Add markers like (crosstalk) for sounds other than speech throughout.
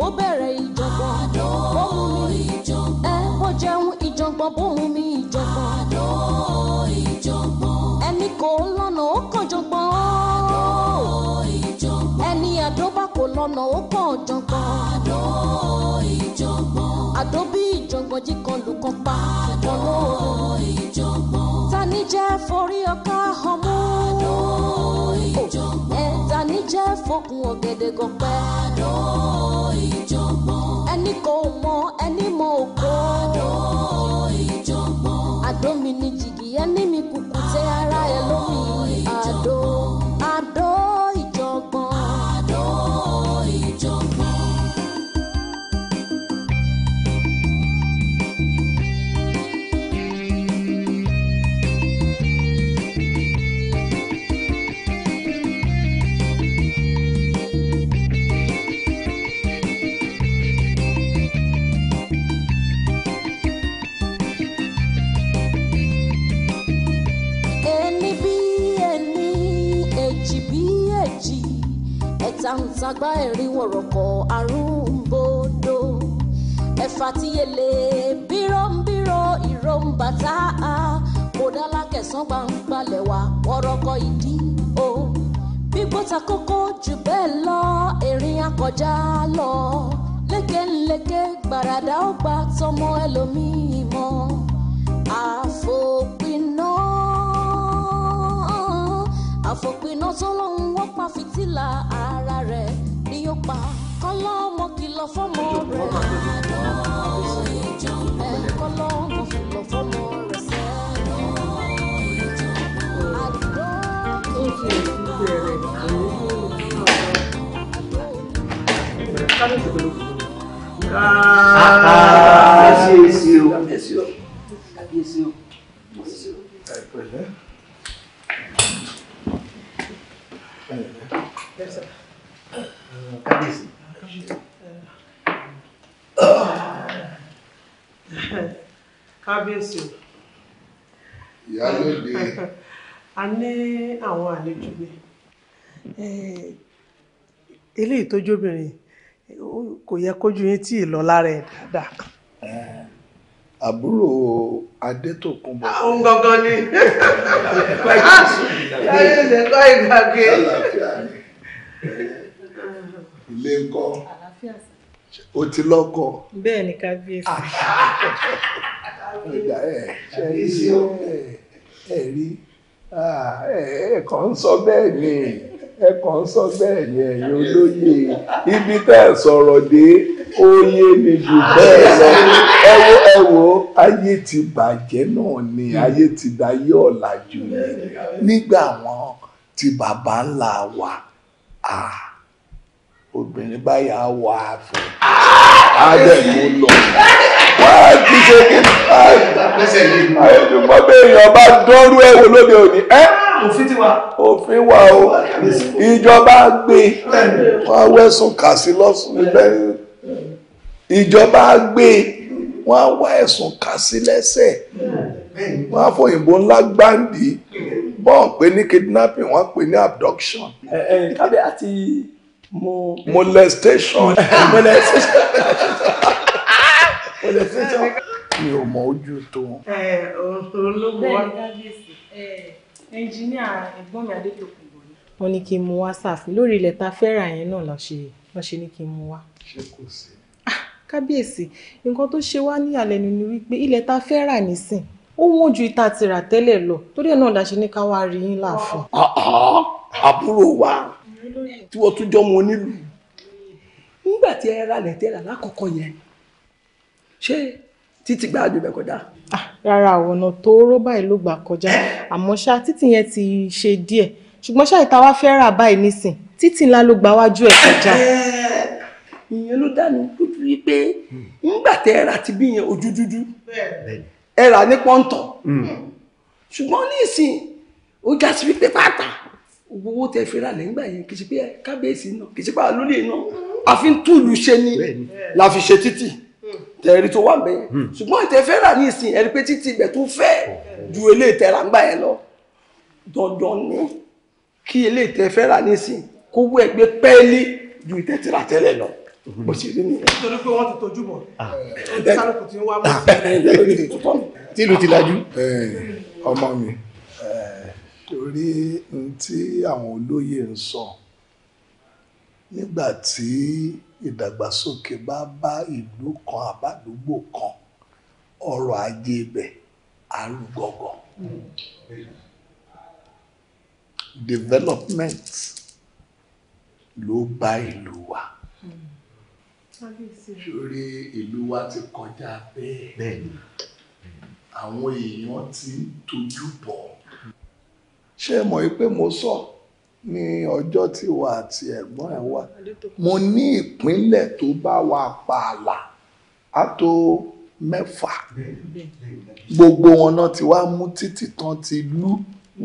bó bẹ̀rẹ̀ ìjọ̀gbọ̀n bó mú mi ẹ bó jẹun ìjọ̀gbọ̀n bó mú mi ìjọ̀gbọ̀n. àdó ìjọ̀gbọ̀n. ẹni kò ń lọ́nà ó kàn jọ̀gbọ̀n. àdó ìjọ̀gbọ̀n. ẹni àdó bá kò lọ́nà ó kàn jọ̀gbọ̀n. àdó ìjọ̀gbọ̀n. àdó bí ìjọ̀gbọ̀n jí kan lù kan pa. àdó ìjọ̀gbọ̀n. tani jẹ́ forí ọkà ọmú. àdó ìjọ̀gbọ̀n. ẹ̀ tani jẹ́ fokùn ọ̀gẹ̀dẹ̀ gọ̀pẹ́. àdó ìjọ̀gbọ̀n ẹni kò mọ ẹni mọ ògo. àdó ìjọ̀gbọ̀n. àdó mi ni jìgì ẹni mi wọ̀rọ̀kọ̀ arúgbódò ẹ̀fà tíyẹlẹ bírọ̀nbírọ̀ ìrọ̀nbàtà kòdálà kẹsàn gbangbalẹ̀ wà wọ̀rọ̀kọ̀ ìdí o gbígbóta kókó jù bẹ́ẹ̀ lọ erin akọjá lọ lékeńléke gbàràdà ó gba tọmọ ẹlòmíì mọ àfòpiná àfòpiná tó lọ́hùn wọ́n pa fìtílà ara rẹ̀ pa kọ́lọ́mọ kìlọ̀ fọ́mọ rẹ̀ àdó ìjọba kọ́lọ́mọ kìlọ̀ fọ́mọ rẹ̀ sẹ́ẹ̀ àdó ìjọba. Kábíyèsí o. àwọn àlejò mi eléyìí tó jóbìnrin kò yẹ kójú yín tí ì lọ lára ẹ̀ dáadáa. àbúrò adétòkunbọ̀. òun gangan ni láyé ìṣẹ̀kọ́ ìgbàgbé. ilé ń kọ́ o ti lọ́kọ. bẹ́ẹ̀ ni kábíyèsí. ìgbà ẹ̀ ṣe é rí ah! ẹ kàn ń sọ bẹ́ẹ̀ ni ẹ kàn ń sọ bẹ́ẹ̀ ni ẹ̀yin olóye ibi tẹ́ ẹ̀ sọ̀rọ̀ dé ó yé mi jù bẹ́ẹ̀ lọ ẹ wo ẹ wo ayé ti bàjẹ́ náà ni ayé ti dayé ọ̀làjú ni. nígbà wọn ti bàbá ńlá wa obìnrin báyà wà á fún un á dẹ̀ mú lọ wọ́n ti ṣe kí n lẹ́sẹ̀ lé. àyẹ̀dùnmọ́ bẹ́ẹ̀ èèyàn bá dọ́rú ẹ̀ wò lóde òní. Ah, òfin ti wà. òfin wà o ìjọba gbé wọn á wẹ̀sùn kà sí lọ́sùn níbẹ̀ ìjọba gbé wọn á wá ẹ̀sùn kà sí lẹ́sẹ̀ wọn á fòyìnbó ńlá gbáǹdì bọ́ọ̀ pé ní kidnapping wọ́n pè ní abduction. ẹ ẹ kábẹ́ àti mo molestation (laughs) molestation (laughs) molestation mi ò mọ ojú tó. ẹ òun ló wọ. kábíyèsí ẹnjìníà ẹ̀gbọ́n mi adédọkùn bò ní. ní kí n mú wá ṣàfihàn lórí ilẹ̀ tá a fẹ́ rà yẹn náà lọ́ọ́ ṣe ní kí n mú wá. ṣé kò sí. Ah, kábíyèsí nǹkan tó ṣe wá ní ìyàlẹ́nu ni wípé ilẹ̀ tá a fẹ́ rà nísìn ó wọ́n ju ìta ti tẹ́lẹ̀ lọ torí ẹ̀ náà la ṣe ní ká wá rí yín láàfin. Ah, ah, àbúrò wa tí wọ́n tún jọ́ mọ onílù nígbà tí ẹ ralẹ̀ tẹ́lẹ̀ lákọ̀ọ́kọ́ yẹn ṣé títí gbáàdù ibẹ̀ kọjá. Ah, rárá ọ̀nà tó ró báyìí ló gbà kọjá eh. àmọ́ ṣá títì yẹn ti ṣe díẹ̀ ṣùgbọ́n ṣá ìta wá fẹ́ rà báyìí nísìn títì ńlá ló gba wájú ẹ̀ kọjá. Eh, ìyẹn ló dá mi lójú wípé ńgbà tẹ ẹ rà ti bí yẹn ojú dúdú ẹ rà ní pọ́ńtọ̀ hmm. ṣùgbọ́n nísìn ó já sí wípé pátá owó tẹ fi rà lẹ́ngbà yẹn kì kábíyèsí náà kì í náà àfi túlù ṣe ni la fi ṣe títì tẹ̀rí tó wà bẹ́ẹ̀ hmm. ṣùgbọ́n ìtẹ́ fẹ́ rà ní ìsìn ẹ̀rí pé títí ibẹ̀ tó fẹ́ ju ilé ìtẹ́ra ńgbà yẹn lọ dandan ni kí ilé ìtẹ́ fẹ́ rà ní ìsìn kó wú ẹgbẹ́ pẹ́ẹ́lí ju ìtẹ́ ti rà tẹ́lẹ̀ lọ hmm. bó ṣe rí nìyẹn. nítorí pé wọ́n ti tọ́jú bọ̀ ọdún ah. kálukú ti ń wá mọ́ sí i. tí ìlú ti torí n tí àwọn olóyè ń sọ nígbà tí ìdàgbàsókè bá bá ìlú kan àbádúgbò kan ọrọ̀ ajé ibẹ̀ arúgọ́gọ́. development ló bá ìlú wa. sórí ìlú wa ti kọjá bẹ́ẹ̀ àwọn èèyàn ti tójú bọ̀. ṣé ẹ mọ̀ pé mo sọ. So? ní ọjọ́ tí wà àti ẹ̀gbọ́n ẹ̀ wà mo ní ìpínlẹ̀ tó bá wa pààlà á tó mẹ́fà gbogbo wọn náà ti wá mú títì tán ti lú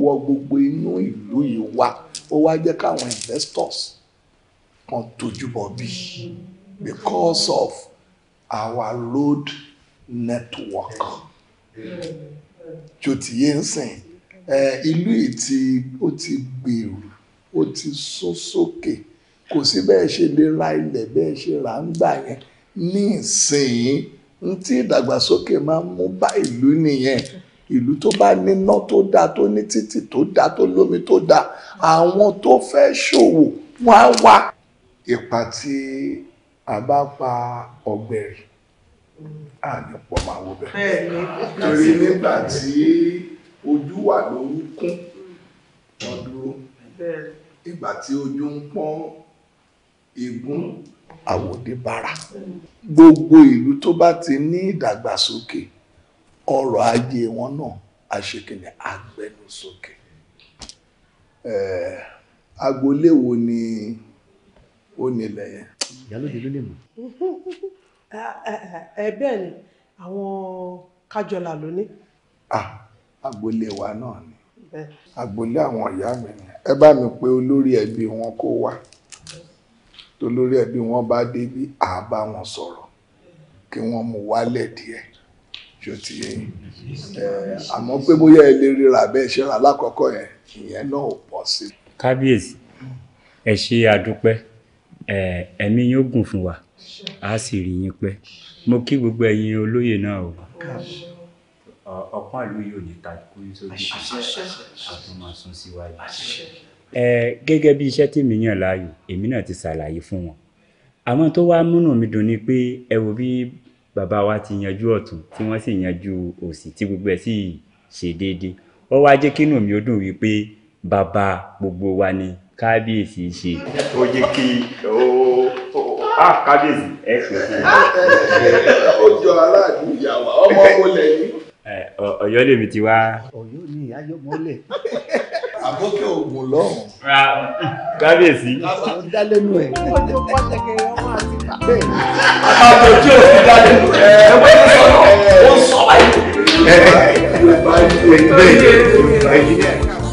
wọ gbogbo inú ìlú yìí wá ó wá jẹ́ káwọn investors kan tójú bí because of our road network tí ó ti yé ń sìn ìlú yìí ó ti gbèrú ó ti sún sókè kò sí bẹ́ẹ̀ ṣe lè ra ilẹ̀ bẹ́ẹ̀ ṣe rà ń gbà yẹn ní ìsìn ń tí ìdàgbàsókè máa ń mú bá ìlú nìyẹn ìlú tó bá níná tó dáa tó ní títì tó dáa tó lómi tó dáa àwọn tó fẹ́ ṣòwò wọ́n á wá. ipa tí a bá pa ọ̀gbẹ̀rì a ní pọ̀ máa wo bẹ́ẹ̀ torí nígbà tí ojú wà lórúkún wọ́n dúró ìgbà tí ojú ń pọ́n ègún àwòdìbára gbogbo ìlú tó bá ti ní ìdàgbàsókè ọrọ̀ ajé wọn náà àṣekìnì agbẹnusókè agboolé wo ni ó nílẹ̀ yẹn. ìyálóde ló lè mọ̀. ẹ bẹ́ẹ̀ ni àwọn kájọlà ló ní. Ah, agboolé wa náà ni agboolé àwọn ìyá mi ni ẹ bá mi pé olórí ẹbí wọn kó wá tolórí ẹbí wọn bá débi à bá wọn sọ̀rọ̀ kí wọ́n mú wálẹ̀ díẹ̀ ṣó ti yé àmọ́ pé bóyá ẹ lè ríra bẹ́ẹ̀ ṣe rà lákọ̀ọ́kọ́ yẹn ìyẹn náà ò pọ̀ sí. kábíyèsí ẹ ṣe àdúpẹ́ ẹ̀mí yóò gùn fún wa a sì rí yín pẹ́ mo kí gbogbo ẹ̀yin olóyè náà o ọpọ́n ìlú yìí ò ní takú sórí àtúmọ̀ sún síwájú. gẹ́gẹ́ bí iṣẹ́ tí mi yàn láàyò èmi náà ti ṣàlàyé fún wọn àmọ́ tó wá múnú mi dùn ni pé ẹ wo bí bàbá wa ti yanjú ọ̀tún tí wọ́n sì yanjú òsì tí gbogbo ẹ̀ sì ṣe déédéé ó wá jẹ́ kínú mi ó dùn wípé bàbá gbogbo wa ni kábíyèsí ṣe. ó yẹ kí ó á kábíyèsí ẹ ṣe fún mi. ó jọ aláàdúyàwó ọmọ olè ní. Ọ̀yọ́ lèmi ti wá. Ọ̀yọ́ ni ayọ̀ mọ́lẹ̀. àbókè ògùn lọ́hùn. kábíyèsí. ó dá lẹ́nu ẹ̀. ó ti pọ́ tẹ̀kẹ̀ ọmọ àti bàbá ẹ̀. àbàbò tí o fi dá lẹ́nu ẹ̀ ẹ̀ wọ́n ti sọ̀rọ̀ ó sọ̀rọ̀ ẹ̀. ẹ̀ ẹ̀ bẹ́ẹ̀ ni.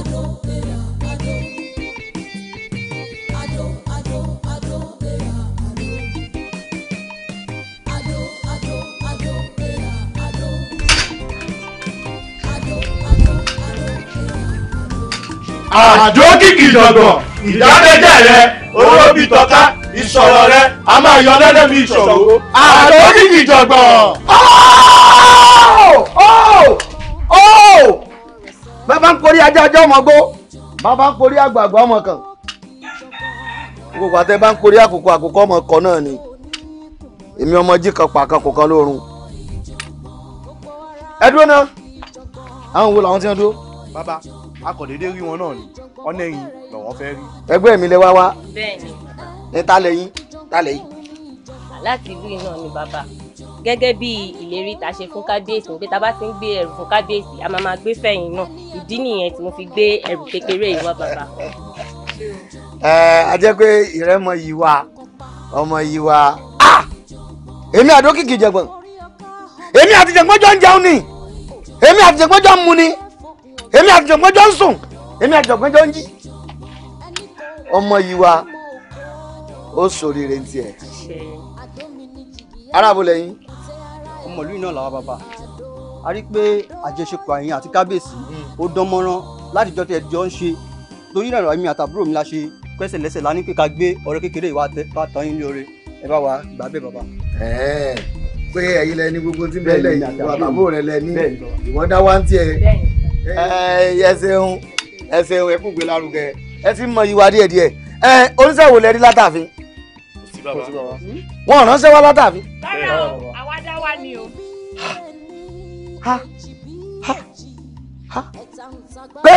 àdókìkì jọ̀gbọ̀n ìdádẹ́jẹ́ rẹ owó bíi tọ́ka ìṣòro rẹ a máa yọ lẹ́lẹ́ bíi ìṣòro àdókìkì jọ̀gbọ̀n. bàbá ń korí ajá ajá ọmọ gbó bàbá ń korí àgbààgbà ọmọ kan gbogbo àtẹ bá ń korí àkókò àkókò ọmọ kan náà ni èmi ọmọ jí kan pàkan kò kan lóorun ẹ dúró náà àwọn wo làwọn ti ń dúró. bàbá akọ̀dédé rí wọn náà ni ọ̀nà ẹ̀yìn lọ́wọ́ fẹ́ rí. ẹgbẹ́ mi lẹ wá wá. bẹ́ẹ̀ni. ẹ ta lẹ́yìn ta lẹ́yìn. láti ìlú yìí náà ni bàbá gẹ́gẹ́ bí ìlérí tá a ṣe fún kábíyèsí pé tá a bá ti ń gbé ẹrù fún kábíyèsí a máa máa gbé fẹ̀yìn náà ìdí nìyẹn tí mo fi gbé ẹrù kékeré yìí wá bàbá. (laughs) ẹ a jẹ́ pé ìrẹmọ yìí wá ọmọ yìí wá èmi àdókìkì jẹ̀gbọ́n èmi àti jẹ̀gbọ́n jọ ń jẹun ni èmi àti jẹ̀gbọ́n jọ ń mu ni èmi àjọ̀gbọ́n jọ ń sùn èmi àjọ̀gbọ́n jọ ń jí ọmọ yìí wa ó ṣoríire ní tiẹ̀ aráàbò lẹ́yìn. ọmọlúwìn náà làwọn bàbá a rí i pé àjọṣepọ̀ àyìn àti kábíyèsí ó dán mọ́rán láti jọ́ tẹ̀ jọ ń ṣe torí ìrànlọ́ mi àtàbúrò mi la ṣe pẹ́sẹ̀lẹ́sẹ̀ la ní pé ká gbé ọ̀rẹ́ kékeré ìwà tán yín lóore ẹ bá wa gbà bẹ́ẹ̀ bàbá. pé ẹ̀yin lẹni gbogbo tí bẹ́ẹ̀ lẹ́yìn ìwà àtàbúrò rẹ lẹ́ni ìwọ́dá wá ń tiẹ̀. Eh, ẹ ṣeun ẹ ṣeun ẹ kú gbé lárugẹ ẹ ti mọ ìwà díẹ̀ díẹ̀ eh, ẹ oníṣẹ́ wo lẹ rí látàfin. Hmm? wọn ò ránṣẹ́ wá látàfin. rárá o àwa dá wà ní o. pé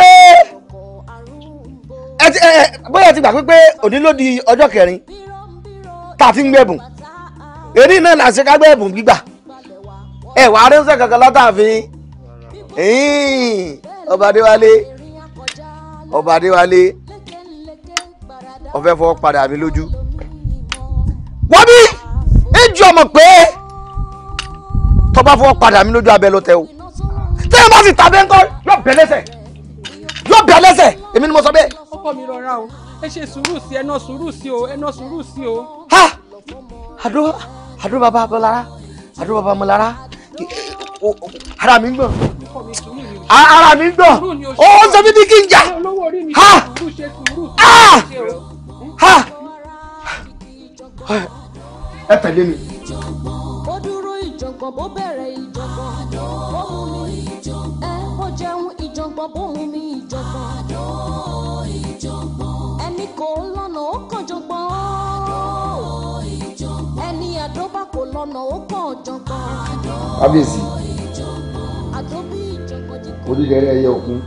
ẹ ti ẹ bóyá ti gbà pé pé òní ló di ọjọ́ kẹrin tá a ti ń gbẹ̀bùn èyí náà là ń ṣe ká gbẹ̀bùn gbígbà ẹ wàá ránṣẹ́ kankan látàfin ọba adéwálé ọba adéwálé ọfẹ fọ padà mi lójú. wọ́n bí ejò ọmọ pé tọ́ba fọ padà mi lójú abẹ ló tẹ o tẹ́lẹ̀ bá sì ta abẹ́ ńkọ́ yóò bẹ̀ lẹ́sẹ̀ yóò bẹ̀ lẹ́sẹ̀ èmi ni mo sọ bẹ́ẹ̀. ọkọ mi rọra o ẹ ṣe sùúrù sí ẹnà sùúrù sí o ẹnà sùúrù sí o. ha àdó àdó bàbá abọ́lára àdó bàbá mọ́lára ara mi ń gbọ̀n ara mi gbọ́ ó ń sọ bíbí kí n jà ha ha ha ẹ tẹ̀lé mi. ó odídẹrẹ́ ẹyẹ òkun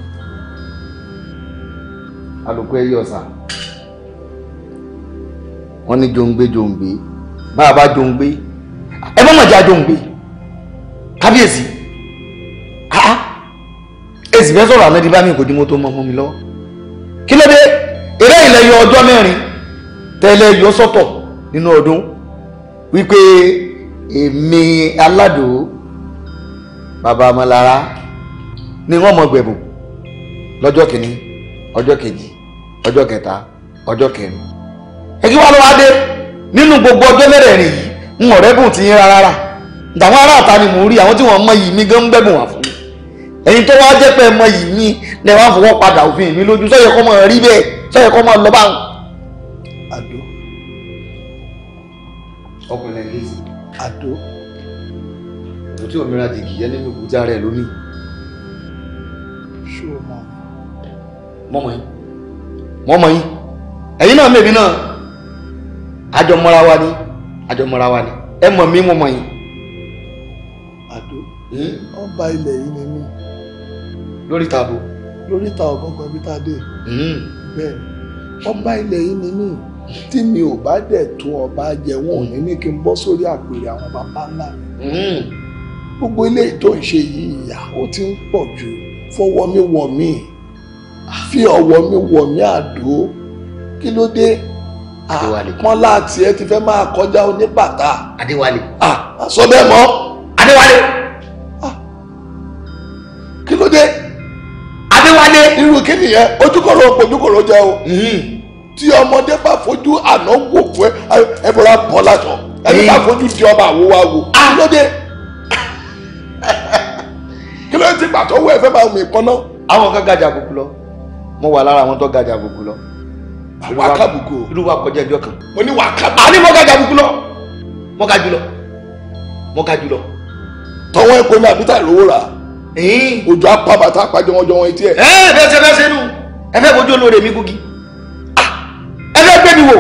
alùpùpù ẹyẹ ọ̀sà wọ́n ní jòǹgbé jòǹgbé bá a bá jòǹgbé ẹ bá mọ̀ jẹ́ àjòǹgbé kábíyèsí èsì fẹ́ sọ̀rọ̀ àmẹ́dí bá mi kò dímọ́ tó mọ́ mọ́ mi lọ́wọ́ kí ló dé eré ilẹ̀ yọ ọjọ́ mẹ́rin tẹ́lẹ̀ yọ sọ́tọ̀ nínú ọdún wípé èmi aládùn bàbá ọmọlára ni wọ́n mọ gbẹ̀bù lọ́jọ́ kìíní ọjọ́ kejì ọjọ́ kẹta ọjọ́ kẹrin ẹ̀kí wá ló wá dé nínú gbogbo ọjọ́ mẹ́rẹ̀ẹ̀rin yìí ń ọ̀rẹ́ bùn ti yín rárá tàwọn aráàta ni mò ń rí àwọn tí wọ́n mọ yìí mi gan ń bẹ̀bùn wà fún mi ẹ̀yin tó wá jẹ́ pé ẹ mọ yìí mi lẹ́ wá fọwọ́ padà òfin mi lójú sọ́yẹ kọ́ mọ rí bẹ́ẹ̀ sọ́yẹ kọ́ mọ lọ bá wọn. àdó ọkùnrin ẹ̀ lè àdó òtí òmìnira jìgì yẹn nínú ìbújá rẹ̀ lónìí ṣé o mọ̀? mọ́ mọ́ yín mọ́ mọ́ yín ẹ̀yin náà mèmí náà àjọ mọ́ra wa ni àjọ mọ́ra wa ni ẹ mọ̀ mí mọ́ mọ́ yín. àdó ọba ilẹ̀ yìí ni mí. lórí tààbò. lórí ta ọ̀gọ́gọ́ ibi tá a dé. Hmm. bẹ́ẹ̀ ọba ilẹ̀ yìí ni mí tí mi ò bá dẹ̀ tó ọba jẹ wọn ò kí n bọ́ sórí àpèrè àwọn baba ńlá hmm. gbogbo ilé tó ń yìí ìyà ó ti ń pọ̀ jù fọwọ́ mi wọ̀ mí fi ọwọ́ mi wọ̀ mí àdó kí ló dé àpọ́n láti ẹ ti fẹ́ máa kọjá oníbàtà. adéwálé. ah sọ bẹ́ẹ̀ mọ́. adéwálé. ah kí ló dé. adéwálé. irú kí nìyẹn ojúkòrò ojúkòrò jẹ o. Mhm. tí ọmọdé bá fojú àná wò fún ẹ ẹ bọ́ra bọ́ látọ̀ ẹni bá mhm. fojú di ọba àwo wa ah kí ló dé. (laughs) kí ló ti gbà tó wọ ẹ̀fẹ́ bá mi pọ́n náà. àwọn kan gàjà àbùkù lọ mo wà lára àwọn tó gàjà àbùkù lọ. àwọn akábùkù o irú wa kọjá ẹjọ́ kan. mo ní wà á àní mo gàjà àbùkù lọ mo ga jùlọ mo ga jùlọ. tọwọ́ ẹ̀ kò ní àbí táì lówó rà. òjò apá bàtà àpàjọ wọn jọ wọn etí ẹ̀. ẹ ẹ bẹ́ẹ̀ ṣe fẹ́ ṣe nù ẹ fẹ́ fojú olóore mi gúgi ah! ẹ fẹ́ gbé mi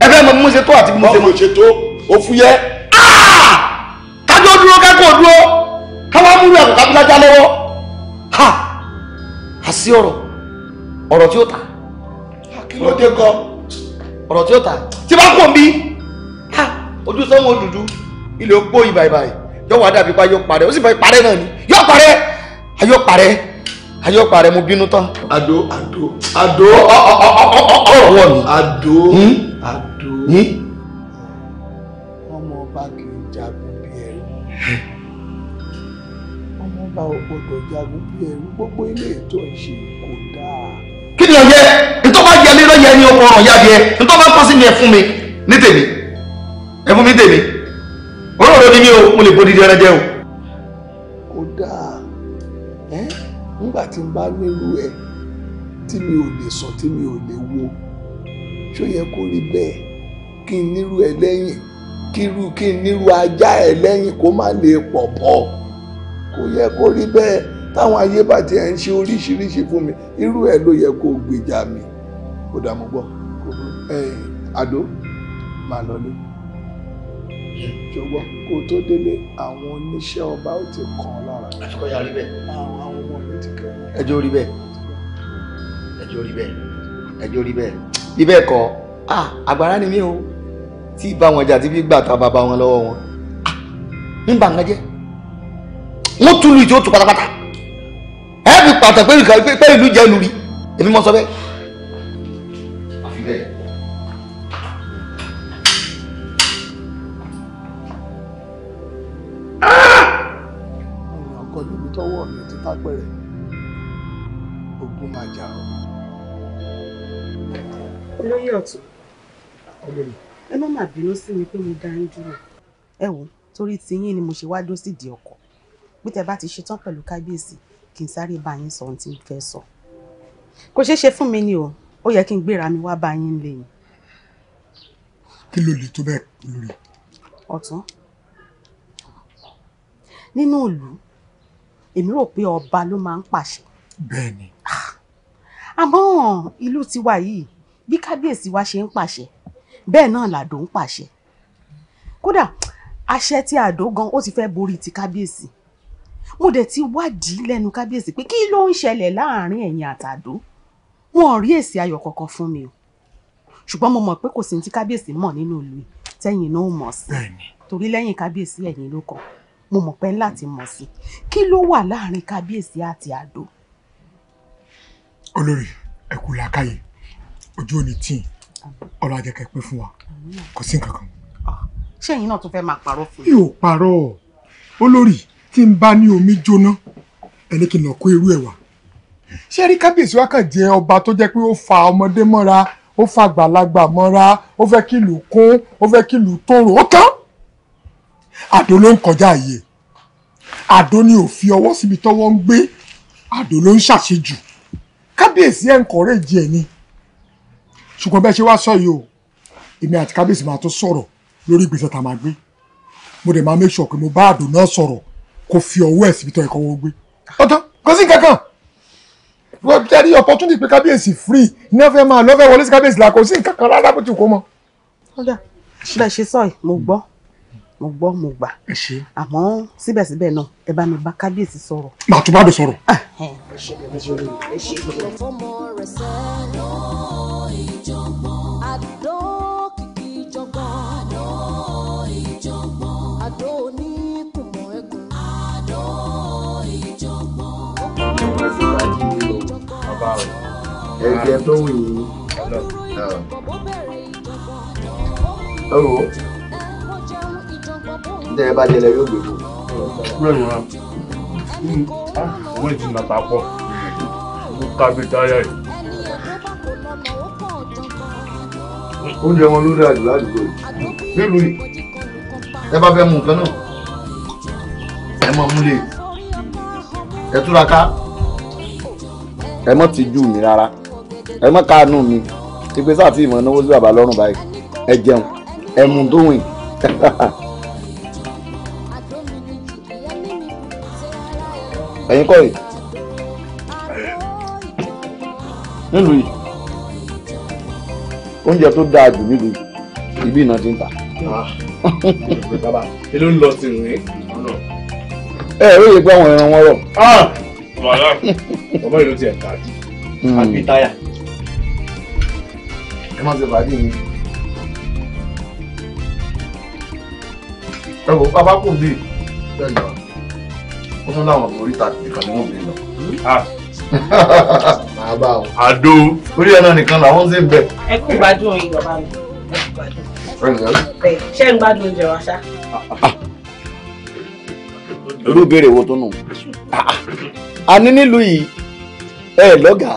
ẹ fẹ́ mọ bí ṣe tó àti bí ṣe mọ. báwo ṣe tó o fúyẹ́ nínú ẹ̀kọ́ kábílájá lọ́wọ́ ha àsí ọ̀rọ̀ ọ̀rọ̀ tí ó ta. kí ló dé gan. ọ̀rọ̀ tí ó ta tí bá kò mí ha ojú sọ́wọ́n dúdú ilé ogbó ìbàìbàì yóò wá dàbí pa yóò parẹ́ ó sì fẹ́ parẹ́ náà ni yóò parẹ́ ayọ̀ parẹ́ ayọ̀ parẹ́ mo bínú tán. àdó àdó àdó ọ̀rọ̀ wọ̀ mi. àdó hmm? àdó. Hmm? a ò gbọdọ̀ jagun bí ẹrú gbogbo ilé ètò ìṣe kò dáa. kí ni ọyẹ ntọ́ bá yẹ lérò yẹ ni ọkọ ọ̀ràn yá yẹ ntọ́ bá pọ́n sí mi ẹ mi ní tèmi ẹ mi tèmi olóòrò ni mi o mo lè bo dídí ẹran jẹ o. kò dáa ẹ nígbà tí n bá nílùú ẹ tí mi ò lè sọ tí mi ò lè wo ṣó yẹ kó rí bẹ́ẹ̀ kí n nírú ẹ lẹ́yìn kí n nírú ajá ẹ lẹ́yìn kó má lè pọ̀ pọ̀ kò yẹ kó rí bẹ́ẹ̀ táwọn ayé bá ti ẹ̀ ń ṣe oríṣiríṣi fún mi irú ẹ̀ ló yẹ kó gbèjà mi kó dà mú gbọ́ àdó máa lọlé ṣùgbọ́n kó tó délé àwọn oníṣẹ́ ọba ó ti kàn lára. àṣekọ̀yà rí bẹ́ẹ̀. àwọn ọmọ mi ti kẹ́. ẹjọ́ rí bẹ́ẹ̀ ẹjọ́ rí bẹ́ẹ̀ ẹjọ́ rí bẹ́ẹ̀ bí bẹ́ẹ̀ kọ́ àgbàrá ni mí o tí bá wọn jà tí bí gbà ta bàbá wọn lọ́wọ́ wọn nígbà ńlá jẹ́ wọ́n tún lu ìjọ tún pátápátá ẹ fi pàtó pé nǹkan pé ìlú jẹ́ ìlú rí èmi mọ sọ bẹ́ẹ̀. àfi bẹ́ẹ̀. ọ̀nà ọkọ̀ níbi tọ́wọ́ mi ti tápẹ̀rẹ̀ ogun máa jà ọ́. olóyè ọ̀tún ẹ má má bínú sí mi pé mo dá yín dúró ẹ wò torí tiyín ni mo ṣe wá dó sídìí ọkọ̀ bí tẹ bá ti ṣetán pẹ̀lú kábíyèsí kí n sáré bá yín sọ ohun tí mo fẹ́ sọ kò ṣeé ṣe fún mi ni o ó yẹ kí n gbéra mi wá bá yín lè yìn. kí ló lè tó bẹ́ẹ̀ lórí. ọ̀tún nínú ìlú èmi rò pé ọba ló máa ń pàṣẹ. bẹ́ẹ̀ni. àmọ́ ìlú tiwa yìí bí kábíyèsí wa ṣe ń pàṣẹ bẹ́ẹ̀ náà làdó ń pàṣẹ kódà àṣẹ tí àdó gan ó ti fẹ́ borí ti kábíyèsí. Si mo dẹ̀ ti wádìí lẹ́nu kábíyèsí pé kí ló ń ṣẹlẹ̀ láàrin ẹ̀yin àtàdó wọn ò rí èsì ayọ̀ kankan fún mi o ṣùgbọ́n mo mọ̀ pé kò sí ní tí kábíyèsí mọ̀ nínú ìlú tẹ́yìn náà mọ̀ sí torí lẹ́yìn kábíyèsí ẹ̀yin ló kàn mo mọ̀ pé láti mọ̀ sí kí ló wà láàrin kábíyèsí àti àdó. olórí ẹ kú làákàyè ojú òní tíì ọlọ ajẹkẹ pé fún wa kò sí nǹkan kan. Ah, ṣé ẹ̀yin náà tún fẹ́ máa parọ́ fún mi. mi ò olórí tí n bá ní omi jóná ẹni kí n lọ kó irú ẹ̀ wá ṣé rí kábíyèsí wa kàn jẹ́ ọba tó jẹ́ pé ó fa ọmọdé mọ́ra ó fa àgbàlagbà mọ́ra ó fẹ́ kí ìlú kún ó fẹ́ kí ìlú tòrò ó tán àdó ló ń kọjá àyè àdó ni ò fi ọwọ́ síbi tọ́wọ́ ń gbé àdó ló ń ṣàṣejù kábíyèsí ẹ̀ ń kọ̀rẹ́ ìjì ni ṣùgbọ́n bẹ́ẹ̀ ṣe wá sọ yìí o èmi àti kábíyèsí máa tún sọ̀rọ̀ lórí ìgbésẹ̀ tá a máa gbé mo dẹ̀ máa make sure pé mo bá àdó náà sọ̀rọ̀ kó fi ọwọ́ ẹ̀ síbi tó ẹ̀kọ́ wọ́n gbé ah. ọ̀tán kò sí kankan wọ́n jẹ́rí opportunity pé kábíyèsí free ní wọ́n fẹ́ máa lọ́fẹ́ wọlé sí kábíyèsí là kò sí kankan rárá bó ti kó mọ́. ọ̀gá bẹ́ẹ̀ ṣe sọ yìí mo gbọ́ mo gbọ́ mo gbà àmọ́ síbẹ̀síbẹ̀ náà ẹ bá mi bá kábíyèsí sọ̀rọ̀. màá tún bá mi sọ̀rọ̀. ẹ ṣe ẹ ṣe ẹ ṣe. ẹ̀jẹ̀ tó wù yín. ọ̀rọ̀ ǹjẹ́ ẹ bá jẹlẹ yóò gbé fún un. kúrò ìwọ̀n owó ìjìnlá ta pọ̀ ló ká bí táyà yìí. oúnjẹ wọn ló dára jù ládùúgbò yìí nílùú yìí ẹ bá fẹ́ mu nǹkan náà ẹ mọ̀ múlẹ̀ ẹ túra ká ẹ mọ́ ti jù mí rárá ẹ mọ́ káàánú mi ìgbésẹ̀ àti ìmọ̀ náwó sí bàbá lọ́rùn báyìí ẹ jẹun ẹ mú tó wìn. (laughs) ẹ̀yin kọ́ yìí nílùú yìí oúnjẹ tó dáa jù nílùú yìí ibi iná ti ń ta. Ah, ẹ ló ń lọ sí ìwé. ẹ ẹ ó yẹ pé àwọn ẹran wọn rọ. Ah! ọmọ ìlú ti ẹ̀ka jù hmm. àbí táyà. ẹ má ṣe fàájì yín. ẹ wò bàbá kò ni ó tún láwọn oríta ìkànnì wọn bí lọ máa hmm. ah. (laughs) bá o. àdó orí ẹ̀ náà nìkan làwọn ń ṣe ń bẹ̀. ẹ kú gbádùn oyin bàbá mi ẹ kú gbádùn àní nílùú yìí ẹ lọ́gàá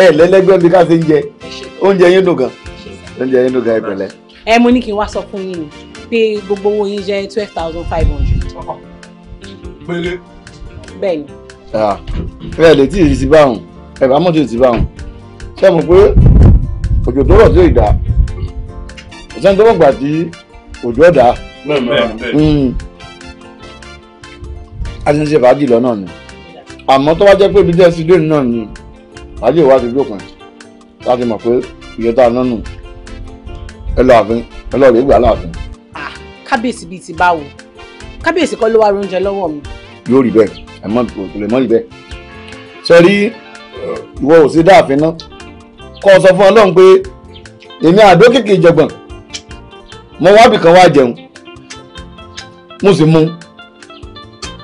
ẹ lẹ́lẹ́gbẹ́ bí ká ṣe ń jẹ oúnjẹ yín dùn gan oúnjẹ yín dùn gan ìpẹ̀lẹ́. ẹ mo ní kí n wá sọ fún yín pé gbogbo owó yín jẹ́ twelve thousand five hundred. péré. bẹ́ẹ̀ni. ẹ lè tí ì ti bá wọn ẹ bá mọ̀ tí ì ti bá wọn ṣé mo pé òjò tó rọ̀ sí ìdá ìṣẹ́ tó gbà tí òjò ọ̀dà àti hmm. ṣe fàájì lọ́nà ni àmọ́ tó bá jẹ́ pé ibi jẹ́ sí lónìí náà ni ajé ìwádìí lópin láti mọ̀ pé iye tá a nánú ẹ lọ ààfin ẹ lọ rèé gbà láàfin. kábíyèsí bíi ti báwo kábíyèsí kọ́ ló wá oúnjẹ lọ́wọ́ mi. yóò rí bẹ́ẹ̀ ẹ mọ kò lè mọ rí bẹ́ẹ̀ ṣe rí ìwọ ò sí dáàfin ná kọ́ ọ sọ fún ọlọ́run pé èmi àdó kìkì ìjọ̀gbọ̀n mo wá bìkan wá jẹun mo sì mú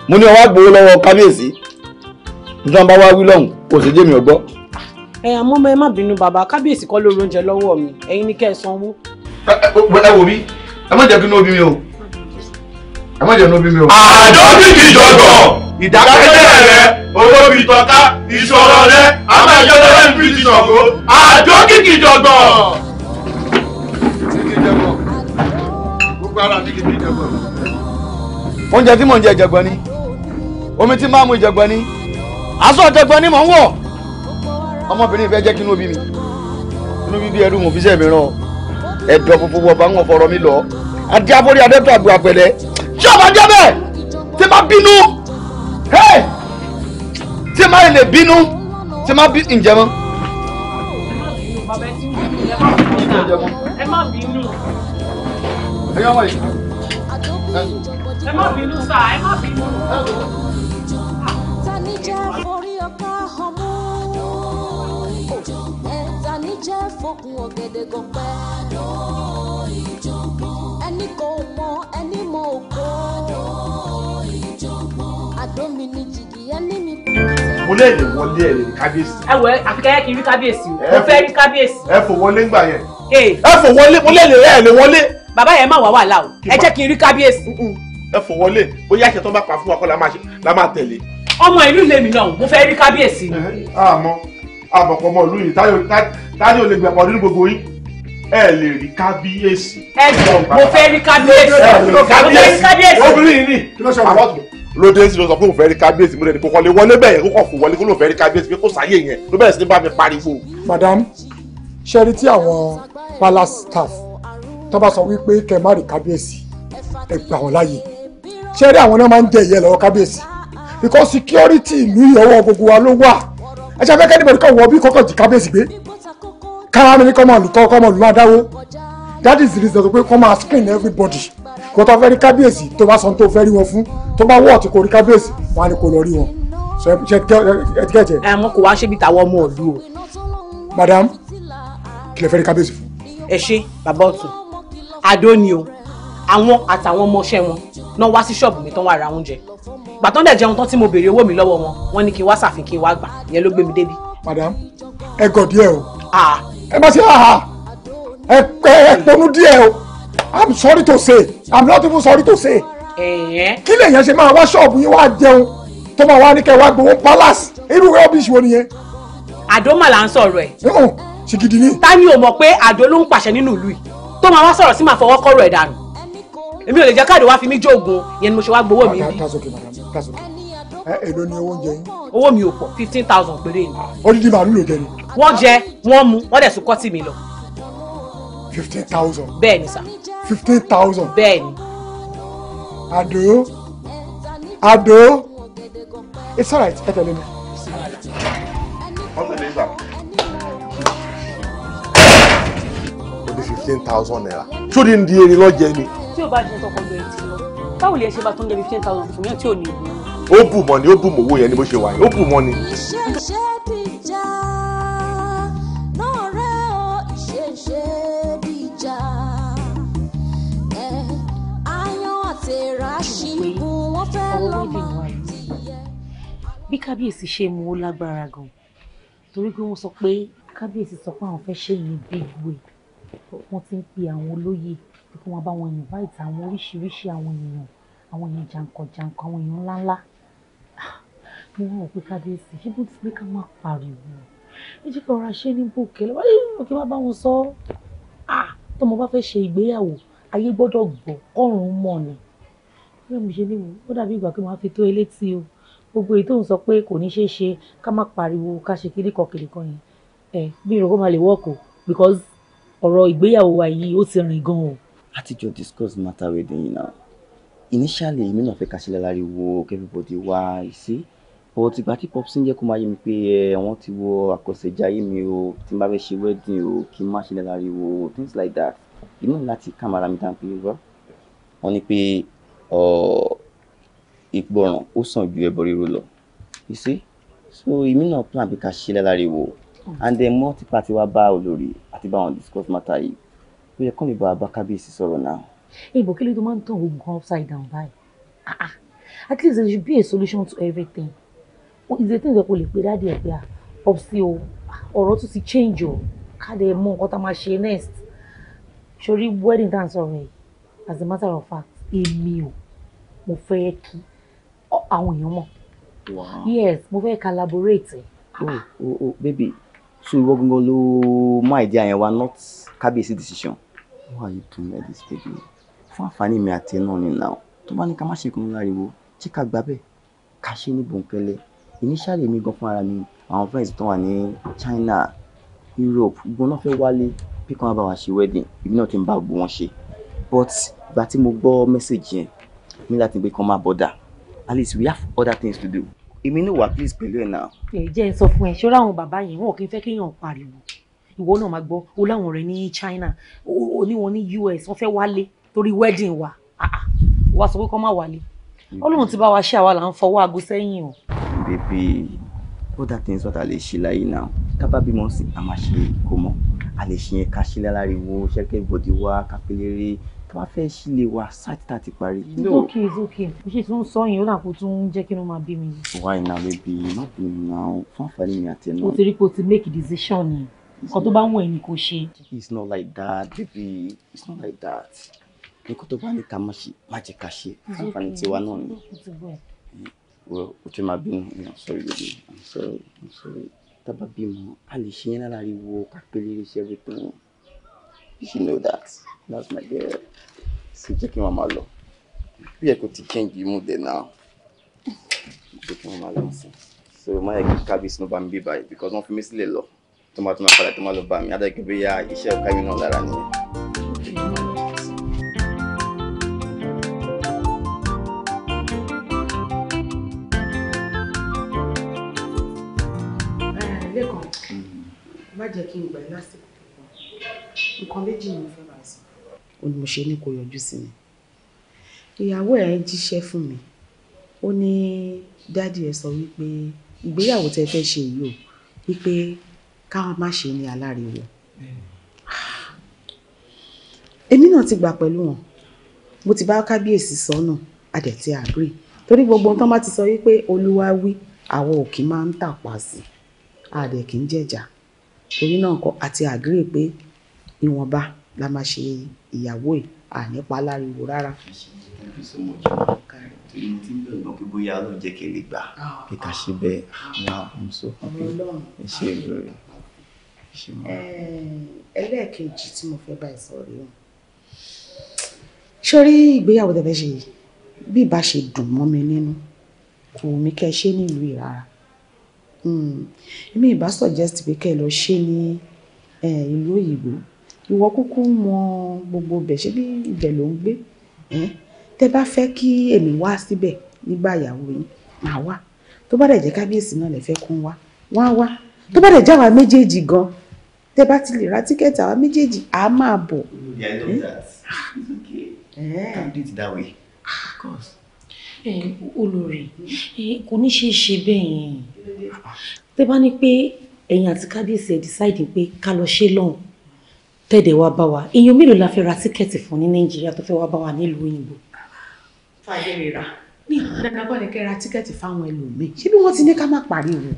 mo ní ọwá gbowó lọ́wọ́ kábíyèsí nítorí wọn bá wá wí lọ́hùn kò sì jẹ́ mi ò gbọ́. ẹ àmọ́ ẹ má bínú bàbá kábíyèsí kọ́ lórí oúnjẹ lọ́wọ́ mi ẹ̀yin ni kẹ́ ẹ sanwó. ẹ wò mí ẹ má jẹ́ bínú obì mi o ẹ má jẹ́ bínú obì mi o. àjọ bíbí jọjọ ìdákẹ́jẹ́ rẹ olóbi tọ́ka ìṣòro rẹ àmàjọ lọ́wọ́ ìbí ti sọ̀kó àjọ kìkì jọjọ. oúnjẹ tí mò ń jẹ ìjàgbọ́n ni omi tí máa mu ìjàgbọ́n ni aṣọ ọ̀tẹ̀gbọ́n ni mò ń wọ̀ ọmọbìnrin fẹ́ jẹ́ kí inú bí mi inú bíbí ẹrú mo fi sẹ́ mi rán ẹ̀dọ̀ fúnfún wọ bá ń wọ̀ fọ̀rọ̀ mi lọ adé aborí adẹ́tọ̀ àgbò àpẹ̀lẹ́ tí ọba jẹ́ bẹ́ẹ̀ tí ma bínú tí ma lè bínú tí ma bí ǹjẹ́ mọ́. ẹ má bínú sáà ẹ má bínú níjà forí ọgbà ọmú. ẹ̀ta níjà fokùn ọ̀gẹ̀dẹ̀ gọ̀pẹ́. ẹni kò mọ ẹni mọ ògo. àdó mi ní jìgì ẹni mi kú. mo lè lè wọlé ẹ lè rí kábíyèsí. ẹ wẹ àfikẹ́yẹ́ kì í rí kábíyèsí o mo fẹ́ rí kábíyèsí. ẹ fò wọlé ńgbà yẹn. Eh. ẹ fò wọlé mo lè lè ẹ lè wọlé. bàbá yẹn má wà wàhálà o ẹ jẹ́ kí n rí kábíyèsí. ẹ fò wọlé bóyá ìṣẹ́ bá pa fún wa kọ́ la máa tẹ̀lé ọmọ ìlú ilé mi náà mo fẹ́ rí kábíyèsí ni. àmọ́ àbọ̀pọ̀ ọmọ ìlú yìí táyọ̀ lè gbàgbọ́ nínú gbogbo yín ẹ lè rí kábíyèsí. ẹ jọ mo fẹ́ rí kábíyèsí. mo fẹ́ rí kábíyèsí. obìnrin yìí ni lóde sí ló sọ pé òun fẹ́ rí kábíyèsí mo rẹ̀ ní kó kọ́lé wọlé bẹ́ẹ̀ kó kọ̀ fún wọlé kó lóun fẹ́ rí kábíyèsí pé kó sáyé yẹn ló bẹ̀rẹ̀ sí ní bá mi pariwo. madam ṣe rí tí àwọn palace staff tó bá sọ wípé kẹ má rí kábíyèsí ẹ gbà wọn láàyè ṣe rí àwọn náà máa ń jẹ ìyẹn lọ́wọ́ kábíyèsí because security ìlú ìyọwọ́ gbogbo wa ló wà ẹ ṣe afẹ́kẹ́ níbẹ̀ kọ́ wọ bí kọ́kọ́ ti kábíyèsí gbé kára mi ní kọ́ máa lù kọ́ máa lù máa dáwó that is the reason pé kọ́ máa screen everybody kò tó fẹ́ rí kábíyèsí tó bá san tó fẹ́ rí wọn fún tó bá wọ́ọ̀tì kò rí kábíyèsí wọn á ní kò lọ rí wọn ṣe ṣe ẹtikẹ́jẹ. àmọ́ kò wá ṣébi tàwọn ọmọ ọ̀lú o. madam kí lè fẹ́ rí kábíyèsí fún. ẹ ṣe bàbá ọ̀tún adó ni o àwọn àtàwọn ọmọọṣẹ́ wọn náà wá sí ṣọ́ọ̀bù mi tán wà ra oúnjẹ gbàtọ́ dẹ̀ jẹun tán tí mo béèrè owó mi lọ́wọ́ wọn wọn ní kí n wá ṣàfihàn kí n wá gbà ìyẹn ló gbé mi débi. madam ẹ gọ̀ díẹ̀ o ẹ má ṣe àhà ẹ pẹ́ ẹ ponú díẹ̀ o i'm sorry to say i'm not even sorry to say. kí lèèyàn ṣe máa wá ṣọ́ọ̀bù yín wá jẹun tó máa wá ní kẹ́ wá gbowó palace irú rubbish wo nìyẹn. àdó mà là ń sọ̀rọ̀ ẹ̀. ṣìgìdì ni. ta ni o mọ̀ pé àdó ló ń pàṣẹ nínú ìlú yìí tó máa wá sọ̀rọ̀ sí màá fọwọ́ kọ́rọ̀ ẹ̀ dànù èmi ò lè jẹ́ káàdì wá fi mí jóògùn yẹn ni mo ṣe wá gbowó mi bí. èló ni owó oúnjẹ yín. owó mi ò pọ̀ fifteen thousand péré ni. odidi màálù ló jẹ ni. wọ́n jẹ wọ́n mu wọ́n dẹ̀ tún kọ́ tì lọ. fifteen thousand. bẹ́ẹ̀ ni fifteen thousand. bẹ́ẹ̀ ni. àdó it's alright ẹ tẹ̀lé mi. fifteen thousand naira ṣó ni di erin lọ́jẹ́ ni. tí o bá jẹ tọkọ lọ etí lọ báwo lè ṣe bá tó ń jẹ fifteen thousand fún yẹn tí ò ní ìlú. ó bù mọ́ ni ó bù mọ́ owó yẹn ni bó ṣe wà yẹn ó bù mọ́ ni. ìṣèṣe bìjà náà rẹ ọ bí kábíyèsí ṣe mú ó lágbára gan torí pé wọ́n sọ pé kábíyèsí sọ pé àwọn fẹ́ ṣe yìí big way wọ́n ti ń pe àwọn olóyè kí wọ́n bá wọn invite àwọn oríṣiríṣi àwọn èèyàn àwọn èèyàn jàǹkànjàǹkàn àwọn èèyàn ńláńlá ah, mo rò pé kábíyèsí ṣé bó ti pé ká má pariwo ẹ jẹ́ kí ọ̀rọ̀ ṣe ní bòkè lọ́wọ́ kí wọ́n bá wọn sọ ah, ọ́ tọmọ bá fẹ́ ṣe ìgbéyàwó ayé gbọ́dọ̀ gbọ́ kọ́rùn mọ̀ ni bí mo ṣe ní wò ó dàbí ìgbà pé màá fi tó elétí o gbogbo èyí tó ń sọ pé kò ní ṣeé ṣe ká má pariwo ká ṣe kíríkọ yẹn ẹ bí ìrọ̀kọ́ máa lè wọ́ọ̀kù because ọ̀rọ̀ ìgbéyàwó wa yìí ó ti rìn gan o. a ti jọ discuss matter wedding yìí now initially èmi náà fẹ́ ká ṣe láriwo everybody wá sí but ìgbà tí popsi ń jẹ́ kó máa yé mi pé ẹ wọ́n ti wo àkọsẹ̀jáyé mi o tí n bá fẹ́ ṣe wedding o kí n má ṣe láriwo things like that inú láti kàmàrà mi dáhùn pé wọ́n wọ́n ní pé ìgbọràn ó sàn ju ẹbọ ríro lọ you see so èmi náà plan pé ká ṣe láriwo mm. and then multiple ti wá bá olórí láti bá wọn discuss matter yìí ó yẹ kán lè bá abá kábíyèsí náà. ìbò kí ló tó máa ń tàn ogun upside down báyìí ah, ah. at least there should be a solution to everything ìdílé tí ìjọba lè pe dáadé ẹ̀ pé à ọ̀sẹ̀ o ọ̀rọ̀ tún ti change o káde mọ nǹkan tá a máa ṣe next sori wedding dance à yìí as a matter of fact èmi o mo fẹ́ kí àwọn èèyàn mọ̀ yes mo fẹ́ collaborate. o oh, o oh, o oh, baby so ìwọ gangan ló mú àìdí àyẹn wa not kábíyèsí decision why you doing like this baby fún àǹfààní mi àti ẹ náà ni now tó bá ní ká má ṣe kún láriwo ṣé ká gbà bẹ́ẹ̀ ká ṣe ní bòńkẹ́lẹ́ initially mi gan fúnra mi àwọn friends tó wà ní China Europe gbogbo náà fẹ́ wálé bí kan bá wa ṣe wedding èmi náà ti ń bá gbogbo wọn ṣe but ìgbà tí mo gbọ́ message yẹn mi láti gbé kan máa bọ̀dà at least we have other things to do èmi ní wà please pẹ̀lú ẹ̀ náà. ẹ jẹ́ ẹ sọ fún ẹ ṣọ́ra àwọn bàbá yẹn wọn ò kí n fẹ́ kéèyàn pariwo ìwọ náà máa gbọ́ o láwọn rẹ̀ ní China o ní wọn ní US wọ́n fẹ́ wálé torí wedding wa wa sọ pé kọ́ má wálé ọlọ́run ti bá wa ṣe àwa là ń fọwọ́ aago sẹ́yìn o. bèbè bọ́dà tí ń sọ́ta lè ṣe láyé náà dábàá bímọ sí a máa ṣe kó mọ́ a lè ṣe yẹn ká ṣe láláriwo ṣẹ́kẹ́ bòdì wá kápẹ́lẹ́rẹ́ tó bá fẹ́ ṣe lè wà sátítà ti parí. it's okay it's okay mo ṣe tún sọ yẹn ó dà kó tún jẹ́ kí ló máa bí mi. why na baby má bí mi na fún àǹfààní mi àti ẹnu. o ti rí pé o ti make decision ni nǹkan tó bá wù ẹ́ ni kò ṣe. it's not like that baby it's not like that nǹkan tó bá ní ká má ṣe má jẹ́ ká ṣe fún àǹfààní tiwa náà ni. Well, o ti máa bínú you know sorry baby i'm sorry i'm sorry tábà bímọ a lè ṣe yẹn lára ariwo kápẹ́lẹ́ ṣe everything. She know that. That's my girl. See, jẹ́ kí wọ́n máa lọ. Bí ẹ kò ti change your mood now. Jẹ́ kí wọ́n máa So, my yẹ is kábíyèsí ló bá mi because wọ́n fi mí sílẹ̀ lọ. my father tún máa padà tó máa lọ bá mi. Adájọ́ bí ya iṣẹ́ ọ̀ká mi náà lára nìyẹn. Lẹ́kàn, má jẹ́ nǹkan méjì ni mo fẹ́ bá sọ. ó ní mo ṣe ní kó yọjú sí mi ìyàwó ẹ̀ jíṣẹ́ fún mi ó ní dádì ẹ̀ sọ wípé ìgbéyàwó tẹ́ fẹ́ ṣe yìí o wípé káwọn má ṣe ní aláriwo ah! èmi náà ti gbà pẹ̀lú wọn mo ti bá kábíyèsí sọ́nà adẹ̀tí àgírí torí gbogbo ohun tó bá ti sọ wípé olúwa wí àwọn òkì máa ń tàpá sí adẹ̀ kì í jẹ̀jà torí náà kọ àti àgírí pé ìwọ̀nba la máa ṣe ìyàwó yìí ànípa aláriwo rárá. ẹlẹ́ẹ̀kejì tí mo fẹ́ bá ẹ sọ rèé o sórí ìgbéyàwó tẹ̀fẹ́ ṣe bí ìbá ṣe dùn mọ́ mi nínú kò mí kẹ́ ṣe nílùú ìrara hmm. èmi ìbá suggest pé kẹ́ ẹ lọ ṣe ní ìlú òyìnbó ìwọ kúkú mọ gbogbo ibẹ̀ ṣé bí ibẹ̀ ló ń gbé tẹ bá fẹ́ kí èmi wá síbẹ̀ nígbà ìyàwó yín màá wá tó bá dẹ̀ jẹ́ kábíyèsí náà lè fẹ́ kún wá wá wá tó bá dẹ̀ jẹ́ àwa méjèèjì gan tẹ bá ti lè ra tíkẹ́ẹ̀tì àwa méjèèjì á máa bọ̀. that. It's okay. Yeah. do it that way. Of course olórí kò ní ṣe é ṣe bẹ́ẹ̀ yẹn tẹ bá ní pé ẹ̀yin àti kábíyèsí ẹ̀ decide pé ká lọ ṣe lọ́hùn tẹ́ẹ̀dẹ̀ wá bá wa èèyàn mélòó la fẹ́ ra tíkẹ́ẹ̀tì fún ní nàìjíríà tó fẹ́ wá bá wa nílùú òyìnbó. fàyè rira ní dandanbọ ni kẹ́ ra tíkẹ́ẹ̀tì fáwọn ẹlòmíì ṣé bí wọ́n ti ní ká má pariwo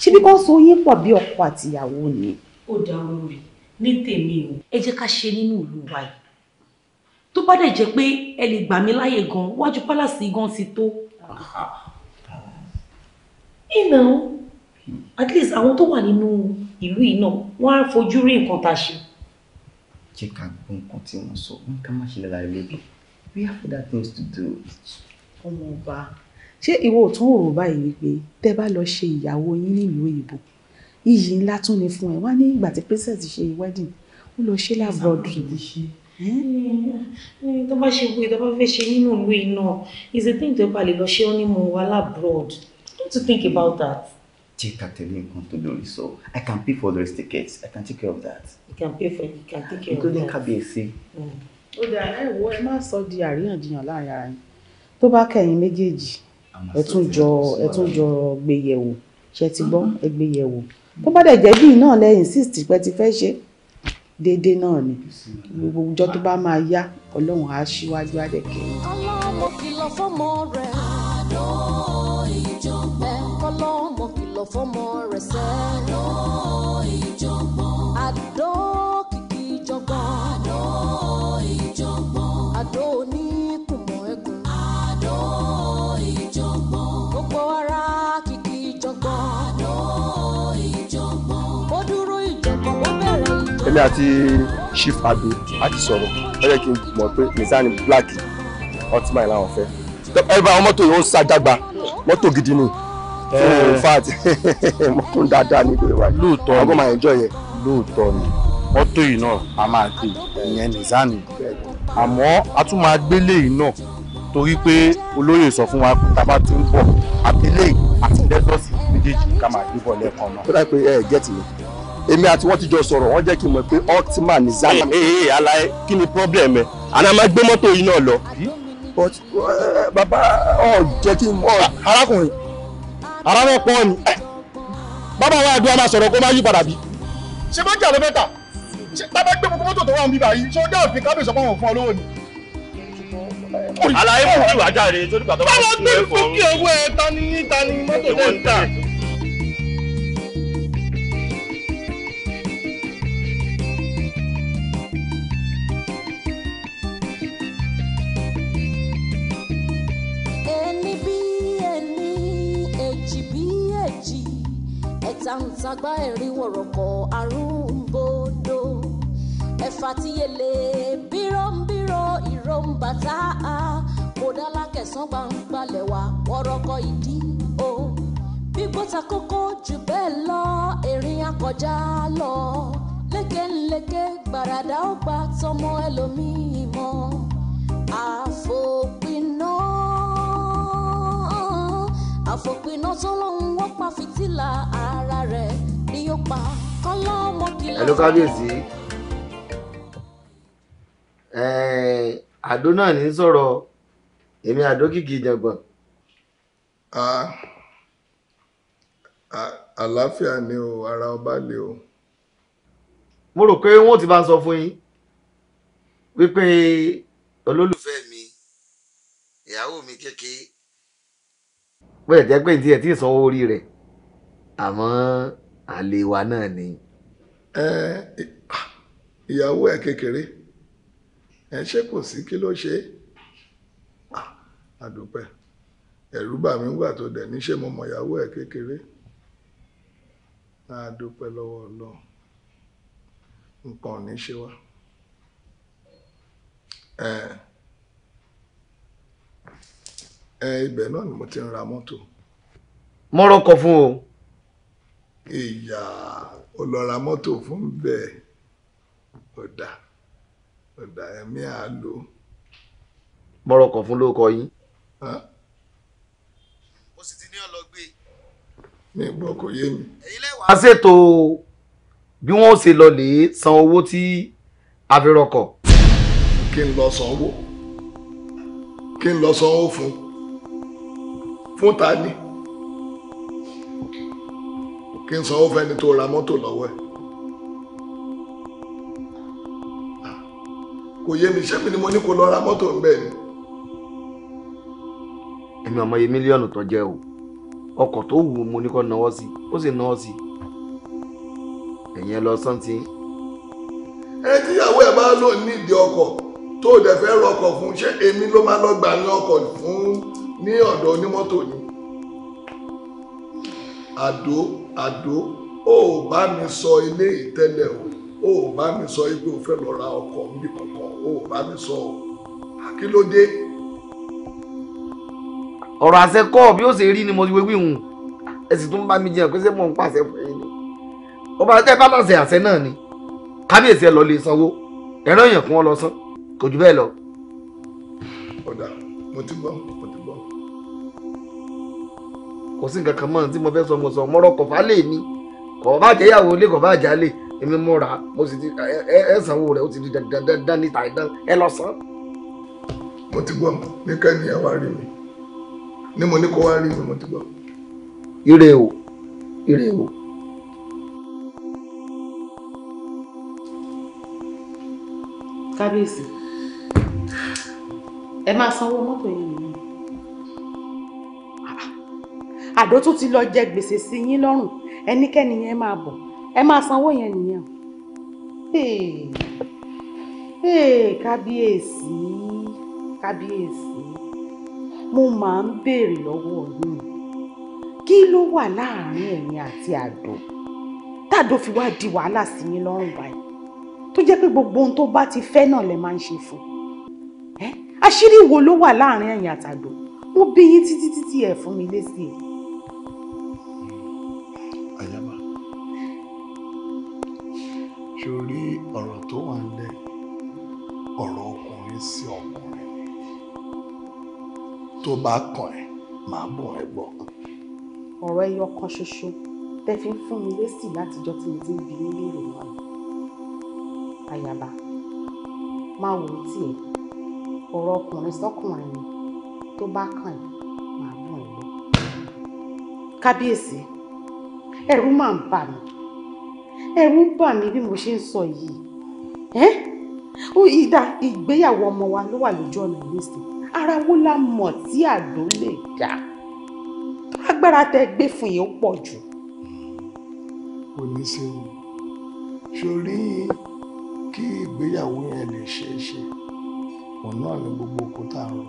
ṣé bí kò so yín pọ̀ bí ọkọ àtìyàwó ni. ó dá olórí ní tèmi o ẹ jẹ́ ká ṣe nínú ìlú wa yìí tó bá dẹ̀ jẹ́ pé ẹ lè gbà mí láàyè gan wájú pálásì gan ti tó. ìnáwó at least àwọn tó wà nínú ìlú yìí náà wọ́n á fojú rí nǹkan tá a ṣe jẹ́ ká gbọ́ nǹkan tí wọ́n sọ wọ́n ká má we have other things to do. ọmọ ọba ṣé ìwọ ò tún òrò báyìí wípé tẹ́ bá lọ ṣe ìyàwó yín nílùú òyìnbó iyì ńlá tún ni fún ẹ wá ní ìgbà tí princess ṣe wedding ó lọ ṣe lábọọdù tó bá ṣe wo ìtọ́ bá fẹ́ ṣe nínú ìlú iná is the thing tó bá lè lọ ṣe ó ní mo wà lábroad don't you think about that. Take ká tẹ̀lé nǹkan tó lórí so i can pay for the those tickets i can take care of that. you can pay for it you can take care of that. including kábíyèsí. Mm. ó Oh, ẹ are ẹ má sọ di àríyànjiyàn láàrin ara yín tó bá kẹ̀yin méjèèjì ẹ tún jọ ẹ tún jọ gbé yẹ̀wò ṣe ti gbọ́ mm-hmm. ẹ gbé yẹ̀wò tó bá dẹ̀ jẹ́ bíi náà lẹ insist pé ti fẹ́ ṣe déédéé náà ni gbogbo ọjọ́ tó bá máa yá ọlọ́run á ṣíwájú á dẹ̀ kẹ́yìn. ọlọ́mọ kìlọ̀ fọ́mọ rẹ̀ àdó kìlọ̀ fọ́mọ rẹ̀ sẹ́. àdó ìjọ̀gbọ̀n. àdó kìkì ìjọ̀gbọ̀n. àdó ìjọ̀gbọ̀n. àdó oníkùmọ̀ ẹ̀gùn. àdó ìjọ̀gbọ̀n. gbogbo ara kìkì ìjọ̀gbọ̀n. àdó ìjọ̀gbọ̀n. ó dúró ìjọ̀gbọ̀n ó bẹ̀rẹ̀ ìjọ̀gbọ̀n. èmi àti chief ado a ti sọ̀rọ̀ ó yẹ kí n mọ̀ pé nìsan ni black ọtí máa ń láwọn fẹ́ ẹ bá àwọn mọ́tò yìí ó ń sá jágba mọ́tò gidi ni. Eh, eh. in fact (laughs) mo kún dáadáa níbi ìwà yìí lóòótọ́ ni agbọ́n máa enjoy yẹn lóòótọ́ ni mọ́tò yìí náà a máa gbé ìyẹn nìzánì àmọ́ a tún máa gbélé yìí náà torí pé olóyè sọ fún wa tá a bá ti ń bọ̀ àtẹlé àti méjèèjì ká máa gbé bọ̀ náà. ó dà pé ẹ ẹ gẹ́tì mi èmi àti wọn ti jọ sọ̀rọ̀ wọn jẹ́ kí n mọ̀ pé optima ní ee eh, ee alaye kí ni problem ẹ àná máa gbé mọ́tò yìí náà lọ. bàbá ọ jẹ́ kí n mọ̀ arákùnrin ara rẹ̀ pọ̀ ni bàbá wa àdúrà máa sọ̀rọ̀ kó má yí padà bí. ṣé bá jà ló bàbá gbé gbogbo mọ́tò tó wà ń bíbá yìí ṣé ó dá òfin kábíyèsí ọ̀pọ̀ òfin olówó ni. àlàyé fún ìwà jáde tó nígbà tó bá wà lórí báwo gbé fúnkì owó ẹ tani ní tani mọ́tò tẹ́ ń tà. táǹtàgbá ẹ̀rí wọ̀rọ̀kọ̀ arúgbòdo ẹ̀fà tíyẹlẹ bírọ̀nbírọ̀ ìrọ̀nbàtà kòdálà kẹsàn gbangba lẹ̀wà wọ̀rọ̀kọ̀ ìdí o gbígbó ta kókó jù bẹ́ẹ̀ lọ erin akọjá lọ lékeléke gbàràdà ó tọmọ ẹlòmíì mọ́ àfòpin àfòpiná tó lọ́hùn wọ́n pa fìtílà ara rẹ̀ ni yóò pa kọ́lọ́ ọmọkìlá. ẹ̀lú kábíyèsí àdó náà ní sọ̀rọ̀ èmi àdó kìkì ìjàngbọ̀n. àlàáfíà ni o ara ọba lè o. mo rò pé wọn ò ti bá sọ fún yín wípé olólùfẹ́ mi ìyàwó mi kékeré bóyá jẹ́ pé tiẹ̀ tí ì sanwó orí rẹ̀ àmọ́ àlè wa náà ni. ìyàwó ẹ̀ kékeré ẹ ṣé kò sí kí ló ṣe é àdúpẹ́ ẹ̀rù bà mí gbà tó dẹ̀ ní ṣé mo mọ̀ ìyàwó ẹ̀ kékeré àdúpẹ́ lọ́wọ́ ọlọ́run nǹkan ò ní ṣe wá. ẹ ibẹ̀ náà ni mo ti ń ra mọ́tò mọ́rọ́kọ fún o. ìyá ó lọ ra mọ́tò fún bẹ́ẹ̀ ọ̀dà ọ̀dà ẹ̀mí à lò. mọ́rọ́kọ fún ló kọ yín. mo sì ti ní ọlọgbé. mi gbọ́ kò yé mi. ẹ̀yin lẹ́wà. a ṣètò bí wọ́n ṣe lọ lè san owó tí a fi rọkọ̀. kí n lọ sanwó kí n lọ sanwó fún fún ta ni kí n sanwó fẹ́ni tó ra mọ́tò lọ́wọ́ ẹ̀. Ah, kò yé mi sẹ́mi ni mo ní kó lọ ra mọ́tò ńbẹ̀ ni. èmi ọmọ yìí mílíọ̀nù tó jẹ́ o ọkọ̀ tó wù mo ní kó náwó sí ó sì náwó sí ẹ̀yìn ẹ lọ sọ́ǹtì. ẹ tíyàwó ẹ bá lò nídìí ọkọ̀ tó dẹ̀ fẹ́ rọkọ̀ fún ṣé èmi ló máa lọ gbà ní ọkọ̀ fún ní ọ̀dọ̀ onímọ́tò ni. àdó àdó ó bá mi sọ ilé ìtẹ́lẹ̀ o ó bá mi sọ ibi òfẹ́ lọ ra ọkọ̀ níbi kankan ó bá mi sọ o àkílódé. ọ̀rọ̀ àṣẹ kọ́ bí ó ṣe rí ni mo wéwí hùn ẹ sì tún bá mi jiyàn pé ṣé mò ń pàṣẹ fún yín ni ọba tẹ bá láṣẹ àṣẹ náà ni kábíyèsí ẹ lọ lè sanwó ẹ̀rọ èèyàn kún ọ lọ san kò jù bẹ́ẹ̀ lọ. ọ̀dà mo ti gbọ́ mo kò sí nǹkan kan mọ́ tí mo fẹ́ sọ mo sọ mọ́rọ́ kọ̀ fálè ni kọ̀ bá jẹ́ ìyàwó ilé kọ̀ bá jà lè èmi mo rà mo sì ti ẹ sanwó rẹ̀ ó ti di dandan níta ìdán ẹ lọ san. mo ti gbọ́ ní kẹ́ni ẹ wá rí mi ni mo ní kó wá rí mi mo ti gbọ́. ire o ire o. kábíyèsí ẹ máa sanwó mọ́tò yẹn nìyẹn àdó tún ti lọ jẹ gbèsè sí yín lọ́rùn ẹnikẹ́ni yẹn máa bọ̀ ẹ máa sanwó yẹn nìyẹn kábíyèsí kábíyèsí mo máa ń béèrè lọ́wọ́ yín kí ló wà láàárín ẹ̀yin àti àdó tàdó fi wá di wàhálà sí yín lọ́rùn báyìí tó jẹ́ pé gbogbo ohun tó bá ti fẹ́ náà lẹ máa ń ṣe fún un àṣírí wo ló wà láàárín ẹ̀yin àtàdó mo bí yín títí títí ẹ̀ fún mi lésì yìí. ṣorí ọ̀rọ̀ tó wà nílẹ̀ ọ̀rọ̀ ọkùnrin sí ọkùnrin tó bá kàn ẹ́ màá bọ̀ ẹ́ gbọ́. ọ̀rọ̀ ẹyọ kan ṣoṣo tẹ fi ń fún mi lésì látijọ́ tí mo ti ń bi ní lérò wa àyàbá máa wò ó tiẹ̀ ọ̀rọ̀ ọkùnrin sọ́kùnrin ni tó bá kàn ẹ́ màá bọ̀ ẹ́ gbọ́. kábíyèsí ẹ̀rù máa ń bà mí ẹ̀rù ń bà mí bí mo ṣe ń sọ yìí ẹ́ ó ìdá ìgbéyàwó ọmọ wa ló wà lójú ọ̀nà ìlísìn ara wo la mọ̀ tí àdó lè dá agbára tẹ gbé fún yìí ó pọ̀ jù. kò ní ṣe o ṣorí kí ìgbéyàwó yẹn lè ṣeé ṣe òun náà ni gbogbo òkúta ń rọ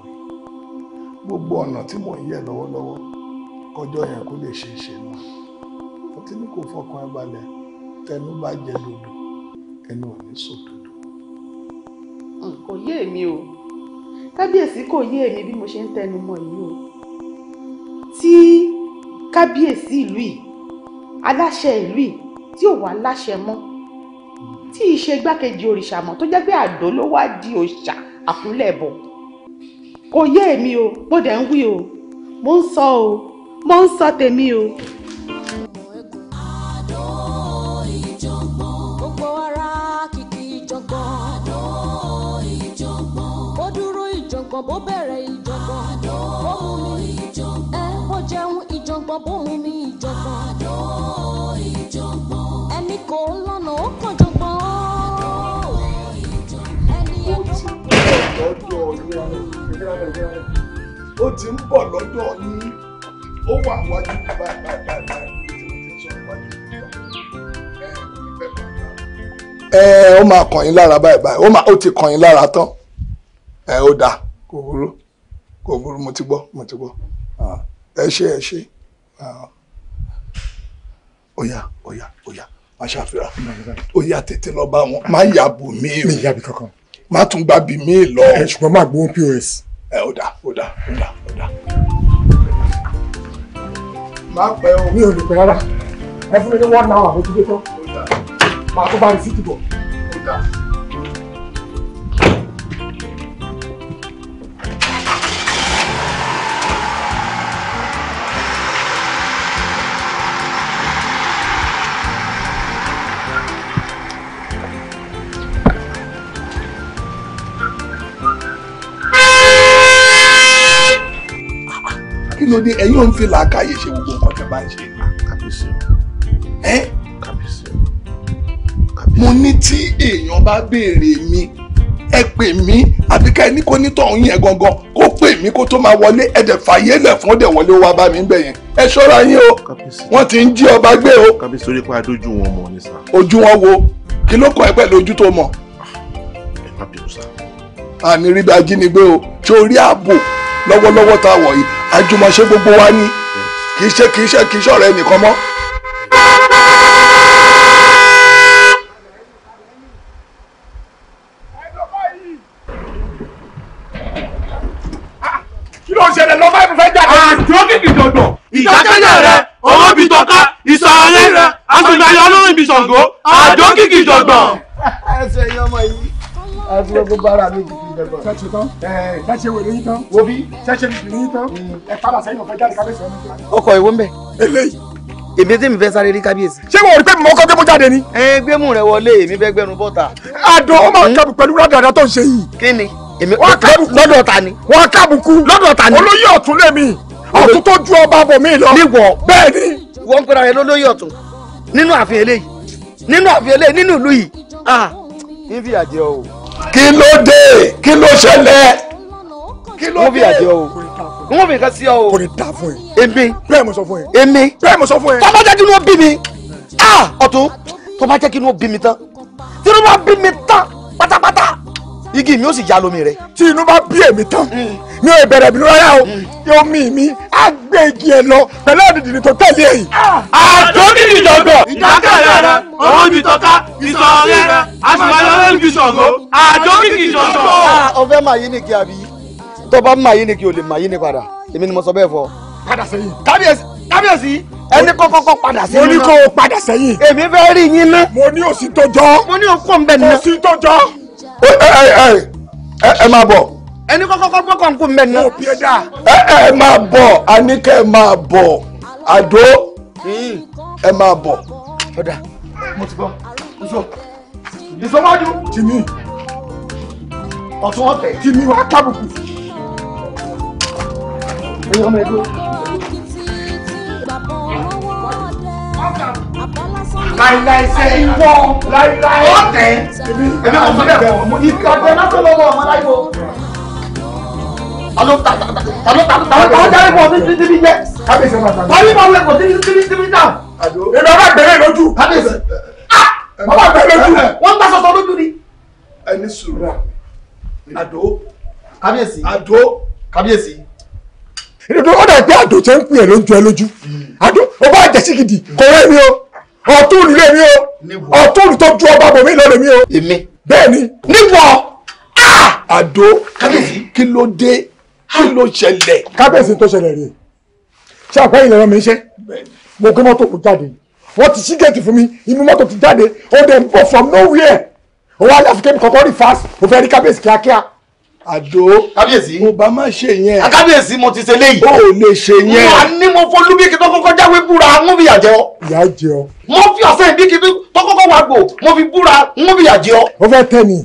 gbogbo ọ̀nà tí mò ń yẹ̀ lọ́wọ́lọ́wọ́ kọjọ́ yẹn kó lè ṣeé ṣe náà mo ti ní kó fọkàn ẹ balẹ̀ tẹnu bá jẹ dodo ẹnu ò sòdodo. kò yé èmi o kábíyèsí kò yé èmi bí mo ṣe ń tẹnu mọ́ yìí o tí kábíyèsí ìlú yìí aláṣẹ ìlú yìí tí ò wá láṣẹ mọ́ tí í ṣe igbákejì òrìṣà mọ́ tó jẹ́ pé àdó ló wá di òòṣà àkúnlẹ̀bọ kò yé èmi o mo dẹ̀ ń wí o mo ń sọ o mo ń sọ tèmi o. ìjàngbọ̀n bó bẹ̀rẹ̀ ìjàngbọ̀n bó mú mi ẹ bó jẹun ìjàngbọ̀n bó mú mi ìjàngbọ̀n ẹni kò ń lọ́nà ó kàn jọ̀gbọ̀n ẹni ẹni tí. ó ti ń bọ̀ lọ́dọ̀ yín ó wà wájú báyìí báyìí báyìí ẹ ó máa kàn yín lára báyìí báyìí ó ti kàn yín lára tán ẹ ó dáa kò burú kò burú mo ti gbọ́ mo ti gbọ́ ẹ ṣe ẹ ṣe oya oya oya má ṣàfihàn oya tètè lọ bá wọn má yà bù mí o má tún gbà bí mí lọ. ẹ ṣùgbọ́n má gbowó pos. ẹ ó dà ó dà ó dà ó dà. má pẹ́ o. mi ò lè pẹ́ rárá ẹ fún mi ní one hour mo ti dé tán màá tó bá rí sí ó dà. ló dé ẹ̀yin ò ń fi làákàyè ṣe gbogbo nǹkan tẹ́ bá ń ṣe. kàbíyèsí o. ẹ kàbíyèsí o. mo ní tí èèyàn bá béèrè mi ẹ pè mí àbí ká ẹni kó ní tọ̀hún yẹn gangan kó pè mí kó tó máa wọlé ẹ̀dẹ̀ fàyè lẹ̀ fún ọ̀dẹ̀ wọlé wá bá mi ń bẹ̀ yẹn ẹ ṣọ́ra yín o wọ́n ti ń jí ọba gbé o. kàbíyèsí orí pa adójú wọn mọ̀ ní sá. ojú wọn wo kí ló kọ ẹ pẹ̀lú ojú tó mọ̀. Ah, ẹ má bínú sá. àní rí bí ajínigbé o ṣé ààbò lọ́wọ́lọ́wọ́ tá a wọ̀ yìí àjùmọ̀ṣe gbogbo wa ni kì í ṣe kì í ṣe kì í ṣọ̀rọ̀ ẹnìkan mọ́. kí ló ń ṣẹlẹ̀ lọ báyìí mo fẹ́ jáde. àjọ ah, kìkì dọ̀dọ̀ ìdákẹ́jẹ́ rẹ ọwọ́ bí tọ́ka ìsọ̀rọ̀ rẹ aṣojú ayọ̀ ọlọ́run ibi ṣàngó àjọ kìkì dọ̀dọ̀. ẹsẹ̀ yọmọ yìí ẹgbẹ́ gbogbo ara mi ti fi dẹ̀gbọ̀n. ṣe ṣe tán ṣe ṣe wèrè yín tán. wo bí ṣe ṣe bìbì yín tán. Mm. ẹ padà sẹ́yìn ọ̀fẹ́ jáde kábíyèsí ọ̀nà. ọkọ̀ ìwé ń bẹ̀. eléyìí. èmi tí mi fẹ́ sáré rí kábíyèsí. ṣé mo rí pé mo kọ́ gbé mo jáde ni. ẹ gbé mú rẹ wọlé èmi fẹ́ gbẹnu bọ́ta. àdó ó máa hmm? kẹ́bù pẹ̀lú rádàrá tó ń ṣe yìí. kí ni èmi lọ́dọ̀ ta ni. wọ́n kábùkù lọ́dọ̀ ta ni. olóyè ọ̀tún ah ń fìyà kí ló dé kí ló ṣẹlẹ̀ kí ló dé. wọ́n fi nǹkan sí ọ o. kò ní ta fún ẹ. èmi. bẹ́ẹ̀ mo sọ fún ẹ. èmi. bẹ́ẹ̀ mo sọ fún ẹ. tọ́ba jẹ́ kí inú bí mi. Ah! ọ̀tún tọ́ba jẹ́ kí inú bí mi tán tí inú bá bí mi tán pátápátá igi mi ó sì ya lomi rẹ. tí inú bá bí èmi tán ní ìbẹ̀rẹ̀ mi rárá o yóò mi á gbé igi ẹ lọ pẹ̀lú àdìdì tó tẹ̀lé èyí. àtọ́kìlì dọ̀gbọ̀. ìdákàlẹ̀ rẹ owó ibi tọ́ka ìsọ̀ ọ̀rẹ́ rẹ àṣìwájú ọ̀rẹ́ ibi ṣọ̀gbọ́ àtọ́kìlì dọ̀gbọ̀. ọ̀fẹ́ màá yí ni kí a bí tó bá màá yí ni kí o lè màá yí ni padà èmi ni mo sọ bẹ́ẹ̀ fọ. padà sẹ́yìn. kábíyèsí kábíyèsí ẹni kọ́kọ́kọ́ padà sẹ́yìn. mo ní kó o padà sẹ́yìn. èmi fẹ́ rí yín ná. mo ní òsì tó jọ. mo ní òkú ọ̀nbẹ náà. òsì tó jọ ẹ máa bọ̀. ẹni kọ́kọ́ kọ́kọ́ nkú mbẹ nù. ẹ ẹ máa bọ̀ àníkẹ́ ẹ máa bọ̀ àdó hmm. ẹ máa bọ̀. ọ̀dà mo ti gbọ́ ìṣó ìṣọ́wájú tìmí ọ̀tún ọ̀tẹ̀ tìmí wàá tábùkù. ẹ̀yọ́ mẹ́ẹ̀ẹ́dọ́. láìláì ṣe ìwọ láìláì ọ̀tẹ̀ èmi kò sọ bẹ́ẹ̀ ìkàtẹ́ lọ́sọ̀ lọ́wọ́ ọmọ láyé o. Alo ta ta ta ta ta ta ta ta ẹ̀kọ́ ní ti ti jẹ́. Kábíyèsí ọba ta. Wọ́n ní báwo ẹ̀kọ́ ti ti ti ti ta. Èmi ọba gbẹ̀rẹ̀ lójú. Kábíyèsí. Ọba gbẹ̀rẹ̀ lójú. Wọ́n gbà sọ̀tọ̀ lójú ni. Ẹni sùúrù. Àdó. Kábíyèsí. Àdó. Kábíyèsí ìdòdó ọ̀dà ìpẹ́ àdò tẹ́ ń pè é lóúnjẹ lójú àdó ọba àjẹsí gidi kò rẹ́ mi o ọ̀tún lé mi o ọ̀tún tó ju ọba bòmí lọ lè mi o. èmi. bẹ́ẹ̀ni. níwọ. àdó kábíyèsí kí ló dé kí ló ṣẹlẹ̀. kábíyèsí tó ṣẹlẹ̀ rèé ṣé àpá ìlẹ̀ mi ṣe mo gbé mọ́tò kò jáde wọ́n ti ṣí gẹ̀ẹ́tì fún mi inú mọ́tò ti jáde ó dẹ̀ ń bọ̀ from nowhere òun àyàfi kébì kọ́kọ́ rí fast òfin ẹ̀rí kábíyèsí kíákíá àdó. kábíyèsí. mo bá má ṣe yẹn. kábíyèsí mo ti ṣe léyìí. o ò lè ṣe yẹn. mo ní mo fọlú bí kíkọ́ kọ́kọ́ jáwé búra mo fi yàjẹ́ ọ. ìyá ọ. mo fi ọ̀sẹ̀ ìbí kíkọ́ kọ́kọ́ wá gbò mo fi búra mo fi yàjẹ́ ọ. o fẹ́ tẹ́ mi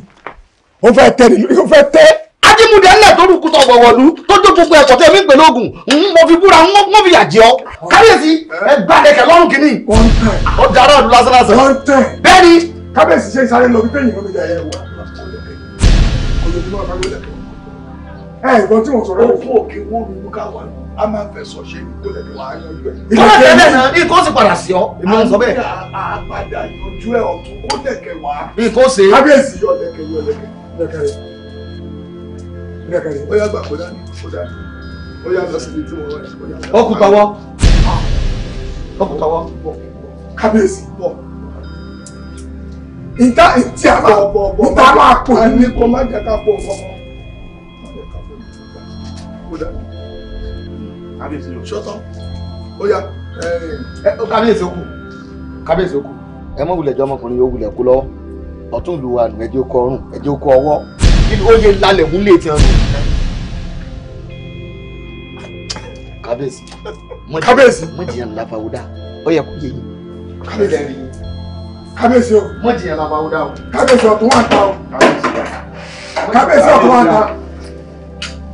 o fẹ́ tẹ́ mi o fẹ́ tẹ́. ajímúdé ńlẹ̀ tó dùn kútọ̀ wọ̀wọ̀lú tó dùn gbogbo ẹ̀kọ́ tẹ́ mi pè lóògùn mo fi búra mo fi yàjẹ́ ọ. kábíyèsí ẹ gbàdẹ̀kẹ̀ lọ́rùn kìíní. wọ́n tẹ̀. ó dára ọ̀dùn lásán lásán. wọ́n tẹ̀. bẹ́ẹ̀ ni kábíyèsí ṣe sáré lọ wípé yìnyín ló ń jẹ ẹ̀yẹ wà ẹ tí mo sọ̀rọ̀ yìí. òkú òkè wo ni ká wà ní a máa fẹ́ sọ ṣe kó lè wá yanjú kọ́lá tẹ́lẹ̀ náà bí sì padà sí ọ èmi sọ bẹ́ẹ̀. a padà yanjú ẹ ọ̀tún kó lẹ̀kẹ̀ wá. bí ṣe. kábíyèsí yọ lẹ̀kẹ̀ yọ lẹ̀kẹ̀ lẹ̀kẹ̀ rẹ̀. ó yá kó dání kó dání ó yá lọ síbi tí mo rọ ẹ. ọkùn pawọ́ kábíyèsí bọ̀ ìta ìtì àmà ìta máa pọ̀ ní kò má jẹ́ ká pọ̀ fọmọ kódà kábíyèsí ló ṣọ́tọ́ ó yá kábíyèsí ó kù kábíyèsí ó kù ẹ mọ̀ wulẹ̀ jọ ọmọkùnrin yóò wulẹ̀ kú lọ́wọ́ ọ̀tún ìlú wa nù ẹjẹ́ ó kọ ọrùn ẹjẹ́ ó kọ ọwọ́ ó lè lálẹ̀ mú lè tiẹ̀ nù. kábíyèsí kábíyèsí mọ̀ jìyàn láfàwọ́dà ó yẹ kó yẹ yìí. kábíyèsí kábíyèsí o mọ̀ jìyàn láfàwọ́dà o kábíyèsí ọ̀tún wà ta o kábíyèsí ọ̀tún wà ta.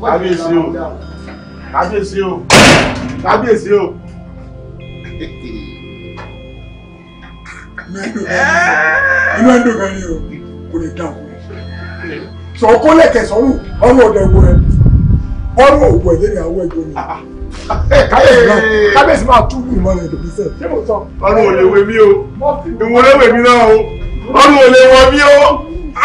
kábíyèsí o kábíyèsí o kábíyèsí o. inú ẹ̀ ń dùn gan ni o kò lè dà o lẹ̀kẹ̀ sọ́rùn ọrùn ọ̀dọ̀ ẹ̀gbọ́n rẹ ọrùn òògùn ẹ̀jẹ̀ ni àwọn ẹ̀gbọ́n mi. kábíyèsí máa tú ìlú ìmọ̀ rẹ̀ dòbí sẹ́. ọrùn ò lè o ìwọ̀n lè wé mi náà o ọrùn wọ̀ o ah!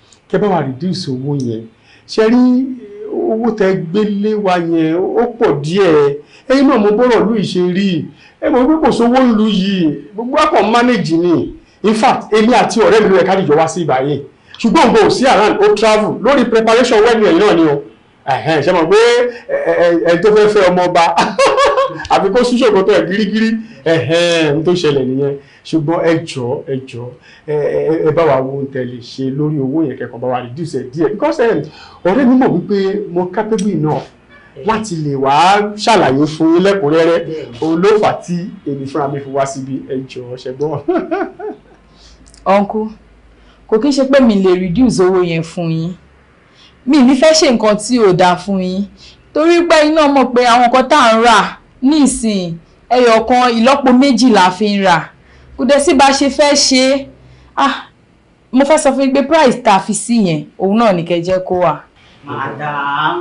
kẹ́ bá wa reduce owó yẹn ṣe rí owó tẹ́ gbé lé wa yẹn ó pọ̀ díẹ̀ ẹ̀yin náà mo bọ́rọ̀ lú ìṣe rí ẹ mọ̀ pé kò sówó lu yìí gbogbo àpọ̀ manage ni in fact èmi àti ọ̀rẹ́ mi ló yẹ ká dìjọ wá sí ìbàyẹn ṣùgbọ́n nǹkan ò sí around ó travel lórí preparation wedding ẹ̀yin náà ni o ṣe mọ̀ pé ẹ tó fẹ́ fẹ́ ọmọ ọba (laughs) àfi kó ṣíṣòkòtò ẹ̀ gírígírí ẹ̀hẹ́n tó ṣẹlẹ̀ nìyẹn ṣùgbọ́n ẹ jọ ẹ jọ ẹ bá wa wo tẹ lè ṣe lórí owó yẹn kẹ́kọ̀ọ́ bá wa reduce ẹ díẹ̀ because eh, ọ̀rẹ́ mi mọ̀ wípé mo capable enough láti lè wá ṣàlàyé fún yín lẹ́kùnrẹ́rẹ́ òun ló fà tí èmi fúnra mi fi wá síbi ẹ jọ ṣẹgbọn. ọ̀nkú kò kí ń ṣe pé mi lè reduce owó yẹn fún yín mi ní fẹ́ ṣe nǹkan tí ò dáa fún yín torí pé iná mọ̀ pé àwọn nǹkan tá à ń rà nísìn ẹyọ ìlọ́po méjì la fi ń rà kò dẹ̀ sí bá ṣe fẹ́ ṣe é ah mo fẹ́ sọ fún yín pé price tá a fi sí yẹn òun náà ní kẹ́ jẹ́ kó wà. madam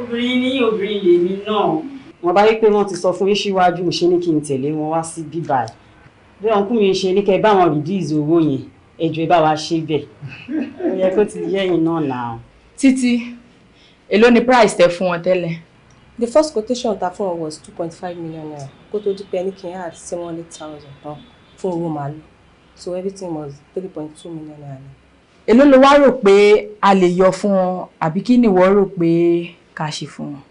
obìnrin ní obìnrin lèmi náà. wọn bá rí pé wọn ti sọ fún yín síwájú ṣe ni kí n tẹ̀lé wọn wá sí bíbá ẹ̀ bí ọkùnrin mi ṣe ní kẹ́ bá wọn rìdíìsì owó yẹn ẹjọ́ ẹ bá wa ṣe bẹ́ẹ̀ ó yẹ kó ti yẹ́yìn náà nà. títí èló ni price tẹ fún wọn tẹ́lẹ̀ the first quotation ta fún ọ was 2.5 million naira kó tó di pé ẹni kì add seven hundred thousand tán fún so everything was 3.2 million naira. Elo ló wá rò pé a lè yọ fún wọn àbí kí ni ìwọ rò pé ká ṣe fún wọn.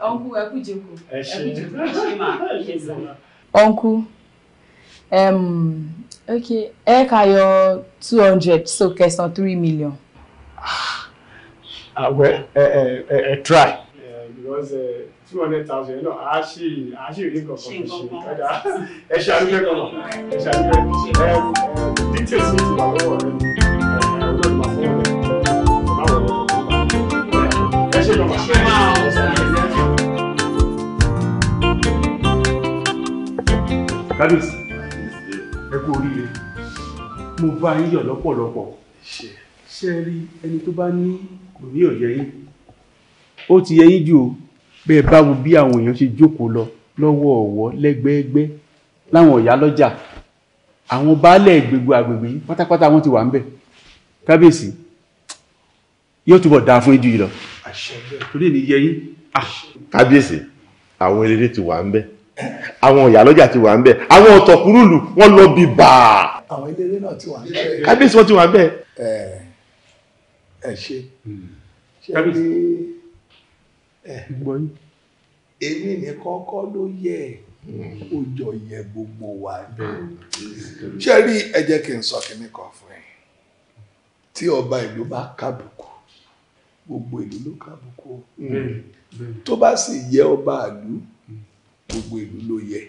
ọ̀nkú ẹ kú jòkó ẹ kú jòkó okay ẹ kà yọ two so kẹsàn 3 million àwẹ̀ ẹ ẹ ẹ try. because eh, two hundred thousand náà a ṣì a ṣì rí nǹkan kan fi ṣe kọjá ẹ ṣe àdúgbò kan mọ̀ ẹ ṣe àdúgbò ẹ eh, eh, details mi ti wà lọ́wọ́ rẹ ọjọ́ ìgbà fún ọ báwo ni ẹ ṣe lọ́wọ́. ṣé máa ń sọ ẹ̀ kábíyèsí ẹ kú oríire mo bá yín yọ̀ lọ́pọ̀lọpọ̀ ṣe rí ẹni tó bá ní kò ní ọ̀yẹ́ yín ó ti yẹ yín jù ó bẹ́ẹ̀ báwo bí àwọn èèyàn ṣe jókòó lọ lọ́wọ́ ọ̀wọ́ lẹ́gbẹ́ẹ́gbẹ́ láwọn ọ̀yá lọ́jà àwọn baálẹ̀ gbogbo àgbègbè yìí pátápátá wọn ti wà ń bẹ̀ kábíyèsí yóò túbọ̀ dáa fún ijú yìí lọ torí èyí yẹ yín. Ah! kábíyèsí àwọn eléré ti wà ń bẹ̀ àwọn ọ̀yà lọ́jà ti wà ń bẹ̀ àwọn ọ̀tọ̀kùrúlù wọ́n lọ bí bàá. àwọn eléré náà ti wà ń bẹ̀. kábíyèsí wọn ti wà ń bẹ̀ ẹ ṣe hmm. ṣe rí ẹ èmi nìkan kọ́ ló yẹ ó hmm. jọ yẹ gbogbo wa ṣe rí ẹ jẹ́ kí n sọ kíní kan fún yín tí ọba ìlú bá kábùkù gbogbo ìlú ló kábùkù tó bá sì yẹ ọba ìlú hmm. gbogbo ìlú ló yẹ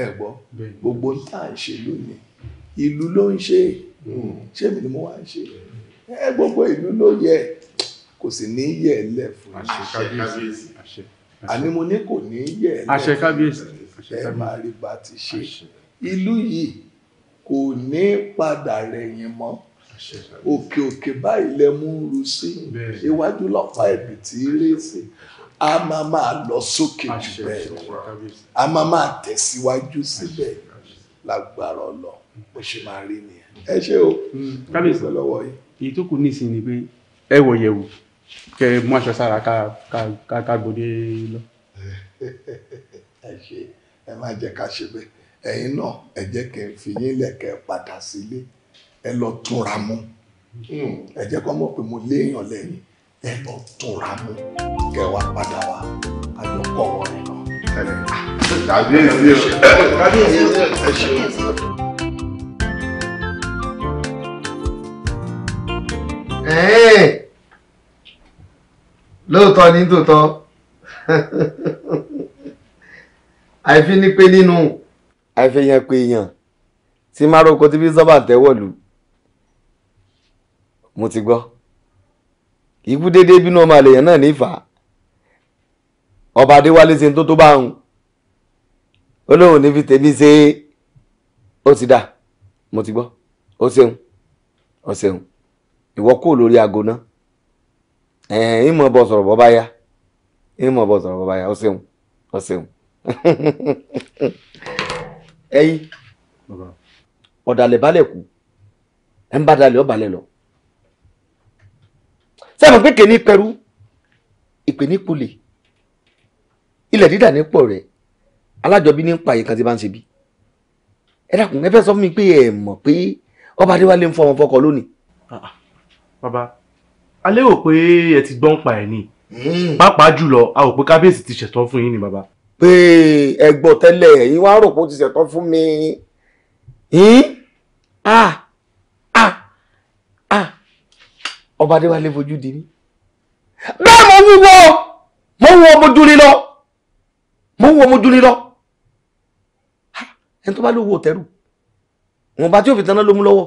ẹ gbọ́ gbogbo ń tà ń ṣe lónìí ìlú ló ń ṣe Hmm. ṣé èmi ni mo wá ń ṣe ẹ gbogbo ìlú ló yẹ kò sì ní yẹ ẹ lẹ fún mi àní mo ní kò ní yẹ ẹ lẹ fún mi ẹ máa rí bá ti ṣe ìlú yìí kò ní padà rẹ̀yìn mọ́ òkè òkè báyìí lẹ mú ń ru sí iwájú lọ́pàá ẹ̀bì tí í rè sí a máa máa lọ sókè jù bẹ́ẹ̀ a máa máa tẹ̀síwájú síbẹ̀ lágbára ọlọ bó ṣe máa rí nìyẹn ẹ ṣe o hmm, kábíyèsí lọ́wọ́ yìí. èyí tó kù nísìn ni pé ẹ wọ yẹ̀wò kẹ mú aṣọ sára ká ká ká gbòde lọ. (laughs) ẹ ṣe ẹ má jẹ́ ká ṣe bẹ́ẹ̀ ẹ̀yin náà ẹ jẹ́ kẹ́ fi yín lẹkẹ padà sílé ẹ lọ túnra mú hmm. ẹ jẹ́ kó mọ̀ pé mo léèyàn lẹ́yìn ẹ lọ túnra mú kẹ́ wá padà wá àjọkọ wọn ẹ lọ. kábíyèsí ẹ ṣe. lóòótọ́ ní tòótọ́ àìfi ní pé nínú àìfẹ̀yàn pé èèyàn tí márùkọ tí bí sọ́bà tẹ́wọ̀ lù mo ti gbọ́ ikú déédéé bínú ọmọ àlèyàn náà nífà ọba adéwálé ṣe tó tó bá ń olóhùn ní fi tèmi ṣe ó ti dà mo ti gbọ́ ó ṣeun ó ṣeun ìwọ kúrò lórí aago náà ẹ̀ẹ́n ìmọ̀ bọ̀ sọ̀rọ̀ bọ́ bá yá ìmọ̀ bọ̀ sọ̀rọ̀ bọ́ bá yá ó ṣeun ó ṣeun (laughs) ẹ̀yin ọ̀dàlẹ̀ balẹ̀ kú ẹ̀ ń bá dalẹ̀ ọ̀bàlẹ̀ lọ sẹ́wọ̀n pé kèéní pẹ̀rú ìpè ní kulè ilẹ̀ dídà ní pọ̀ rẹ̀ alájọbí ní pààyè kan ti bá ń ṣe bí ẹ dákun ẹ fẹ́ sọ fún mi pé ẹ mọ̀ pé ọba adéwálé ń fọ ọmọ fọkọ lónìí. Ah, ah. Baba, alẹ́ ò pé ẹ ti gbọ́n pa ẹ̀ ni hmm. pàápàá jùlọ a ò pé kábíyèsí ti ṣẹ̀tọ́ fún yín ni Baba? pé ẹgbọ́ tẹ́lẹ̀ ẹ̀yin wá rò pé ó ti ṣẹ̀tọ́ fún mi hmm? ah! Ah! Ah! ọba adéwálé fojú di mí bẹ́ẹ̀ mo wúwo mo wọ mo dúrí lọ mo wọ mo dúrí lọ ẹni tó bá lówó tẹ́rù wọn bá tí òfin tán náà ló mú lọ́wọ́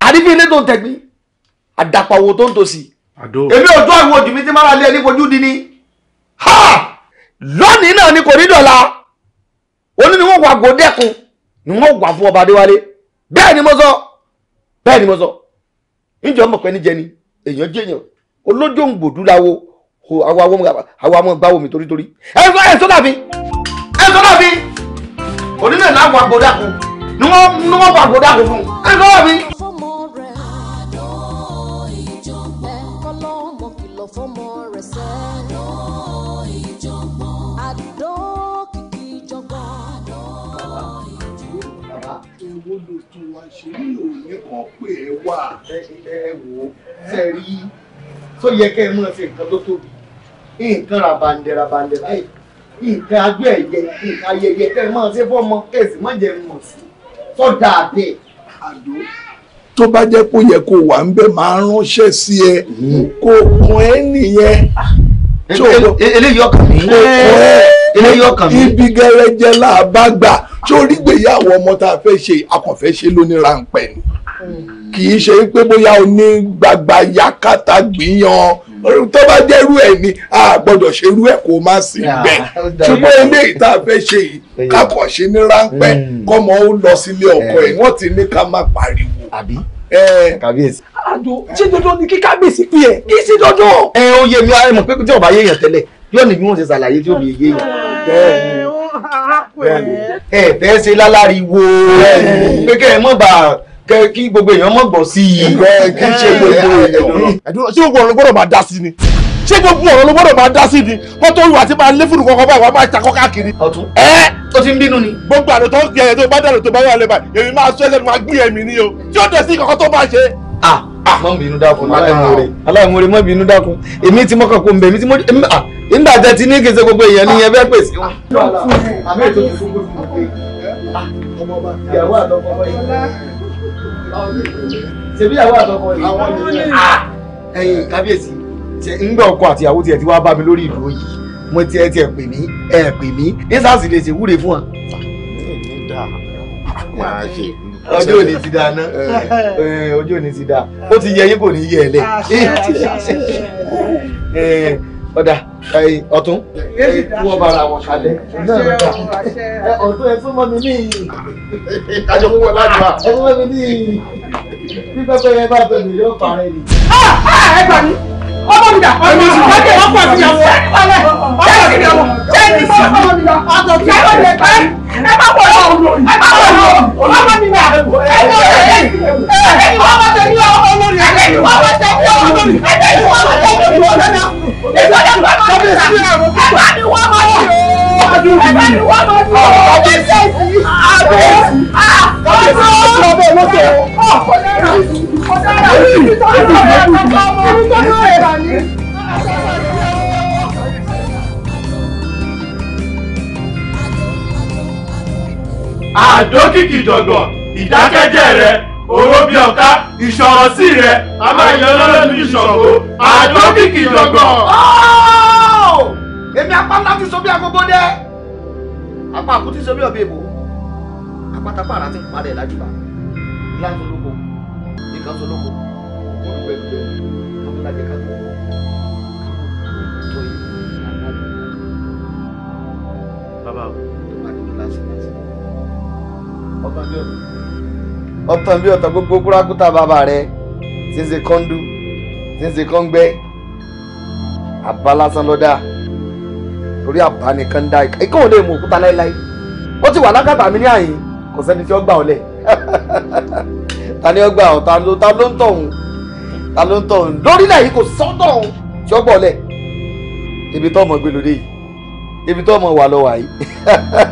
àrífín ilé tó ń tẹ̀gbìn àdàpàwò tó ń tòsí. èmi ò tó àwọn òdì mi tí mara lé nípojú di ni. ha lónìí náà ni kò ní dọ̀la oní ni wọ́n wà gòdẹ́kun ni wọ́n wà fún ọba adéwálé bẹ́ẹ̀ ni mo sọ bẹ́ẹ̀ ni mo sọ níjọ́ mọ̀ pé níjẹ ni èèyàn jẹ́ èèyàn olójó ń gbòdú láwo àwọn àwọn gbáwo mi torítorí ẹ ẹ sọ dàbí ẹ sọ dàbí onílẹ̀ náà wà gòdẹ́kun ni wọ́n wà gòdẹ́kun fún ẹ sọ dàbí. kìlọ̀ fọ́mọ rẹ̀ sẹ́. àdó ìjọ̀gbọ́n. àdó kìkì ìjọ̀gbọ́n. àdó ìjọ̀gbọ́n. bàbá ewo ló tún wá ṣe ní òní kan pé ẹ wà ẹ wò ó ṣe rí tó yẹ kẹ́ ẹ mú ẹ fi nǹkan tó tóbi nǹkan rabandẹ rabandẹ láì nǹkan agbẹ́ ẹ̀yẹ nǹkan ayẹyẹ kẹ́ ẹ máa ṣe fọ́mọ kẹ́ ẹ sì má sí sọ́dà bẹ́ẹ̀ àdó tó bá jẹ́ kó yẹ kó wà ń bẹ̀ máa ránṣẹ́ sí ẹ kó kàn ẹ́ nìyẹn. E-, eléyìí ọkàn mi kó kàn ẹ́ eléyìí ọkàn mi ibi gẹrẹjẹ la bá gbà sórí gbéyàwó ọmọ tá a fẹ́ ṣe akọ̀fẹ́ ṣe lónìí ráńpẹ́ ni kì í ṣe pé bóyá o gbagba yakata gbìyàn tó bá jẹ́rú ẹ̀ ni a gbọ́dọ̀ ṣerú ẹ̀ kó má sí ah, bẹ́ẹ̀ ṣùgbọ́n eléyìí tá a fẹ́ ṣe yìí kákọ̀ ṣe ní ráńpẹ́ hmm. kọ́mọ ó lọ sílé ọkọ ẹ̀ eh. wọ́n ti ní ká má pariwo àbí. ẹ kábíyèsí. àjò ṣé dandan ni kí kábíyèsí pè ẹ kí sí dandan. ẹ ó yé mi ara mọ̀ pé tí ọba yéèyàn tẹ́lẹ̀ yóò ní bí wọ́n ṣe ṣàlàyé tí ó fi yéèyàn. bẹ́ẹ̀ni ẹ fẹ́ ṣe láláriwo pé kẹ́ ẹ mọ̀ bá kí gbogbo èèyàn mọ̀ gbọ́ sí i. kí ṣe gbogbo èèyàn. ẹ dúró ṣé gbogbo ọ̀rọ̀ máa dá sí ni ṣé gbogbo ọ̀rọ̀ ló gbọ́dọ̀ máa dá sí ni kó tó wà tí máa lé fún ìkọ̀kọ̀ báyìí wàá máa takọ́ káàkiri. ọ̀tún ẹ o ti ń bínú ni. gbogbo àná tó ń gbé ẹyẹ tó bá dànù tó bá wà lẹ́bàá èmi máa sọ ẹlẹ́nu máa gbé ẹ̀mí ni o tí ó dẹ̀ sí ìkọ̀kọ̀ tó máa ṣe. ah mọ bínú dákun aláìmoore aláìmoore mọ bínú dákun èmi tí mo kàn kó mbẹ èmi tí mo èmi à nígbà tẹ ti ní gèsè gbogbo èèyàn nìyẹn fẹ́ pèsè. ṣebí àwọn àtọkọ yìí ẹ̀yin kábíyèsí ńgbà ọkọ àti ìyàwó tiẹ̀ ti wá bá mi lórí ìdúró yìí mo tiẹ̀ tiẹ̀ pè mí ẹ pè mí ní sars lè ṣe wúre fún wa. ọjọ́ òní ti dáa ná (laughs) ọjọ́ òní ti dáa ó ti yẹ yín kò ní yẹ ẹ lẹ ọ̀dà ọ̀tún wọ́n bára wọn kalẹ̀ ọ̀tún ẹ̀sùn mọ́ mi níyì kájọ fún wọn láti wá ẹ̀sùn mọ́ mi níyì bí pẹ́pẹ́ yẹn bá bẹ̀rù yóò parẹ́ ni. Ah, ah, ẹ gbà mí ọmọ mi dà ọmọ mi dà ọkọ ọkọ mi dà sẹ́ni wọlé sẹ́ni mi dà sẹ́ni mi dà ọmọ mi dà ọ̀tọ̀ kí ẹ má lè pẹ́ ẹ má wọ̀ lọ ẹ má wọ̀ lọ ọmọ mi dà ẹ ní ọ̀rẹ́ ẹ ẹ ní wọ́n bá tẹ̀lé ọmọ lórí ẹ ní wọ́n bá tẹ̀lé ọmọ lórí ẹ ní wọ́n bá tẹ̀lé ọmọ lórí ìgbàlẹ̀ ń bá wọn lọ sí ẹ bá ní wọ́n bá wọn ẹ bá ní wọ́n bá wọn ọmọ sẹ́yìn àbẹ̀ àbẹ̀ ọmọ ọmọ ọmọ ọ̀daràn ìtọ́jú rẹ̀ kọ́kọ́ ọmọ ìtọ́jú rẹ̀ rà ní. àdókìkì jọ̀gbọ̀n ìdákẹ́jẹ́ rẹ oró bí ọ̀ká ìṣọ̀rọ̀ sí rẹ a máa yọ lọ́lọ́dún bí ìṣọ̀rọ̀ àdókìkì jọ̀gbọ̀n. èmi apáńlá ti so bí agogo dẹ́ apá àkútí so bí ọ̀bẹ èbò apátápá ara ti ń parẹ́ lájúbà láńtó lóko kan sọ lọ́mọ wọn ló bẹ̀rù bẹ̀rù àwọn ìlàjẹ ká tó tó yìí àná àbí ìlànà. bàbá o. tó bá di kíláàsì láti. ọtàn bí ọtàn. ọtàn bí ọtàn gbogbo kúrákútà bàbá rẹ tí ń ṣe kọ́ńdú tí ń ṣe kọ́ńgbẹ́ àbá lásán ló dáa torí àbá nìkan dá ìka ikọ̀ ò lè mú òkúta láéláé ó ti wà lákàtà mi ní àyín kò sẹ́ni tí ó gbà ọ́ lẹ̀. (laughs) ta ni ó gbà ọ́ ta ló ta ló ń tọ̀ òun ta ló ń tọ̀ òun lórílẹ̀ yìí kò sọ́tọ̀ òun tí ó gbọ̀lẹ̀ ibi tó ọmọ gbé lóde yìí ibi tó ọmọ wà lọ wà yìí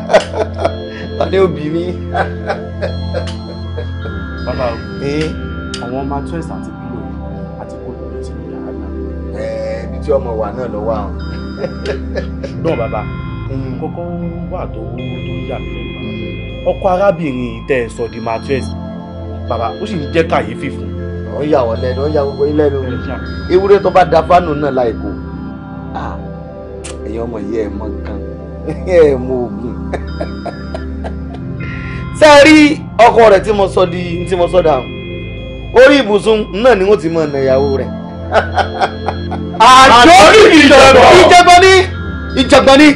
(laughs) ta ni ó bì mí. (laughs) bàbá o àwọn ọmọ atúwẹ̀sì àti pílò àti kòtò ló ti mú yàrá náà. ibi tí ọmọ wà náà lọ wà náà bàbá kọ́kọ́ wà tó tó yà mí lẹ́nu mm. ọkọ arábìnrin tẹ́ ẹ sọ baba ó si ń jẹ́ kàyéfì fún un. ọ ya wọ́n lẹ́nu ó yà gbogbo yín lẹ́nu ewúrẹ́ tó bá da fánù náà láìkó ẹ̀yin ọmọ yìí ẹ̀ mọ nǹkan ẹ̀ mọ oògùn. ṣé ẹ rí ọkọ rẹ̀ mo sọ di tí mo sọ dà orí ibùsùn ni wọ́n ti máa na ìyàwó rẹ̀. àjọ ìjọ̀gbọ́n ìjọ̀gbọ́n ní ìjọ̀gbọ́n ní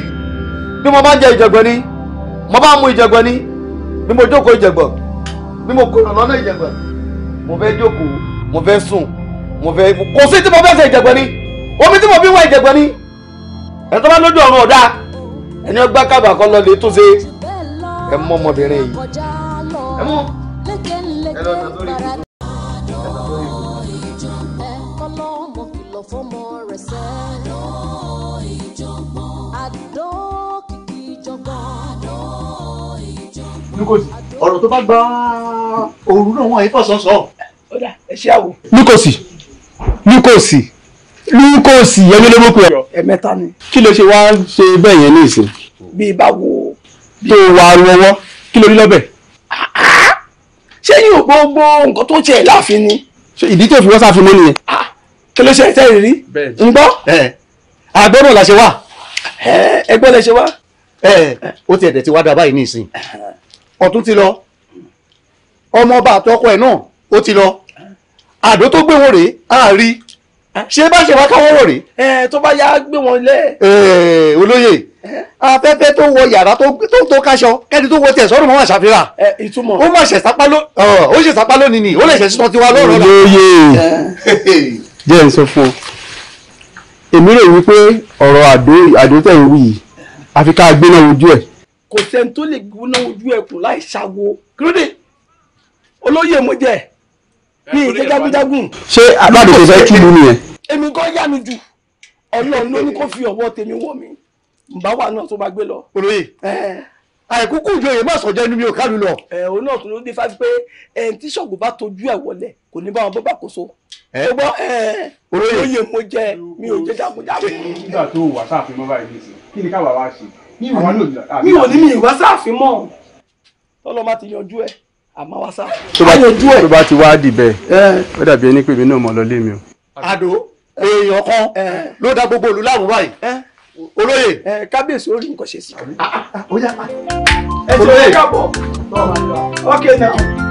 bí mo bá ń jẹ ìjọ̀gbọ́n mo mu mo bí mo kọ̀nà lọ́nà ìjàgbọ̀n mo fẹ́ jókòó mo fẹ́ sùn mo fẹ́ kò sí tí mo fẹ́ ṣe ìjàgbọ̀n ni omi tí mo fi wá ìjàgbọ̀n ni ẹni tó bá lójú ọ̀run ọ̀dà ẹni ọgbà kábà kan lọ lè tún ṣe ẹ mọ ọmọbìnrin yìí ẹ mọ ẹ lọ nà lórí ìlú. fọmọ rẹ sẹ. àdó kìkì ìjọgbọ́n. àdó ìjọgbọ́n ọ̀rọ̀ tó bá gba òru náà wọ́n yìí fọ̀sán sọ. ọ̀dà ẹ ṣe àwò. ní kò sí ní kò sí ní kò sí ẹni ló mú pé. ẹ̀mẹ́ta ni. kí ló ṣe wá ṣe bẹ́ẹ̀ yẹn ní ìsìn. bí i bá wo. tó wà á lọ́wọ́ kí ló rí lọ́bẹ̀. ṣé yóò gbogbo nǹkan tó tiẹ̀ láàfin ni. ìdí tó fi wọ́n sáfin mọ́ nìyẹn. Ah, kí ló ṣe ẹ̀ tẹ́rì rí. ń gbọ́. àgbẹ̀rún làṣẹ wà. ẹgbẹ́ lẹ ṣe wá. ó tiẹ̀ dẹ̀ ti wá dáa báyìí ní ìsìn eh, ọ̀tún ti lọ ọmọ ọba àtọkọ ẹ̀ náà ó ti lọ àdó tó gbé wọn rèé á rí ṣé bá ṣe wá káwọ́ wọ̀ rèé. ẹ tó bá yá gbé wọn lẹ. olóyè afẹ́fẹ́ tó wọ yàrá tó tó kaṣọ kẹ́ni tó wọ tiẹ̀ sọ́run máa ṣàfihàn. ẹ ìtumọ̀ ó má ṣẹ̀sápá ló ó ṣẹ̀sápá lónìí ni ó lè ṣẹ̀sán tiwa lọ́rọ̀ la. olóyè jẹ́ ń sọ fún ọ èmi rò wípé ọ̀rọ̀ àdó àdó tẹ̀ ń wí yìí àfi ká gbéná ojú ẹ̀ kò sẹ́ni tó lè gbóná ojú ẹkùn láì ṣàwo kílódé olóyè mo jẹ ní ìṣe jagunjagun. ṣé àbádo kò fẹ́ kí lu nìyẹn. èmi gan yá mi jù ọlọ́run ló ní kó fi ọwọ́ tèmi wọ̀ mí bá wà náà tó bá gbé lọ. olóyè àìkúkú ìjòyè má sọjọ́ inú mi ò kálu lọ. ẹ òun náà tún ló dé fáfi pé ẹn tí ṣọ̀gbọ́ bá tojú ẹ̀ wọlé kò ní bá wọn bọ́ bá kóso. ẹ ẹ olóyè mo jẹ mi ò jẹ jagunjagun. kí ni káwa wá ṣe mi ò ní mi ìwá sáàfin mọ́ tọ́lọ́ má ti yanjú ẹ̀ àmọ́ wá sáà. tó bá ti wá dì bẹ́ẹ̀ ó dàbí ẹni pé èmi náà mọ̀ lọ mi o. àdó èèyàn kan ló dá gbogbo ìlú láàmú báyìí olóyè. kábíyèsí orí nǹkan ṣe sí. Ah, ah, ah, ẹ ti wọ́n kábọ̀. ok now.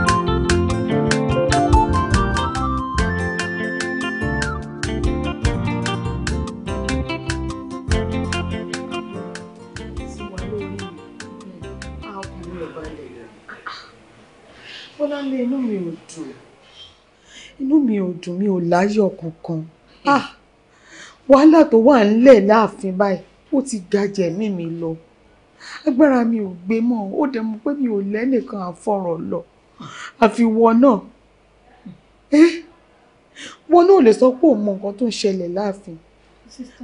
Bọ́láńlé inú mi ò dùn inú mi ò dùn mi ò láyọ̀ kankan hmm. ah! wàhálà tó wà ńlẹ̀ láàfin báyìí ó ti gajẹ̀ mí mi lọ agbára mi ò gbé mọ́ ó dẹ̀ mọ̀ pé mi ò lẹ́nìkan àfọ̀rọ̀ lọ àfi wọ náà wọn náà lè sọ pé òun mọ nǹkan tó ń ṣẹlẹ̀ láàfin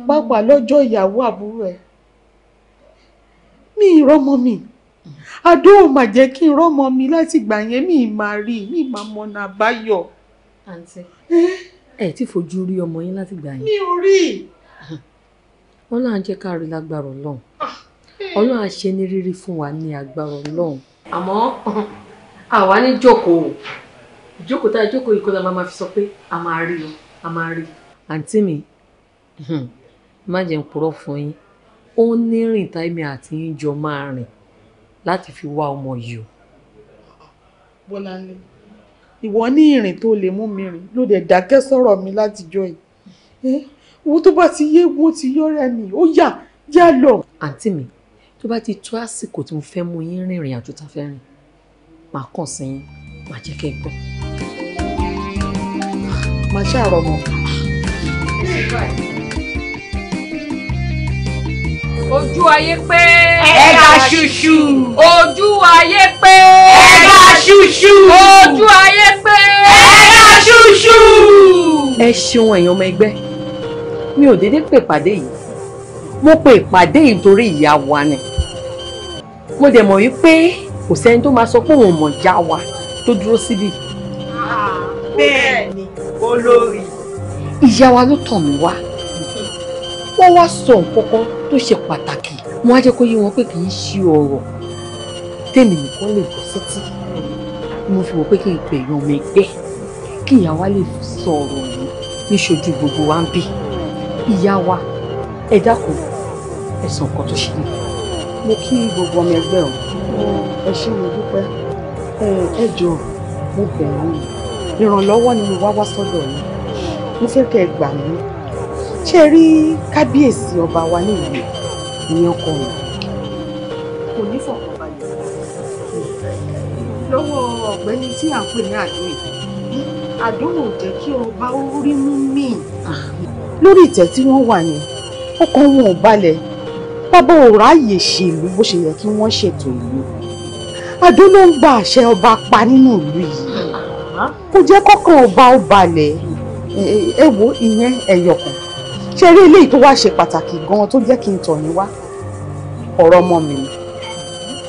pàápàá lọ́jọ́ ìyàwó àbúrò ẹ̀ mi ìrọ́mọ mi adó ò mà jẹ́ kí n rọ́mọ mi láti ìgbà yẹn mi máa rí mi máa mọ̀nà àbáyọ. àǹtí ẹ ti fojú rí ọmọ yín láti ìgbà yẹn. mi ò rí. wọn náà jẹ́ ká rí lágbára Ọlọ́run ah, eh. Ọlọ́run á ní rírí fún wa ní agbára Ọlọ́run. àmọ́ àwa ní jókòó ìjókòó tá a jókòó yìí kó la máa fi sọ pé a máa rí o a máa rí. àǹtí mi má jẹ́ n purọ́ fún yín ó ní rìn táìmì àti yín jọ máa rìn láti fi wá ọmọ yìí o. Bọ́láńlé ìwọ ní ìrìn tó lè mú mi rìn ló dẹ̀ dákẹ́ sọ̀rọ̀ mi látijọ́ yìí owó tó bá ti yé wo ti yọ́rẹ́ mi ó yà yá lọ. àǹtí mi tó bá ti tó àsìkò tí mo fẹ́ mú yín rìnrìn àjò tá a fẹ́ rìn màá kàn sí yín màá jẹ́ kẹ́ ẹ gbọ́. màá ṣàrọ̀ mọ́ ojú ayé pé. ẹ̀dá ṣuṣu. ojú ayé pé. ẹ̀dá ṣuṣu. ojú ayé pé. ẹ̀dá ṣuṣu. ẹ ṣeun ẹ̀yàn ọmọ ẹgbẹ́ mi ò déédéé pè pàdé yìí mo pè pàdé yìí nítorí ìyá wa ni mo dẹ̀ mọ̀ wípé kò sẹ́ni tó máa sọ pé òun mọ̀ já wa tó dúró síbí. bẹ́ẹ̀ ni olórí. ìyá wa ló tàn mí wá wọ́n wá sọ nǹkan kan tó ṣe pàtàkì wọ́n á jẹ́ kó yé wọn pé kì í ṣe ọ̀rọ̀ tèmi nìkan lè gbọ́ sétí mo fi wò pé kí n pè yan ọmọ ẹgbẹ́ kí ìyá wa lè sọ ọ̀rọ̀ yìí níṣojú gbogbo wa ń bí ìyá wa ẹ dákun ẹ sọ tó ṣe ní. mo kí gbogbo ọmọ ẹgbẹ́ o ẹ ṣé mo dúpẹ́ ẹ jọ̀ọ́ mo bẹ̀ ìrànlọ́wọ́ ni mo wá wá sọ́dọ̀ yín mo fẹ́ kẹ́ ẹ gbà mí ṣe rí kábíyèsí ọba wa nílùú ìyẹn ọkọ rẹ̀ kò ní fọkànbalẹ̀ lọ́wọ́ ọ̀gbẹ́ni tí à ń pè ní àdó yìí àdó ò jẹ́ kí ọba ó rí mú mí. lórí ìtẹ́ tí wọ́n wà yẹn ọkàn wọn ò balẹ̀ bàbá ò ráàyè ṣèlú bó ṣe yẹ kí wọ́n ṣètò ìlú àdó ló ń gba àṣẹ ọba pa nínú ìlú yìí kò jẹ́ kọ́kàn ọba ó balẹ̀ ẹ wo ìyẹn ẹ̀yọ̀kan ṣé eré eléyìí tó wá ṣe pàtàkì gan-an tó jẹ́ kí n tọ̀ yín wá ọ̀rọ̀ ọmọ mi ni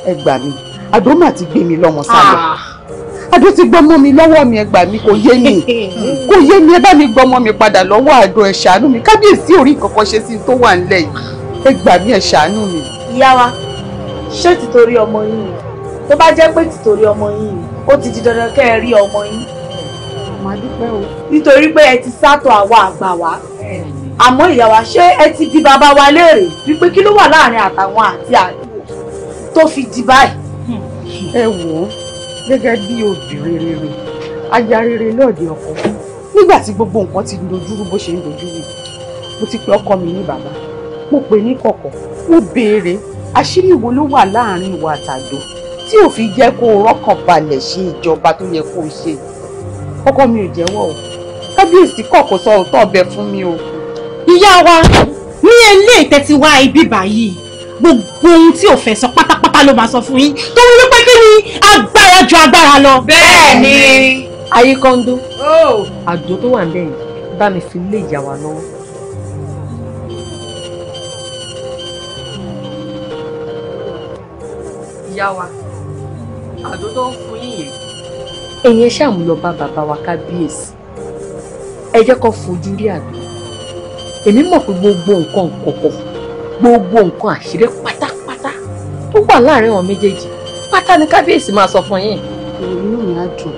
ẹ gbà mí àdó mà ti gbé mi lọ́mọ sálọ ah. àdó ti gbọ́ ọmọ mi lọ́wọ́ mi ẹ gbà mí kò yé mi (laughs) kò yé mi ẹ bá mi gbọ́ ọmọ mi padà lọ́wọ́ àdó ẹ ṣàánú mi kábíyèsí orí kankan ṣe sí tó wà nílẹ̀ yìí ẹ gbà mí ṣàánú mi. ìyá wa ṣé tìtorí ọmọ yín ni tó bá jẹ́ pé tìtorí ọmọ yín ni ó ti di dandan kẹ́ ẹ rí ọmọ yín. màá dúpẹ́ o. nítorí pé ẹ ti sátọ̀ àwa àgbà wa àmọ́ ìyá wa ṣé ẹ ti bi bàbá wa léèrè wípé kí ló wà láàrin àtàwọn àti àdúgbò tó fi di báyìí. ẹ wò ó gẹ́gẹ́ bí obìnrin rere aya rere lọ́ọ̀dẹ ọkọ nígbà tí gbogbo nǹkan ti dojúrú bó ṣe ń dojúrú mo ti pe ọkọ mi ní bàbá mo pè ní kọ̀kọ̀ mo béèrè àṣírí wo ló wà láàrin ìwà àtàdó tí ò fi jẹ́ kó o rọ́kàn balẹ̀ ṣe ìjọba tó yẹ kó o ṣe ọkọ mi ò jẹ́wọ́ o kábíyèsí kọ̀kọ̀ sọ òótọ́ ọbẹ̀ fún mi o ìyá wa ní ilé ìtẹ́tiwá ibi báyìí gbogbo ohun tí ò fẹ́ sọ pátápátá ló máa sọ fún yín tó ń wípé kí ni agbára ju agbára lọ. bẹ́ẹ̀ ni. ayé kọ́ńdó oh. àdó tó wà ń bẹ̀ yìí bá mi fi lé ìyá wa lọ́wọ́. ìyá wa àdó tó ń fún yín yẹn. ẹ̀yin ẹ ṣáà bá bàbá wa kábíyèsí ẹ jẹ́ kó fojú rí àdó èmi mọ̀ pé gbogbo nǹkan kọ̀kọ̀ gbogbo nǹkan àṣírí pátápátá tó wà láàrin àwọn méjèèjì pátá ni kábíyèsí máa sọ fún yín. inú mi á dùn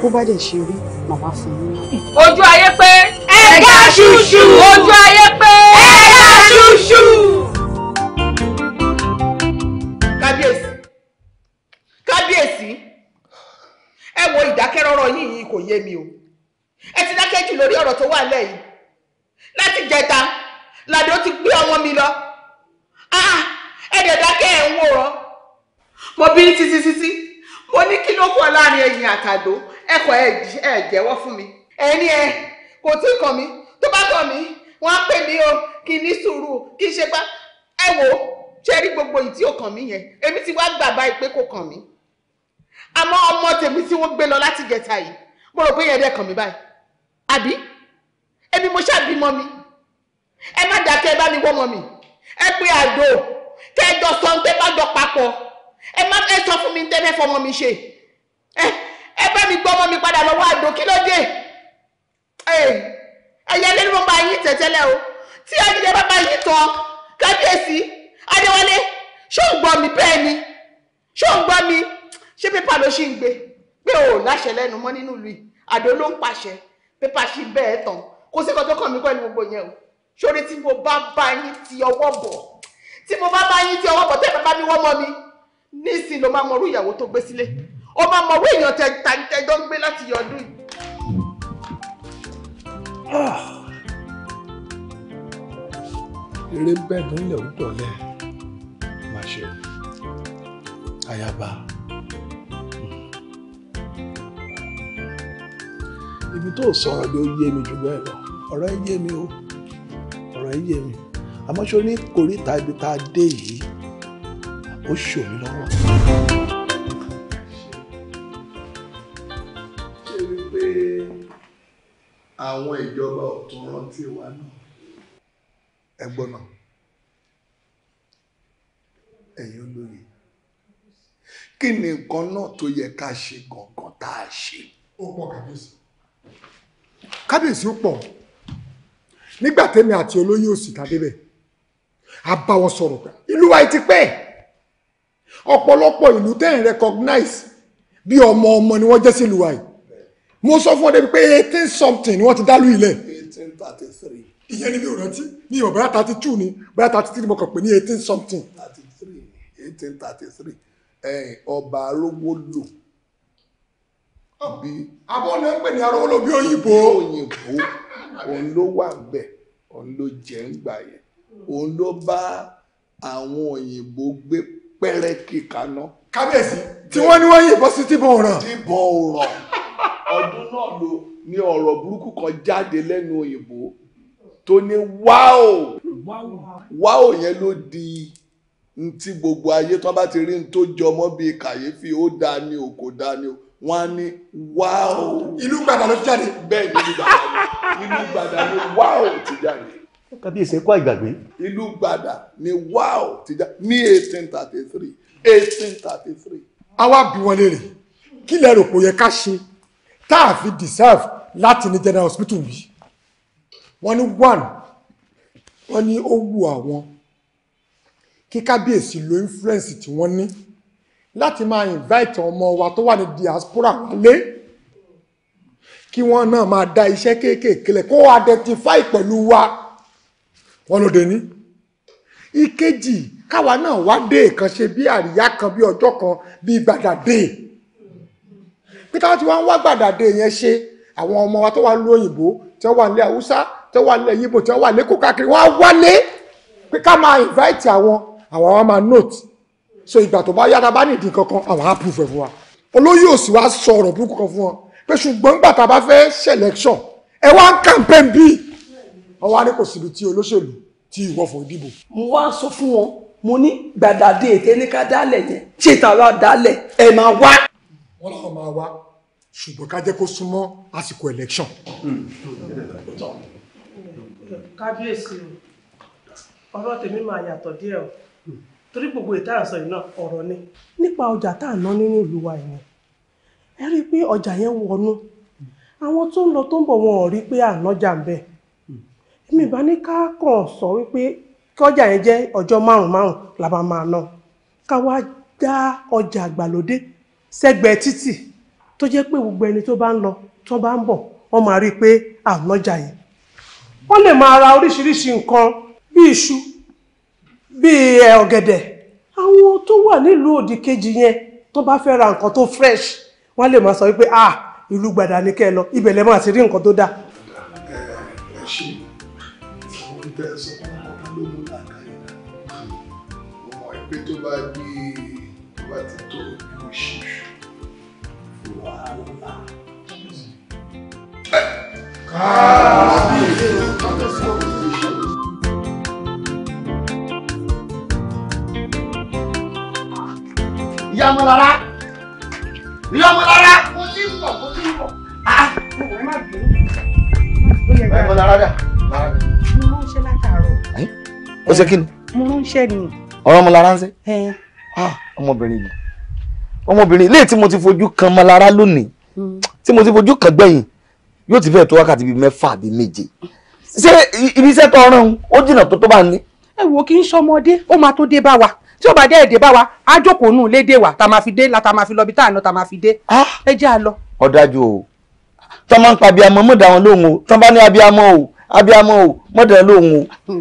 bó bá dẹ̀ ṣe rí màmá fún mi. ojú ayé pé ẹ̀dá ṣùṣù ojú ayé pé ẹ̀dá ṣùṣù. kábíyèsí kábíyèsí ẹ wo ìdákẹ́rọ́rọ́ yín yìí kò yé mi o ẹ ti dákẹ́ jù lórí ọ̀rọ̀ tó wà lẹ́yìn láti jẹta làdó ti gbé ọmọ mi lọ ah, ẹ̀dẹ̀ dákẹ́ ẹ̀ ń wòran mo bí títí títí mo ní kí ló kọ láàrin ẹ̀yìn àtàdó ẹ̀kọ́ ẹ̀ jẹ́wọ́ fún mi ẹni ẹ kò tí kàn mí tó bá kàn mí wọ́n á pè mí o kí n ní sùúrù kí n ṣe pa ẹ wò ó ṣe rí gbogbo ìdí ọkàn mi yẹn èmi ti wá gbà báyìí pé kò kàn mí àmọ́ ọmọ tèmi tí wọ́n gbé lọ láti jẹta yìí mo rò pé yẹn dẹ̀ kàn mí báyìí àbí Emi mo ṣàbímọ mi ẹ má dákẹ́ ẹ bá mi wọ́mọ mi ẹ pé àdó tẹ́ ẹ jọ sọ pé bá jọ papọ̀ ẹ má ẹ sọ fún mi tẹ́ fẹ́ fọmọ mi ṣe ẹ bá mi gbọ́ ọmọ mi padà lọ́wọ́ àdó kí ló dé ẹ̀yẹ lẹ́nu mo máa yín tẹ̀tẹ́lẹ̀ o tí ajínigbé bá máa yín tán kábíyèsí adéwálé ṣó ń gbọ́ mi bẹ́ẹ̀ ni ṣó ń mi ṣé pépà ló ṣì ń gbé pé ò láṣẹ lẹ́nu mọ́ nínú ìlú yìí àdó ló ń pàṣẹ pépà ṣì bẹ́ẹ̀ kò sí nǹkan tó kàn mí pẹ̀lú gbogbo yẹn o ṣorí tí mo bá bá yín ti ọwọ́ bọ̀ tí mo bá bá yín ti ọwọ́ bọ̀ tẹ́ bàbá mi wọ́n mọ́ mi nísìn ló máa mọrú ìyàwó tó gbé sílé ó máa mọrú èèyàn tẹjọ ń gbé láti yọ yìí. Ah! eré bẹ́ẹ̀ nílẹ̀ ń dọ̀lẹ́ máa ṣe àyàbá. ibi tó sọ̀rọ̀ bí ó yé mi jù bẹ́ẹ̀ lọ ọ̀rọ̀ ẹ yé mi o ọ̀rọ̀ ẹ yé mi àmọ́ ṣe ní kòríta ibi tá a dé yìí ó ṣòmí lọ́wọ́. ṣé wípé àwọn ìjọba ọ̀tún rántí wa náà ẹ gbọ́ ẹ̀yin olóye kí ni nǹkan náà tó yẹ ká ṣe gangan tá a ṣe. ó pọ̀ kàbíyèsí kábíyèsí ó pọ̀ nígbà tẹ́mi àti olóyè òsì tàdé bẹ̀ a bá wọn sọ̀rọ̀ pé ìlú wa ti pẹ́ ọ̀pọ̀lọpọ̀ ìlú tẹ́yìn recognize bí ọmọ ọmọ ni wọ́n jẹ́ sí ìlú wa yìí mo sọ fún ọ débi pé eighteen something ni wọ́n ti dálú ilẹ̀ eighteen thirty three ìyẹn ni mi ò rántí ní ìwọ̀n bóyá thirty two ni bóyá thirty three mo kàn pé ní eighteen something. thirty three eighteen thirty three ọba arówó dùn àbọ̀ náà ń pè ní arówó lóbi òyìnbó. òyìnbó òun ló wà bẹ̀ òun ló jẹ́ ń gbà yẹn òun ló bá àwọn òyìnbó gbé pẹ́rẹ́kì kaná. kábíyèsí tí wọ́n ní wọ́n yìnbọn sí tìbọn ọ̀ràn. tìbọn ọ̀ràn ọdún náà ló ní ọ̀rọ̀ burúkú kan jáde lẹ́nu òyìnbó tó ní wáò wáò yẹn ló di ntí gbogbo ayé tó bá ti rí ntó jọmọ́ bíi kàyéfì ó dáa ni o kò dáa ni o wọn á ní wáò. ìlú gbàdá ló jáde. bẹ́ẹ̀ ni ìlú gbàdá ni wáò ti jáde. kábíyèsí kọ́ ìgbàgbé. ìlú gbàdá ni wáò ti jáde ní eighteen thirty three eighteen thirty three. àwa bí wọn léèrè kí lẹ rò kò yẹ ká ṣe tá a fi deserve láti ní general hospital yìí wọ́n ní one wọ́n ní ó wù àwọn kí kábíyèsí lo influence tí wọ́n ní láti máa invite ọmọ wa tó wà ní diaspora wálé kí wọ́n náà máa dá iṣẹ́ kéékèèké lẹ̀ kó identify pẹ̀lú wa wọ́n ló dé ní. ìkejì káwa náà wá dé kan ṣe bí àríyá kan bí ọjọ́ kan bí gbàdàdé pé táwọn ti wá ń wá gbàdàdé yẹn ṣe àwọn ọmọ wa tó wà lóyìnbó tí wọ́n wà nílẹ̀ haúsá tí wọ́n wà nílẹ̀ yíbò tí wọ́n wà lẹ́kọ̀ọ́ káàkiri wọ́n wálé pé ká máa invite àwọn àwọn wa máa note so ìgbà tó bá yára bá nìdí kankan àwọn á proof ẹ̀ fún wa olóyè òsì wa sọ ọ̀rọ̀ burúkú kan fún wọn pé ṣùgbọ́n nígbà tá a bá fẹ́ selection ẹ wá ń campaign bí ọwọ́ á ní kò síbi tí olóṣèlú tí ìwọ fò dìbò. mo wá sọ fún wọn mo ní gbàdàdé ètè ní ká dálẹ̀ yẹn ṣé tàwa dálẹ̀ ẹ máa wá. wọn làwọn máa wá ṣùgbọ́n ká jẹ́ kó súnmọ́ àsìkò election. kábíyèsí ọ̀rọ̀ tèmi máa yàtọ̀ díẹ̀ o torí gbogbo ìta àṣọ yìí náà ọ̀rọ̀ ni nípa ọjà tá à ná nínú ìlú wa yìí ẹ rí i pé ọjà yẹn wọnú àwọn tó ń lọ tó ń bọ̀ wọn ò rí i pé ànájà ń bẹ èmi ìbá ní ká kàn sọ wípé kí ọjà yẹn jẹ́ ọjọ́ márùn-ún márùn-ún la máa máa ná ká wá dá ọjà àgbàlódé sẹ́gbẹ̀ẹ́ títì tó jẹ́ pé gbogbo ẹni tó bá ń lọ tó bá ń bọ̀ wọ́n máa rí i pé ànájà yẹn wọ́n lè máa ra oríṣiríṣi nǹkan bí iṣu bíi ẹ ọ̀gẹ̀dẹ̀ àwọn tó wà nílùú òdì kejì yẹn tó bá fẹ́ ra nǹkan tó fresh wọ́n lè máa sọ wípé ah ìlú gbàdà ní kẹ́ ẹ lọ ibẹ̀ lẹ́ máa ti rí nǹkan tó dáa. ẹ ẹ ṣe àwọn tẹ ẹ sọ fún ọmọ ló mú làákàyè náà ọmọ ẹgbẹ tó bá di tó bá ìyá ọmọ lára ìyá ọmọ lára. mo ti ń bọ̀ mo ti ń bọ̀. ọ̀rẹ́ má bínú. ọmọ lára dà. mo ránṣẹ́ látàárọ̀. ó ṣe kí ni. mo ránṣẹ́ ni. ọ̀rọ̀ ọmọ ń ṣe. Ah, ọmọbìnrin yìí ọmọbìnrin ilé tí mo ti fojú kan ọmọ lónìí hmm. tí mo ti fojú kan gbẹ̀yìn yóò ti fẹ́ tó wákàtí bíi mẹ́fà bíi méje ṣé ibi iṣẹ́ tó ọ̀ràn ó jìnnà tó tó bá ní. ẹ wo kì í ṣọmọdé ó máa tó dé bá wa tí ó bá dé èdè bá wa á jókòó nù lédè wa tá a fi dé la tá a máa fi lọ bí tá a ná tá a máa fi dé. ẹ jẹ́ a lọ. ọ̀dájú o tọ́ máa ń pa abiyamọ mọ̀dà wọn lóhùn o tọ́ bá ní abiyamọ o abiyamọ o mọ̀dà lóhùn o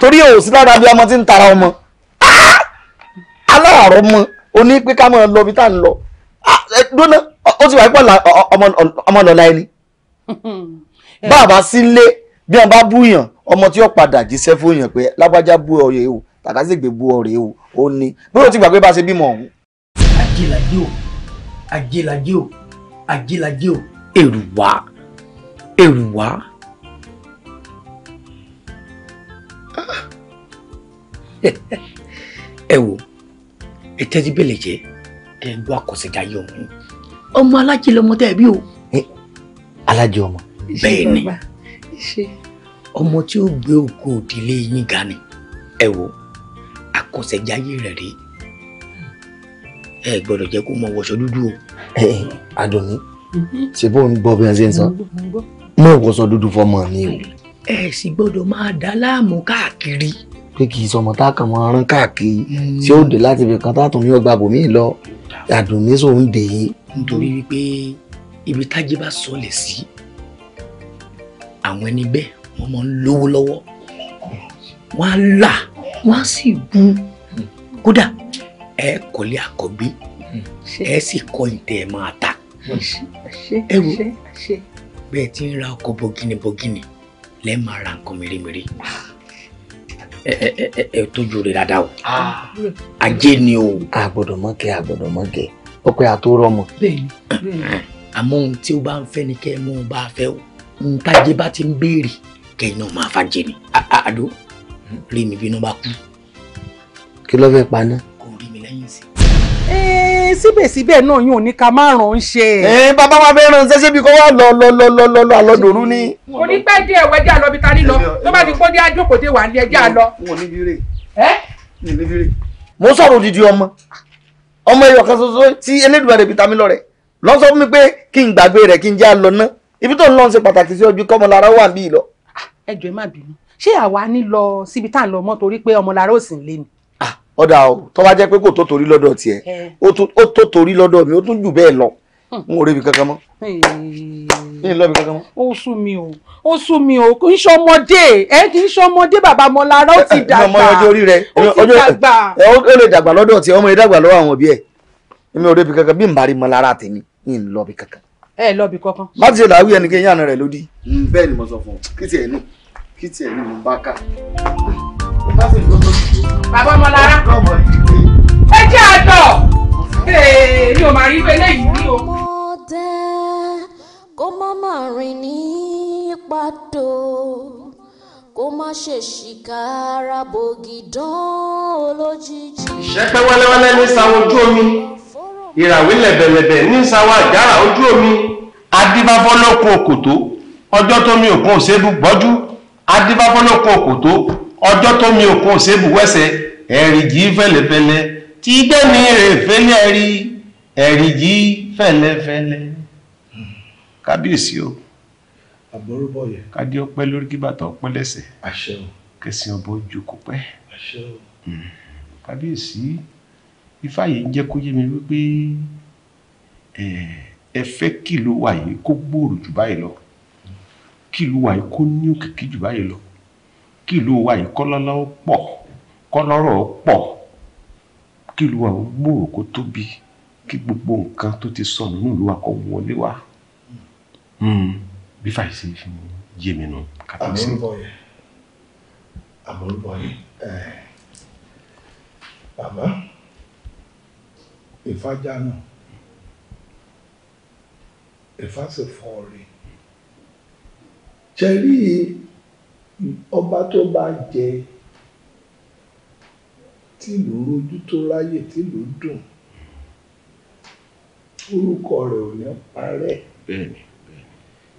torí o sí lára abiyamọ tí ń tara ọmọ aláàárọ̀ mọ oní pé ká máa lọ bí tá a ń lọ dóná ó ti wà pọ̀ ọmọ lọ́la ẹni (laughs) bá a bá sí ilé bí wọn bá búyàn ọmọ tí ó padà jíṣẹ́ fún yàn pé lágbájá bú ọyẹ o tàkásìgbè bu ọ̀rẹ́ o ó ní bó ti gbà pé bá ṣe bímọ ọ̀hún. àjẹlàjẹ o àjẹlàjẹ o àjẹlàjẹ o èrù wá èrù wá. (laughs) ẹ wo ìtẹ́jú bẹ̀lẹ̀ jẹ́ ẹ ń gbọ́ àkọsẹ̀jáyé ọ̀hún ọmọ alájẹ lọmọ tẹ́ ẹ bí o. alájẹ ọmọ. bẹ́ẹ̀ ni ọmọ tí ó gbé ògo òdìlé yín ga ni ẹ wo akọ̀sẹ̀jáyé rẹ̀ rí ẹ gbọ́dọ̀ jẹ́ kó mọ wọṣọ dúdú o. ẹ ẹ Àdùnní mhm. ṣe bó ń gbọ́ bí wọ́n ṣe ń sọ mọ wọṣọ dúdú fọmọ mi o. ẹ sì gbọ́dọ̀ máa dá láàmú káàkiri. pé kì í sọmọ tá a kàn máa rán káàkiri tí hmm. ó dé láti ibì kan tátùn ní ọgbà bòmí lọ Àdùnní sòun dè é. nítorí wípé ibi tájí bá sọlẹ̀ sí àwọn ẹni bẹ́ẹ̀ wọ́n máa ń lówó lọ́wọ́ wọ́n á là wọ́n á sì bu hmm. kódà ẹ kọ́lé àkọ́bí hmm. ẹ sì kọ́ ìtẹ́ ẹ máa ta hmm. ẹ wo bẹ́ẹ̀ tí ń ra ọkọ̀ bọ́gìnì bọ́gìnì lẹ́ẹ̀ máa ra nǹkan mèremère ẹ tójú rẹ dáadáa o ah. ajé ni o. àgbọ̀dọ̀ mọ́kẹ́ àgbọ̀dọ̀ mọ́kẹ́ ọpẹ́ àtórọ́mọ. Ah. àmọ́ ohun tí ó bá ń fẹ́ ni kẹ́ ẹ mú un bá a fẹ́ o ohun bá ti ń béèrè kẹ́yìn náà máa fàjẹ́ ni. Ah, àdó rí mi bínú bá kú. kí ló fẹ́ paná. kò rí mi lẹ́yìn sí. Eh, síbẹ̀síbẹ̀ náà yóò ní ká má ràn án ṣe. Eh, bàbá wa fẹ́ ràn ṣẹ́ṣẹ́ bí kò wá lọ lọ lọ lọ lọ lọ àlọ́dọ̀rú ni. kò ní pẹ́ dé ẹ̀wẹ́ dé àlọ́ bí ta ní lọ tó bá ti pọ́ dé àjókòdé wà ní ẹjẹ́ àlọ́. mo sọ̀rọ̀ odidi ọmọ ọmọ ẹyọ kan ṣoṣo tí Elédùmarè bí ta mi lọ́rẹ lọ sọ fún mi pé kí n gbàgbé rẹ̀ kí n jẹ́ àlọ́ ná ibi tó ń lọ ń ṣe pàtàkì sí ojú kọ́mọ wà ń bí ìlọ. Ah, ẹ jọ̀ọ́ ẹ má bínú ṣé àwa ní lọ síbi tá à ń lọ mọ́ torí pé ọmọlára ò sì ń lé ni. ọ̀dà o tó bá jẹ́ pé kò tó torí lọ́dọ̀ tiẹ̀ ó tó torí lọ́dọ̀ mi ó tún jù bẹ́ẹ̀ lọ hmm. n ò rebi kankan mọ́ ní lọ́bi kankan mọ́. mi o ó sú mi o kì í ṣọmọdé ẹ kì í ṣọmọdé bàbá ọmọlára ó ti dàgbà ó ti dàgbà. ó lè dàgbà lọ́dọ̀ tiẹ̀ ọmọ yẹn dàgbà lọ́wọ́ àwọn òbí ẹ̀ èmi ò rebi kankan bí n bá rí mọ́lára tèmi ní lọ́bi kankan. ẹ lọ́bi kankan. má ti ṣe làwí ẹnikẹ́ni yànnà rẹ̀ lódì. bẹ́ẹ̀ ni mo sọ fún ọ kí tiẹ̀ nù kí tiẹ̀ ni mo bá kà. bàbá ọmọlára ẹ jẹ́ àjọ mi ò máa rí pé lẹ́yìn ní o. ọmọdé kó má máa rìn ní pàtó kó má ṣe ṣìkàrà bògìdán olójijì. ìṣẹ́pẹ́ wẹ́lẹ́wẹ́lẹ́ ní sáwọ́ ojú omi ìràwé lẹ̀bẹ̀lẹ̀bẹ̀ ní sáwọ́ àjàrà ojú omi adíbáfọ́ lọ́kùn ọjọ́ tó mi òkun òṣèlú gbọ́jú adébáfọ́nà kan kò tó ọjọ́ tó mi òkun òṣèbù wẹ́sẹ̀ ẹ̀rì jí fẹ́lẹ́fẹ́lẹ́ tí dẹ́ni rẹ̀ fẹ́lẹ́ rí ẹ̀rì jí fẹ́lẹ́fẹ́lẹ́ kábíyèsí o àgbọ̀rúbọ̀yẹ kádé ọpẹ́ lórí kí bàtà ọpẹ́ lẹ́sẹ̀ àṣẹ o kẹsìn ọbọ̀ ojú kò pẹ́ hmm. kábíyèsí ifá yìí ń jẹ́ kó yé mi wípé eh, ẹ fẹ́ kìlọ̀ wà kó gbòòrò jù báyìí lọ kí ìlú wa yìí kó ní òkìkí jù báyìí lọ kí ìlú wa yìí kọ́lọ́lọ́ pọ̀ kọ́lọ́rọ̀ pọ̀ kí ìlú wa ó gbòòrò kó tóbi kí gbogbo nǹkan tó ti sọnù nínú ìlú wa kó wọlé wa hmm, bí fàyèsí fi yé mi nù kàtàkì. àmọ́ àmọ́ ń bọ̀ yẹn eh, bàbá ìfájà náà ìfá sì tẹ̀rí ọba tó bá jẹ tìlú rojú tó láyè tìlú dùn orúkọ rẹ̀ ò ní parẹ́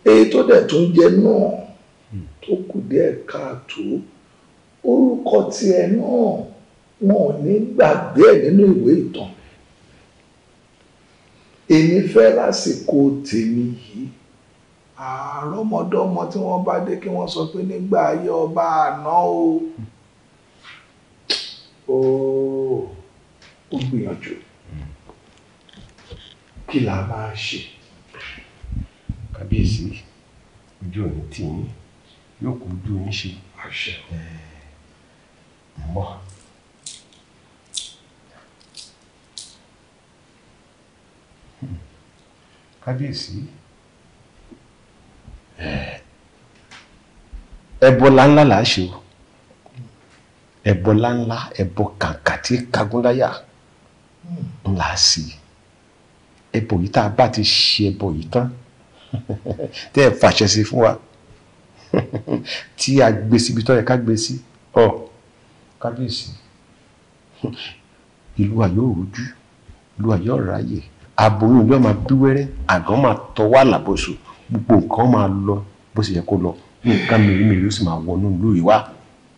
èyí tó dẹ̀ tún jẹ náà hmm. tó kù díẹ̀ káàtó orúkọ tiẹ̀ náà wọn ò ní gbàgbé ẹ̀ nínú ìwé ìtàn èmi fẹ́ lásìkò tèmi yìí àrọ́mọdọ́mọ tí wọ́n bá dé kí wọ́n sọ pé nígbà ayé ọba àná o ó gbìyànjú kí la máa ṣe. kábíyèsí ojú òní tì yín yóò kú ojú yín ṣe àṣẹ mọ́. kábíyèsí. Hmm. Eh. ẹbọ láńlá là á ṣe o ẹbọ láńlá ẹbọ kàǹkà tí kagúnláyà ńlá ẹbọ yìí tá a bá ti ṣe ẹbọ yìí tán (laughs) tẹ́ ẹ fàṣẹ sí fún wa (laughs) tí a gbé síbi tó yẹ ká gbé sí ọ kábíyèsí (laughs) ìlú àyọ òrojú ìlú àyọ ọ̀ráyè aboyún ìlú ọmọ bí àgọ́ máa tọwọ́ àlàbọ̀sọ̀ gbogbo nǹkan máa lọ bó ṣe yẹ kó lọ nǹkan mèremère ó sì máa wọnú ìlú yìí wá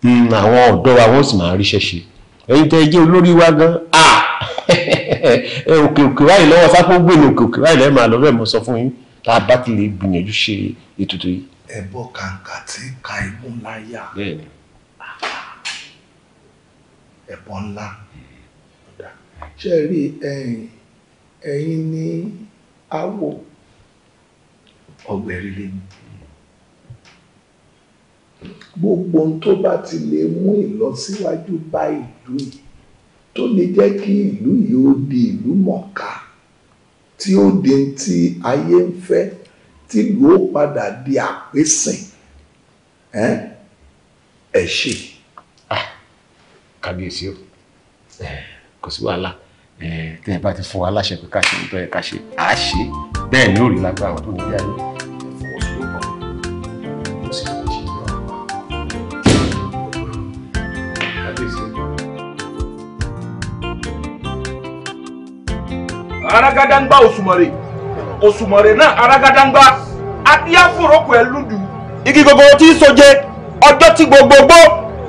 hmm, àwọn ọ̀dọ́ wa wọ́n sì máa ríṣẹ́ ṣe ẹ̀yin tẹ́ ẹ jẹ́ olórí wa gan òkè òkè wáyé lọ́wọ́ sápó gbèlè òkè òkè wáyé lẹ́ẹ̀ máa lọ bẹ́ẹ̀ mo sọ fún yín tá a bá ti lè gbìyànjú ṣe ètò tó yìí. ẹbọ kàǹkà tí ka imú láyà ẹbọ ńlá ṣe rí ẹ̀yin ní awo ọgbẹ́ líle ni gbogbo ohun tó bá ti lè mú ìlọsíwájú bá ìlú yìí tó lè jẹ́ kí ìlú yìí ó di ìlú mọ̀ká tí ó di ti ayé ń fẹ́ tí ó padà di àpésìn ẹ ṣe. Ah, kábíyèsí o kò sí wàhálà tẹ́yìn bá ti fún wa láṣẹ pé ká ṣe nítorí ká ṣe àá ṣe bẹ́ẹ̀ ni ó rí lágbára tó ń bí ayé. aragadangba osumare osumare náà aragadangba adíáfòrókò ẹ lùdù. igi gbogbo tí soje ọjọ́ tí gbogbogbò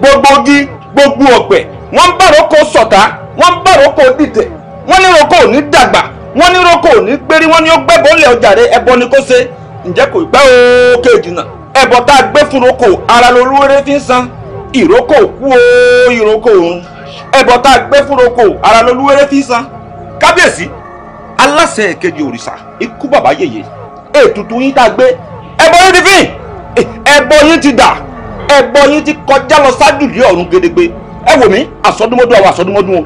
gbogbo igi gbogbo ọ̀pẹ wọ́n ń bàrókò sọ̀tá wọ́n ń bàrókò dìtẹ̀ wọ́n ní roko ò ní dàgbà wọ́n ní roko ò ní gbérí wọ́n ní ó ọjà rẹ ẹbọ ni a roko ara lolúwere fi ń san kú òun ẹbọ tá a gbé fún roko aláṣẹ ìkejì òrìṣà ikú bàbá yèyé ètùtù yín tá a gbé ẹbọ yín ti fín ẹbọ yín ti dà ẹbọ yín ti kọjá lọ ṣáájú ìlú ọ̀run gedegbe ẹ wò mí àsọdúnmọ́dún àwọn àsọdúnmọ́dún o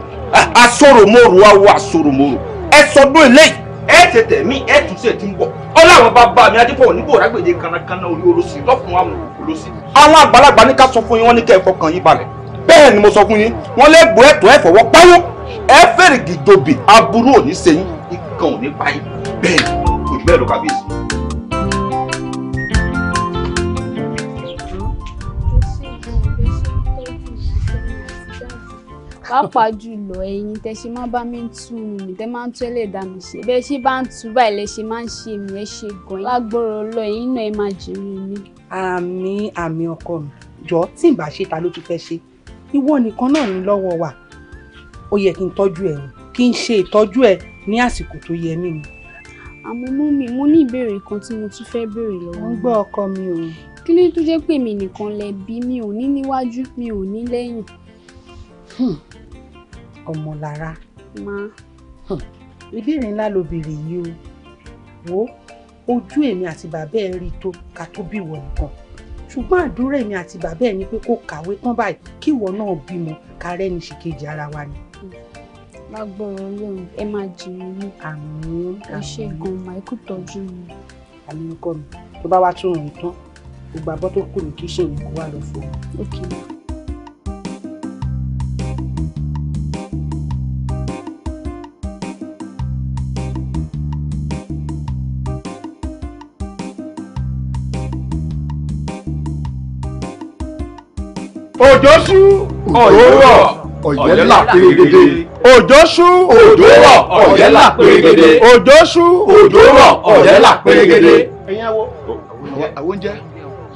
àsọ̀rọ̀mọ́rò ah, àwọn àsọ̀rọ̀mọ́rò ẹ sọdún eléyìí ẹ tètè mí ẹ tún sí ẹ ti ń bọ̀ ọláwọn bàbá mi adípọ̀ nígbò rágbèdè kanakana orí olóṣì lọ́fun àwọn olóṣì. àwọn àgbàlagbà ní ká sọ fún yín wọ́n ní kẹ́ ẹ fọkàn yín balẹ̀ bẹ́ẹ̀ ni mo sọ fún yín wọ́n lè gbọ́ ẹ̀tọ́ ẹ̀fọ̀wọ́ páwọ́ ẹ fẹ́rẹ̀ gìjòbè aburú ò ní ṣe yín ikán ò ní pa yín bẹ́ẹ̀ ìbẹ́ẹ̀ ló kábíyèsí. pàápàá jùlọ ẹ̀yin tẹ ṣe máa bá mi tú mi tẹ máa ń tú ẹlẹ́dàá mi ṣe bẹ́ẹ̀ ṣe bá ń tú báyìí lẹ ṣe máa ń ṣe mí ẹ ṣe gan lágbóró lọ ẹ̀yin náà ẹ máa jèrè mi. àmì àmì ọkọ mi jọ tí ì ṣe ta ló tún fẹ́ ṣe ìwọ nìkan náà ní lọ́wọ́ wa ó yẹ kí n tọ́jú ẹ̀ kí n ṣe ìtọ́jú ẹ̀ ní àsìkò tó yẹ mí ni. àmọ́ mú mi mo ní ìbéèrè kan tí mo tún fẹ́ béèrè lọ́wọ́. ń gbọ́ ọkọ mi o. kí ló tó jẹ́ pé mi nìkan lẹ bí mi ò ní níwájú mi ò ní lẹ́yìn. Hmm. ọmọlára. má. Hmm. ìbéèrè ńlá ló béèrè yìí o wo ojú èmi àti bàbá ẹ rí tó ká tó bí ìwọ nìkan ṣùgbọ́n àdúrà èmi àti bàbá ẹ ni pé kó kàwé tán báyìí kí ìwọ náà bímọ kárẹ́ni ṣìkejì ara wa ni lágbọ̀rọ̀ ọlọ́run ẹ máa jèrè mi àmín ẹ gan ma ẹ kú mi. àmì ọkọ mi tó bá wá tún òun tán gbogbo tó kù ní kíṣìnì kó wá lọ fún un. òjò sú ọ̀yọ́ rọ̀ ọ̀yẹ́ là pérégedé òjò ṣú òjò rọ̀ ọ̀yẹ́ là pérégede òjò ṣú òjò rọ̀ ọ̀yẹ́ là pérégede. ẹ̀yin awo àwọn oúnjẹ.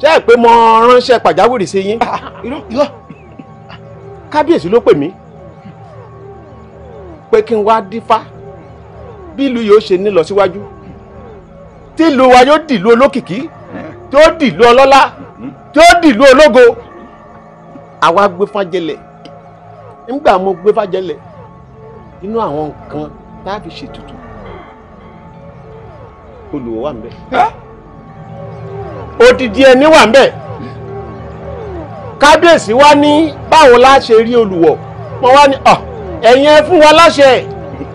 ṣé ẹ pé mo ránṣẹ́ pàjáwìrì sí yín. Ah, ah, kábíyèsí ló pè mí pé kí n wá dífá bí ìlú yóò ṣe ní lọ síwájú tí ìlú wa yóò dìlú olókìkí tí ó dìlú ọlọ́lá tí ó dìlú ológo àwa gbé fájẹlẹ̀ ńgbà mo gbé fájẹlẹ̀ nínú àwọn nǹkan tá a fi ṣètùtù olùwọ wà nbẹ odidi ẹni wà nbẹ kábíyèsí wa ní báwo la ṣe rí olùwọ wọn wá ní ẹ̀yin ẹ fún wa láṣẹ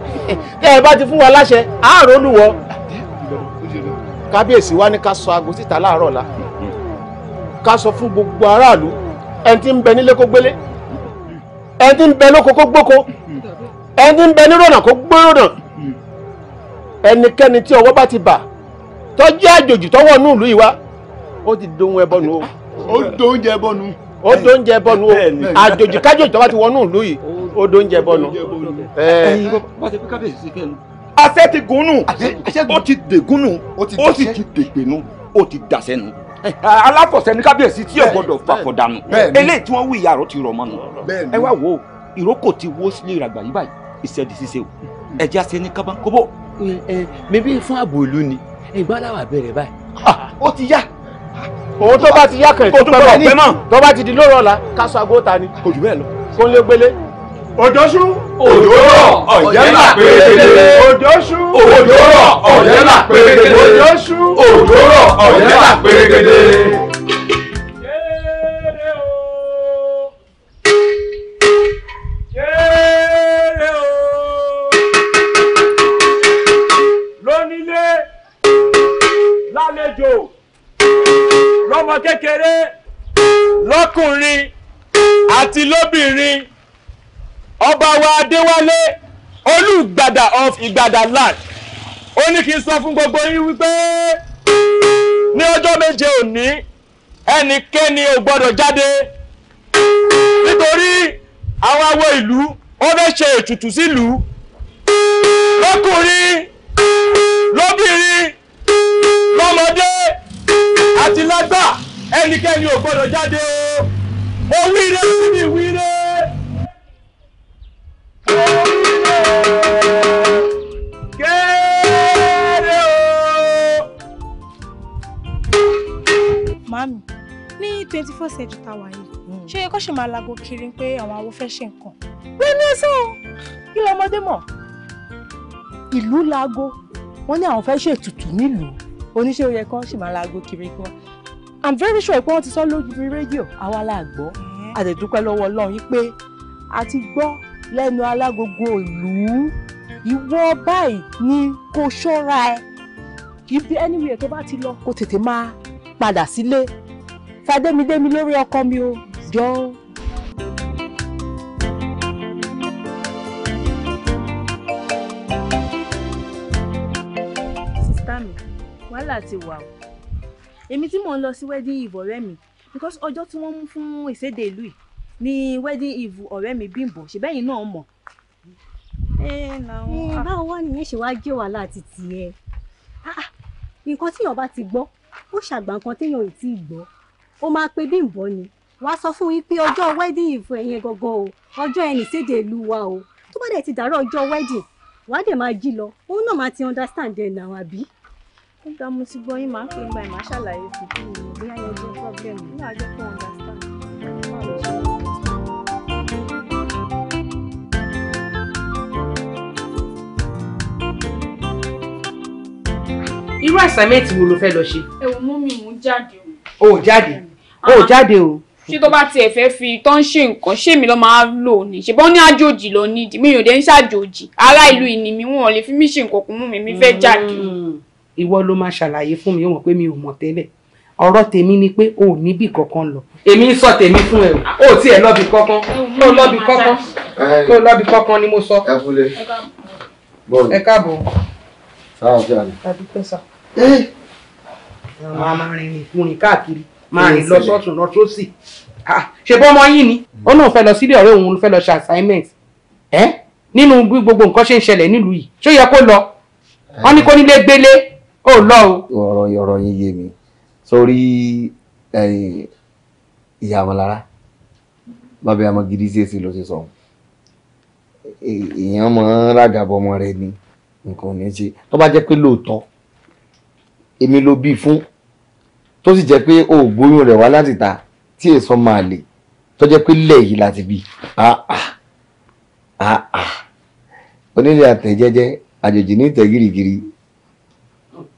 (laughs) tẹ ẹ bá ti fún wa láṣẹ àárọ̀ olùwọ kábíyèsí wa ní ká sọ aago síta láàárọ̀ la ká sọ fún gbogbo aráàlú ẹni tí ń bẹ nílé kó gbélé ẹni tí ń bẹ lóko kó gbóko ẹni ń bẹ nírọ̀nà kó gbórònà hmm. ẹnikẹ́ni tí ọwọ́ bá ti bà tọ́jú àjòjì tọ́wọ́ inú ìlú yìí wá ó ti dohun ẹbọ nu o. ó dóúnjẹ ẹbọ nu. ó dóúnjẹ ẹbọ nu o àjòjì kájòjì tọ́wọ́ ti wọnú ìlú yìí ó dóúnjẹ ẹbọ nu. ẹyin bá ti fi kábíyèsí sí kẹ́nu. àṣẹ ti gùn nù ó ti dègún nù ó sì ti dègbè nù ó ní kábíyèsí tí ò gbọ́dọ̀ fàfọ̀dànù eléyìí tí wọ́n wí ìyá rẹ̀ ti rọ̀ mọ́nu ẹ wá wo ìrókò ti wó sílé ìràgbà yìí báyìí iṣẹ́ di ṣíṣe o ẹ̀jẹ̀ àṣẹ ní kábàkóbò. ẹ ẹ mẹbí fún ààbò ìlú ni ìgbàláwà bẹ̀rẹ̀ báyìí. Ah, ó ti yá òun tó bá ti yá kàn ẹ̀ tó pẹ́ bẹ́ẹ̀ mọ́ tó bá ti di lóòrọ̀ la káṣọ àgọ́ ta ni kò jù bẹ́ẹ̀ lọ kó ń lé gbélé. òdòṣù òdòrọ̀ ọ̀yẹ́ là pérédélé òdòṣù òdòrọ̀ ọ̀yẹ́ là pérédélé òdòṣù òdòrọ̀ ọ̀yẹ́ là pérédélé. àjò lọ́mọ kékeré lọ́kùnrin àti lóbìnrin ọba wa adéwálé olùgbàdà of ìgbàdà land ó ní kí n sọ fún gbogbo yín wípé ní ọjọ́ méje òní ẹnikẹ́ni ò gbọ́dọ̀ jáde nítorí àwọn awo ìlú ó fẹ́ ṣe ètùtù sílùú lọ́kùnrin lóbìnrin lọ́mọdé àti lágbà ẹnikẹ́ni ò gbọ́dọ̀ jáde o wíire síbi wíire. Mami, ní twenty four century tá a wà yìí, hmm. ṣé kó ṣe máa lago kiri pé àwọn awo fẹ́ ṣe nǹkan? Wọ́n ní ẹsẹ̀ o, kí lọmọdé mọ̀? Ìlú lago, wọ́n ní àwọn fẹ́ ṣètùtù nílùú oníṣẹ́ kan sì máa ra kiri gan i'm very sure pé wọ́n ti sọ lórí rédíò àwa la gbọ́ àtẹ̀dúpẹ́ lọ́wọ́ ọlọ́run yìí pé a ti gbọ́ lẹ́nu alágogo ìlú ìwọ báyìí ni kò ṣọ́ra ẹ ibi anywhere tó bá ti lọ kó tètè máa padà sílé fàdémidémi lórí ọkọ mi o jọ. ṣáà ti wà o èmi tí mò ń lọ sí wedding eve ọ̀rẹ́ mi because ọjọ́ tí wọ́n mú fún ìséde ìlú yìí ni wedding eve ọ̀rẹ́ mi Bímbọ́ ṣèbẹ́yìn náà mọ̀. báwo wá nìyẹn ṣe wá jẹ́ wàhálà àti tiẹ̀ ah, nǹkan tíyàn bá ti gbọ́ ó ṣàgbà nǹkan téèyàn ò tí ì gbọ́ ó máa pe Bímbọ́ ni wàá sọ fún yín pé ọjọ́ wedding eve ẹ̀yẹn gangan o ọjọ́ ẹni ìséde ìlú wa o tó bá dẹ̀ ti dàrọ́ ọjọ́ wedding wàá dẹ̀ máa jí lọ òun náà máa ti understand ẹ̀ náà àbí nígbà mo ti gbọ́ yín máa ń pè ń gba ìmọ̀ ṣàlàyé fún kí ni bóyá yẹn problem nígbà ajẹ́ fún understand. irú assignment wo ló fẹ́ lọ ṣe. ẹ mú mi mú jáde o. o jáde o jáde o ṣé tó bá tiẹ̀ fẹ́ fi tó ń ṣe nǹkan ṣé mi lọ́ máa lò ní ṣe bọ́n ní àjòjì lọ nídìí mi ò dé ń ṣàjòjì ará ìlú ìní mi wọn ò lè fi mí ṣe nǹkan kún mú mi mi fẹ́ jáde. Hmm ìwọ ló máa ṣàlàyé fún mi ó mọ̀ pé mi ò mọ̀ tẹ́lẹ̀ ọ̀rọ̀ tèmi ni pé o ò níbì kankan lọ èmi ń sọ tèmi fún ẹ o tiẹ̀ lọ́bì kankan tó lọ́bì kankan tó lọ́bì kankan ni mo sọ. ẹ fúnlé bọ́ọ̀lù ẹ káàbọ̀. sáà ọjọ́ àná. àdúpẹ́ sà. máa máa rìn ìfúnrin káàkiri máa rìn lọ sọ́tún lọ sósì ṣe bọ́ ọmọ yín ni ó náà fẹ́ lọ sílé ọ̀rẹ́ òun fẹ́ lọ ṣe assignment nínú bí gbogbo nǹkan ṣe ń ṣẹlẹ̀ nílùú yìí ṣó yẹ kó lọ wọ́n ní kó nílé gbélé ó lọ o. ọ̀rọ̀ ọ̀rọ̀ yín yé mi sórí ìyá wọn lára bàbá àmọ́ gidi sí èsì ló ti sọ èèyàn mọ̀ ń rágàbọ̀ ọmọ rẹ ni nǹkan ò ní ṣe tó bá jẹ́ pé lóòótọ́ èmi ló bí fún tó sì jẹ́ pé òògùn rẹ̀ wá láti ta tí èso máa lè tó jẹ́ pé lẹ́yìn láti bí ah, ah. Ah, onílé àtẹ̀jẹ́jẹ́ àjòjì ní ìtẹ̀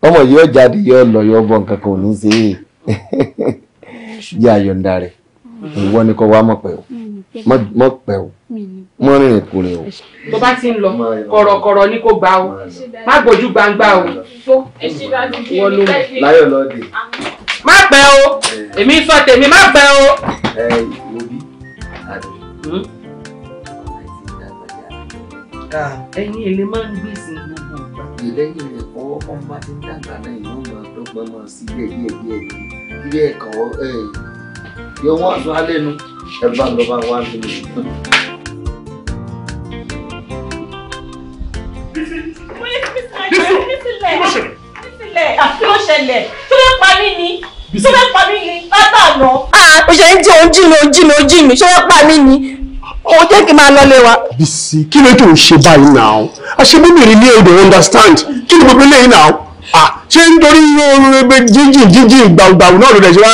ọmọ yìí ó jáde yóò lọ yóò bọ nǹkan kan ò ní ṣe é jẹ́ àyọ̀ǹda rẹ̀ ìwọ ni kò wá mọ̀ pẹ́ o mọ̀ pẹ́ o mọ̀ rìnrìn kúrẹ́ o. tó bá ti ń lọ kọ̀rọ̀kọ̀rọ̀ ni kò gbà o má gbójú gbangba o wọ́n ló láyọ̀ lọ́dẹ. má pẹ́ o èmi sọ tèmi má pẹ́ o. ẹ ẹ òbí àdó ẹyin èlé máa ń gbèsè ìlú lẹ́yìn ẹ̀kọ́ ọmọ bá ti ń dàgbà náà yìí wọ́n máa dọ́gbọ́n máa sí díẹ̀ díẹ̀ díẹ̀ ilé ẹ̀kọ́ yóò wọ́n aṣọ alẹ́ nu ẹ bá lọ bá wá lórí. kí ló ṣẹlẹ̀ tó fẹ́ pa mí ni tó fẹ́ pa mí ni látàná. Ah, ó ṣe ń jẹ́ ojú mi ojú mi ojú mi ṣé wọ́n pa mí ni o jẹ́ kí n máa lọlé wa. Bísí kí ló tó ń ṣe báyìí náà àṣebíbìnrin ní èdè understand kí ni gbogbo eléyìí náà ṣé nítorí jíjìn jíjìn gbàgbàgbà náà ló dẹ̀ ṣe wá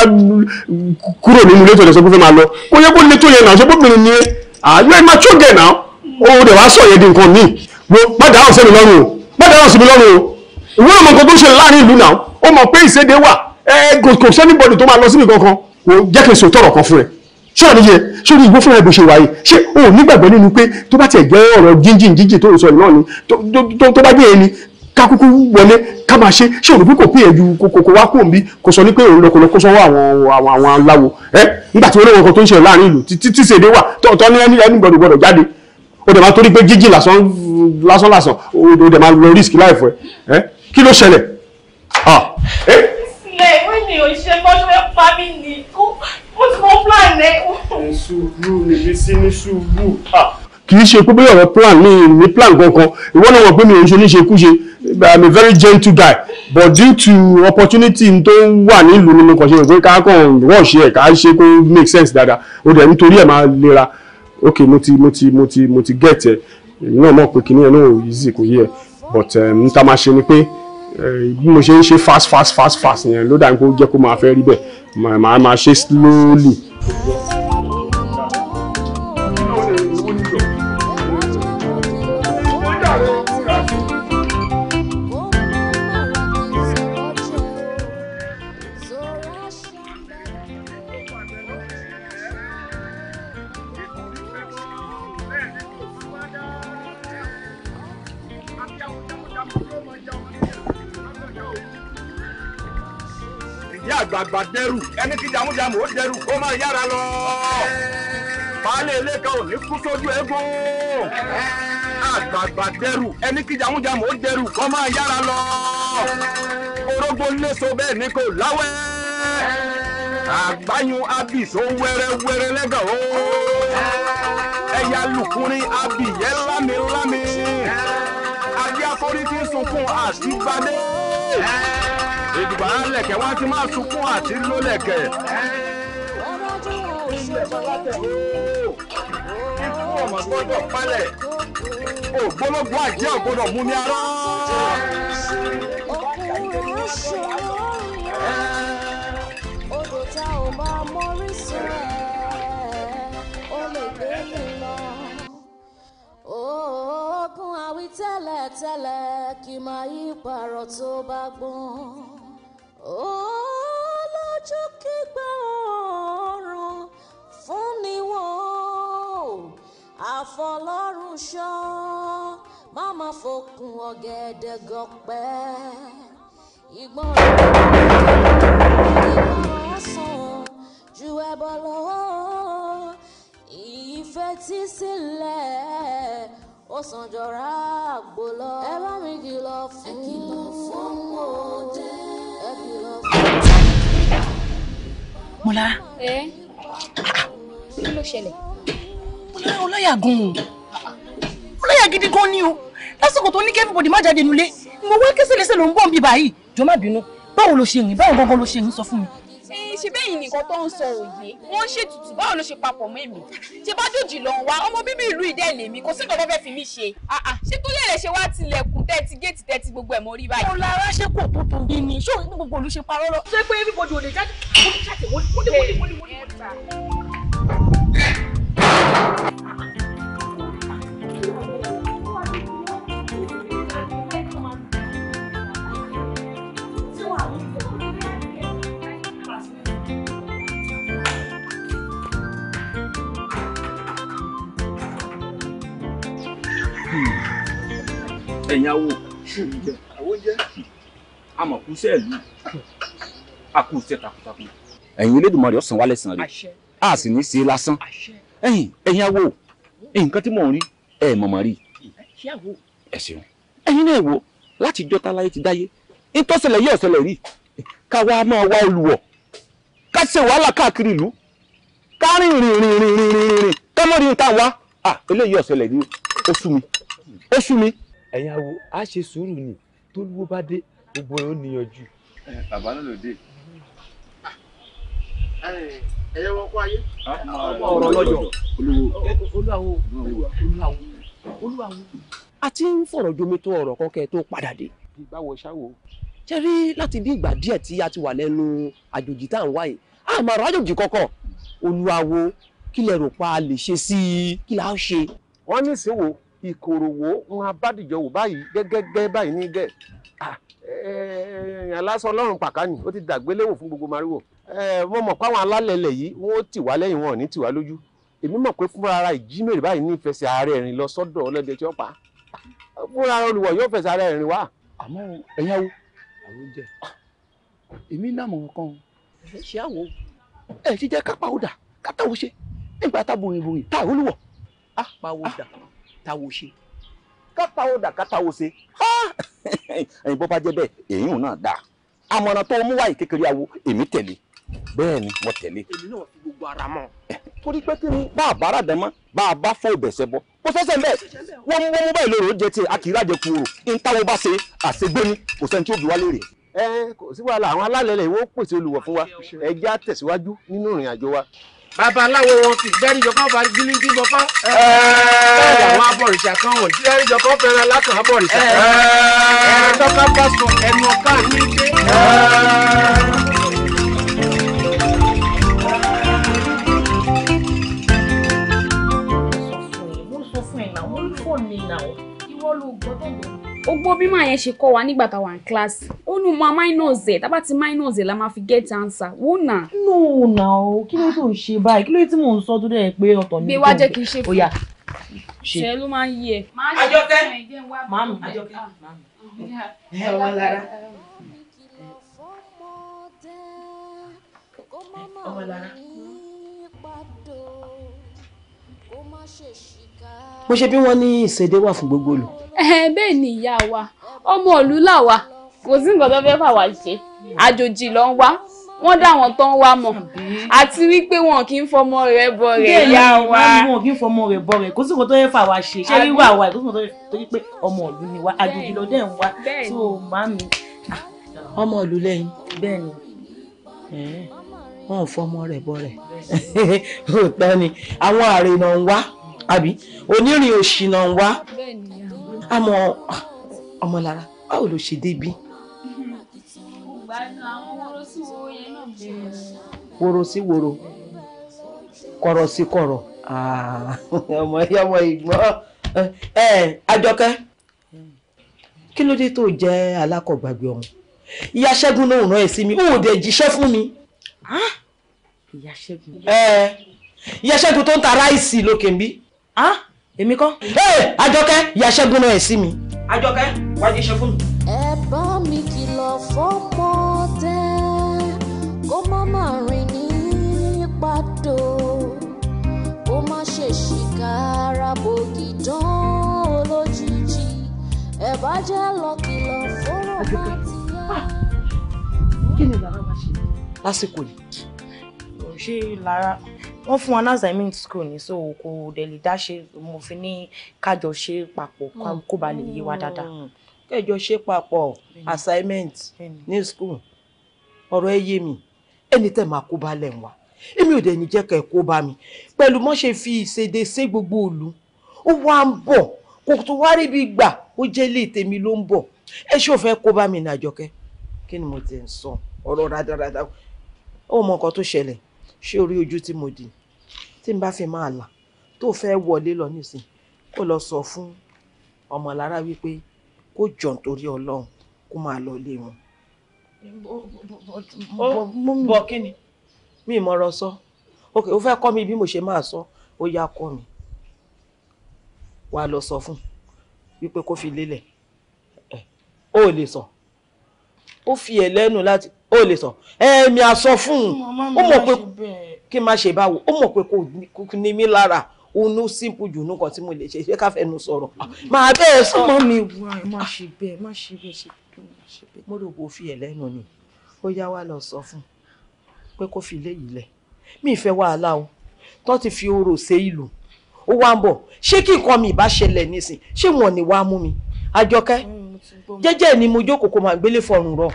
kúrò nínú ilé ìtọ́jú ẹ̀sọ́ pé fẹ́ máa lọ kó yẹ kó lè tó yẹ náà ṣé bóbìnrin ni àyọ ẹ̀ máa tóge náà o dẹ̀ wá sọ yẹ di nǹkan míì wo má dáhùn sí mi lọ́rùn o má dáhùn sí mi lọ́rùn o ìwé ọmọ nǹkan tó ń ṣe láàrin ìlú náà ó mọ̀ pé ìsédé wà kò sẹ́ni bọ́dì tó máa lọ síbi kankan jẹ́ kí n sòtọ̀rọ̀ kan fún ẹ ṣọ́ọ̀ níyẹn sórí ìwọ fúnra ìbò ṣe wáyé ṣé o ò nígbàgbọ́ nínú pé tó bá tiẹ̀ jẹ́ ọ̀rọ̀ jíjìn jíjìn tó sọ ìnáà ni tó bá jẹ́ ẹni kakuku wọlé ká máa ṣe ṣé òrùbí kò pín ẹ̀jú kòkòkò wá kò ń bí kò sọ ní pé òun lọkọlọ kó sọwọ́ àwọn àwọn àwọn aláwo ẹ nígbà tí olóòwò kan tó ń ṣe láàrin ìlú títí ṣèdè wà tọ́ ní ẹni ẹni gbọdọ̀ gbọdọ̀ jáde ó dẹ̀ máa torí pé jíjìn lásán lásán lásán ó dẹ̀ máa lọ risk life ẹ kí ló ṣẹlẹ̀ ah ẹ lẹ̀ wọ́n ní òṣìṣẹ́ gbọ́dọ̀ fẹ́ pa mí ní ikú mo ti mọ plan ẹ. kì í ṣe pé bóyá ọ̀rọ̀ plan mi ní plan kankan ìwọ náà wọ̀ pé mi ò ń ṣe níṣekúṣe i'm a very gentle guy but due to opportunity tó wà nílùú ni mo kàn ká kàn rush ẹ̀ ká ṣe kó make sense dáadáa ó dẹ̀ nítorí ẹ̀ máa lera ok mo ti mo ti mo ti mo ti get ẹ̀ náà mọ̀ pé kìnìyàn náà ò easy kò yẹ but um, n ta máa ṣe ni pé Eh, bí mo ṣe ń ṣe fast fast fast fast yẹn ló dà ní kó jẹ́ kó máa fẹ́ rí bẹ́ẹ̀ màá máa ṣe slowly. àdàmú ó dẹrù kó máa yára lọ. baálé ilé kan ò ní kú sójú eégún. àgbààgbà dẹrù ẹni kí jamujamu ó dẹrù kó máa yára lọ. orógbó léso bẹ́ẹ̀ ni kò láwẹ́. àgbáyún abiso wẹ́rẹ́wẹ́rẹ́ lẹ́gàn o. ẹ̀yà lùkùnrin abiyẹ́ lámilámi. abíyá forí ti sunkún àṣìgbadé ìdùbà lẹ̀kẹ̀ wá ti máa sunkún àti lólẹ̀kẹ̀. ọmọ tó wọ òṣèlú ikú ọmọ gbọ́dọ̀ palẹ̀ ògbólógbó àjẹ́ ògbódọ̀ mú mi ara. ọkùnrin ṣòro yẹn odò tá ò bá mọ́rí sọ̀rọ̀. oògùn àwí tẹ́lẹ̀tẹ́lẹ̀ kì máa yí pààrọ̀ tó bá gbọ́n ó lójú kígbà ọ̀run fún ni wọ́n àfọlọ́run ṣọ́ má má fokùn ọ̀gẹ̀dẹ̀ gọpẹ́ ìgbọ́n rẹ̀ ìgbọ́n ọ̀sán ju ẹbọ lọ́wọ́ fetí sílẹ̀ ó sàn jọra àgbo lọ. ẹ bá mi kìlọ̀ fún. ẹ kìlọ̀ fún ọdẹ. ẹ kìlọ̀ fún. mọ̀lá. ẹ kí ló ṣẹlẹ̀. mọ̀lá ọláyà gan-an ọláyà gidi gan ni o lásìkò tó ní kí everybody má jáde nulẹ̀ mo wá kẹsẹ̀ lẹ́sẹ̀ ló ń bọ̀ ń bí báyìí jọ má bínú báwo ló ṣe rìn báwo gangan ló ṣe rìn sọ fún mi ṣe bẹ́yìn nìkan tó ń sọ òye wọ́n ṣètùtù báwo ló ṣe papọ̀ mọ́ èmi ṣe bá jòjì lọ wá ọmọ bíbí ìlú ìdẹ́ lèmi kò sí nǹkan fi mí ṣe ṣé tó lẹ́rẹ̀ ṣe wá tilẹ̀kùn tẹ́tí géètì tẹ́tí gbogbo ẹ̀ mọ́ rí báyìí. mo lára ṣe kò tó tó bí ni ṣé ní gbogbo olùṣe parọ́ lọ. ṣé pé everybody ò lè jáde mo ní jáde ẹ̀yin awo amọ̀kúsẹ́ ìlú akúsẹ́ takuntakun. ẹ̀yin Olódùmarè ọ̀sán wálẹ̀ sàn rè a sì ní í ṣe lásán ẹ̀yin ẹ̀yin awo nǹkan tí mò ń rí ẹ̀ mọ̀mọ́ rí ẹ̀ ṣeun ẹ̀yin náà wo láti jọ́ta láyé ti dáyé ìtọ́sẹ̀lẹ̀ yóò ṣẹlẹ̀ rí ká wá máa wá olùwọ̀ ká ṣe wàhálà káàkiri ìlú ká rìn rìn rìn rìn rìn rìn rìn ká mọ̀ rí ta wá eléyìí ọ̀ṣẹlẹ̀ rí ó sú mi ó sú mi ẹ̀yin awo á ṣe sùúrù ni tólúwo bá dé gbogbo ẹ̀ ó níyanjú. bàbá náà ló dé. ẹyẹ wọn kó ayé. ọ̀rọ̀ lọ́jọ́ olúwawo olúwawo olúwawo. a ti ń fọ̀rọ̀ jomi tó ọ̀rọ̀ kan kẹ́ ẹ tó padà dé. báwo ṣáwo. ṣe rí láti bí ìgbà díẹ̀ tí a ti wà lẹ́nu àjòjì tá à ń wá yìí àmọ́ ọ̀rọ̀ àjòjì kọ̀ọ̀kan olúwawo kí lẹ rò pa lè ṣe sí i kí la ó ṣe. wọ́n ní ìsínwó ìkòròwò ń abádìjọ wò báyìí gẹ́gẹ́gẹ́ báyìí ní gẹ̀ aláṣọ ọlọ́run pàkánì ó ti dàgbéléwò fún gbogbo mariwo mo mọ̀ pé àwọn alálẹ̀lẹ̀ yìí wọ́n tì wá lẹ́yìn wọn ò ní tì wá lójú èmi mọ̀ pé fúnra ara ìjímèrè báyìí ní ìfẹsẹ̀ ààrẹ rìn lọ sọ́dọ̀ ọlọ́dẹ tí wọ́n pa fúnra ara olùwọ̀ yóò fẹsẹ̀ ààrẹ rìn wá. àmọ́ ẹ̀yà wo àwọn oúnjẹ ah, èmi náà mọ̀ nǹkan ẹ ṣe àwọ̀ ẹ ti jẹ́ kápá ọ̀dà kátàwọ̀ ṣe nígbà tábòrìnbòrìn táà olùwọ̀. páwọ̀ dà ah, táwo ṣe. kátáwo dà kátáwo ṣe (laughs) ẹyin bó bá jẹ́ bẹ́ẹ̀ èyí ò náà dáa àmọ̀ràn tó mú wáyé kékeré awo èmi tẹ̀lé bẹ́ẹ̀ ni mo tẹ̀lé. èmi náà fi gbogbo ara mọ́. torí pé kí ni bá a bá ràdán mọ́ bá a bá fọ́ ìbẹ̀sẹ̀ bọ́ kò sẹ́sẹ̀ mbẹ́ wọ́n mú wọ́n mú báyìí lóru jẹ tiẹ̀ àkìrá jẹ kúrò ntáwo bá ṣe àṣegbé ni kò sẹ́ni tí ó bí wá lóore. ẹ kò sí wàhálà àwọn alálẹ̀ lẹ̀ pèsè olùwọ̀ fún wa ẹ já tẹ̀síwájú nínú ìrìn àjò wa babaláwo wọn kì í gbẹ́rìjọ kan fa gílíngí bọ́fá. bẹ́ẹ̀ àwọn abọ̀rìṣà kan wọ̀ gbẹ́rìjọ kan fẹ́ràn lákàn abọ̀rìṣà. ẹ̀rọ tọ́ka bá sọ ẹnu ọ̀ká ní ilé. mo sọ fún ẹ̀ náà wọ́n fọ́ mi náà ìwọ ló gbọ́ tẹ̀lé ó gbọ́ bí màá yẹn ṣe kọ́ wa nígbà táwa ń kíláàsì ó nu ma minus ẹ̀ tábà ti minus ẹ̀ la máa fi get answer wò nà. no na o kí ló tó ń ṣe báyìí kí ló tí mò ń sọ tó dẹ̀ pé ọ̀tọ̀ mi. gbé wá jẹ́ kí n ṣe fún un ṣe ló máa ń yí àjọkẹ́ màmú àjọkẹ́ ah. màmú ẹ wà lára. ọmọ lára mo ṣe bí wọ́n ní ìṣèdè wà fún gbogbo olù. bẹ́ẹ̀ ni ìyá wa ọmọ ìlú làwa kò sí nǹkan tó fẹ́ fà wá ṣe àjòjì ló ń wá wọ́n dá àwọn tán wá mọ̀ àti wípé wọn kì í fọmọ rẹ̀ bọ rẹ̀ yá wa. wọn kì í fọmọ rẹ̀ bọ rẹ̀ kò sí nǹkan tó yẹ fà wá ṣe ṣé wíwá wa kò sí nǹkan tó yẹ pé ọmọ ìlú ni wa àjòjì ló dẹ̀ ń wá tó màmí. Ah, ọmọ ìlú lẹ́yìn. bẹ́ẹ̀ ni wọn fọmọ rẹ̀ bọ rẹ̀ òótọ́ (laughs) ni àwọn àrènà ń wá àbí onírìn òṣìnà ń wá àmọ́ ah, ọmọlára báwo ló ṣe débi. woro sí woro kọ̀rọ̀ sí kọ̀rọ̀ ah, (laughs) ọmọ ẹyà ọmọ ìgbọ́n ẹ eh, eh, Àjọkẹ́ kí ló dé tó jẹ́ alákọ̀gbàgbé ọ̀hún ìyá Ṣẹ́gun lòun rán ẹ̀ sí mi òun ò dẹ̀ jíṣẹ́ fún mi. Ah! ìyá Ṣẹ́gun. Eh, ìyá Ṣẹ́gun tó ń ta ráìsì lókè ń bí ah èmi kọ́. ẹ àjọkẹ́ ìyá ṣẹ́gun náà ẹ̀ sí mi. àjọkẹ́ wàá jẹ́ iṣẹ́ fún mi. ẹ bá mi kìlọ̀ fọ́mọdé kó má máa rìn ní pàtó kó má ṣe ṣìkára bògì dán olójijì ẹ bá jẹ́ lọ kìlọ̀ fọ́mọdé. Ah, kí ni lára wá ṣe lásìkò yìí. kò lára wọ́n fún wa ní assignment school ni so kò dẹ̀ lè dá ṣe mo fi ní kájọ ṣe papọ̀ hmm. kó ba lè yé wa dáadáa. Hmm. kẹjọ ṣe papọ̀ assignment ní school ọ̀rọ̀ ẹ yé mi ẹni tẹ́ máa kó balẹ̀ wá èmi ò dẹ̀ ní jẹ́ kẹ́ kó bá mi pẹ̀lú mọ́ ṣe fi ìṣèdè sé gbogbo òlu ó wá ń bọ̀ kò tó wá rí bí gbà ó jẹ́ lé tèmi ló ń bọ̀ ẹ ṣé ò fẹ́ kó bá mi ní àjọkẹ́ kí ni mo ti ń sọ ọ̀rọ̀ rádaràda ó mọ nǹkan tó ṣẹlẹ̀ ṣé orí ojú tí mo dì tí n bá fi máa là tó fẹ́ wọlé lọ nísìn kó lọ sọ fún ọmọlára wípé kó jọ̀n torí ọlọ́run kó máa lọ lé wọn. bọ̀ kí ni mi mọ̀rọ̀ sọ ok o fẹ́ kọ́ mi bí mo ṣe máa sọ ó yá kọ́ mi wà á lọ sọ fún wípé kó fi lélẹ̀ ó lè sọ ó fi ẹ̀ lẹ́nu láti ó lè sọ ẹ̀ẹ̀mí àsọ fún un ó mọ̀ pé kí n má ṣe báwo ó mọ̀ pé kò ní mí lára onú simple jù nǹkan tí mo lè ṣe ṣé ká fẹnu sọ̀rọ̀ ah, máa bẹ́ẹ̀ sọ. ọmọ mi wà ẹ má ṣe bẹ́ẹ̀ má ṣe bẹ́ẹ̀ ṣe bẹ́ẹ̀. mo rò pé fi ẹ̀ ni ó yá wa lọ sọ fún un pé fi léyìí lẹ̀ mi ì fẹ́ o tó ti fi orò ṣe ìlú ó wá ń bọ̀ ṣé kí mi ìbá ṣẹlẹ̀ nísìn ṣé wọn ò ní wá mi àjọkẹ́ jẹ́jẹ́ ni mo jókòó kó máa gbélé fọrùn rọ̀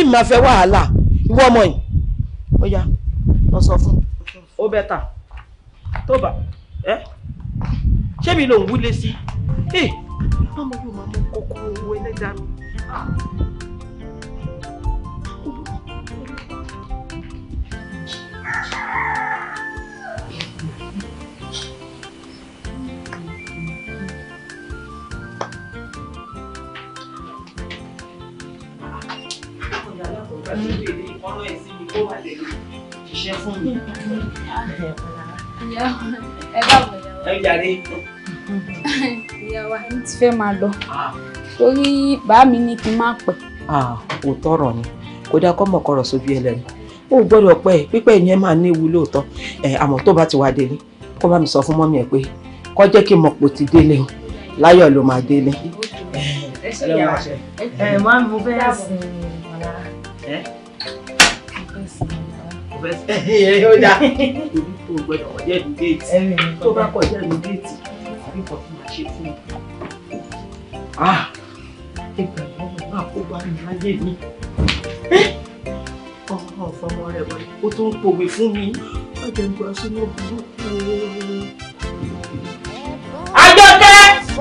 ìmọ̀ fẹ́ wàhálà ìwọ ọmọ yìí ó yá lọ sọ fún ó bẹ́tà tó bá ẹ ṣé mi lòún wúlé sí ẹ ọmọ yóò máa mú kókó owó ẹlẹ́dàá mi. Thank ah. you. gbàdúgbò ní ọ̀rọ̀ ẹ̀sìn mi kó wà lẹ́nu ṣiṣẹ́ fún mi. ìyá ẹ káàbọ̀ ìyá ẹ ti fẹ́ máa lọ torí bàá mi ní kí n má pẹ́. ni kò dáa kọ́ mọ̀kọ́rọ̀ sójú ẹlẹ́nu ó gbọ́dọ̀ pẹ́ pípẹ́ ìyẹn máa ní ewu lóòótọ́ àmọ́ tó bá ti wá délé kó bá mi sọ fún mọ́mí ẹ̀ pé kó jẹ́ kí mọ̀ pò ti délé láyọ̀ ló máa délé. ẹ ṣe ìyàwó ẹ máa mú bẹ́ẹ̀ sí ó dá torí (laughs) tó o gbọ́dọ̀ kọjá ìlú déètì ọjọ́ ah! ń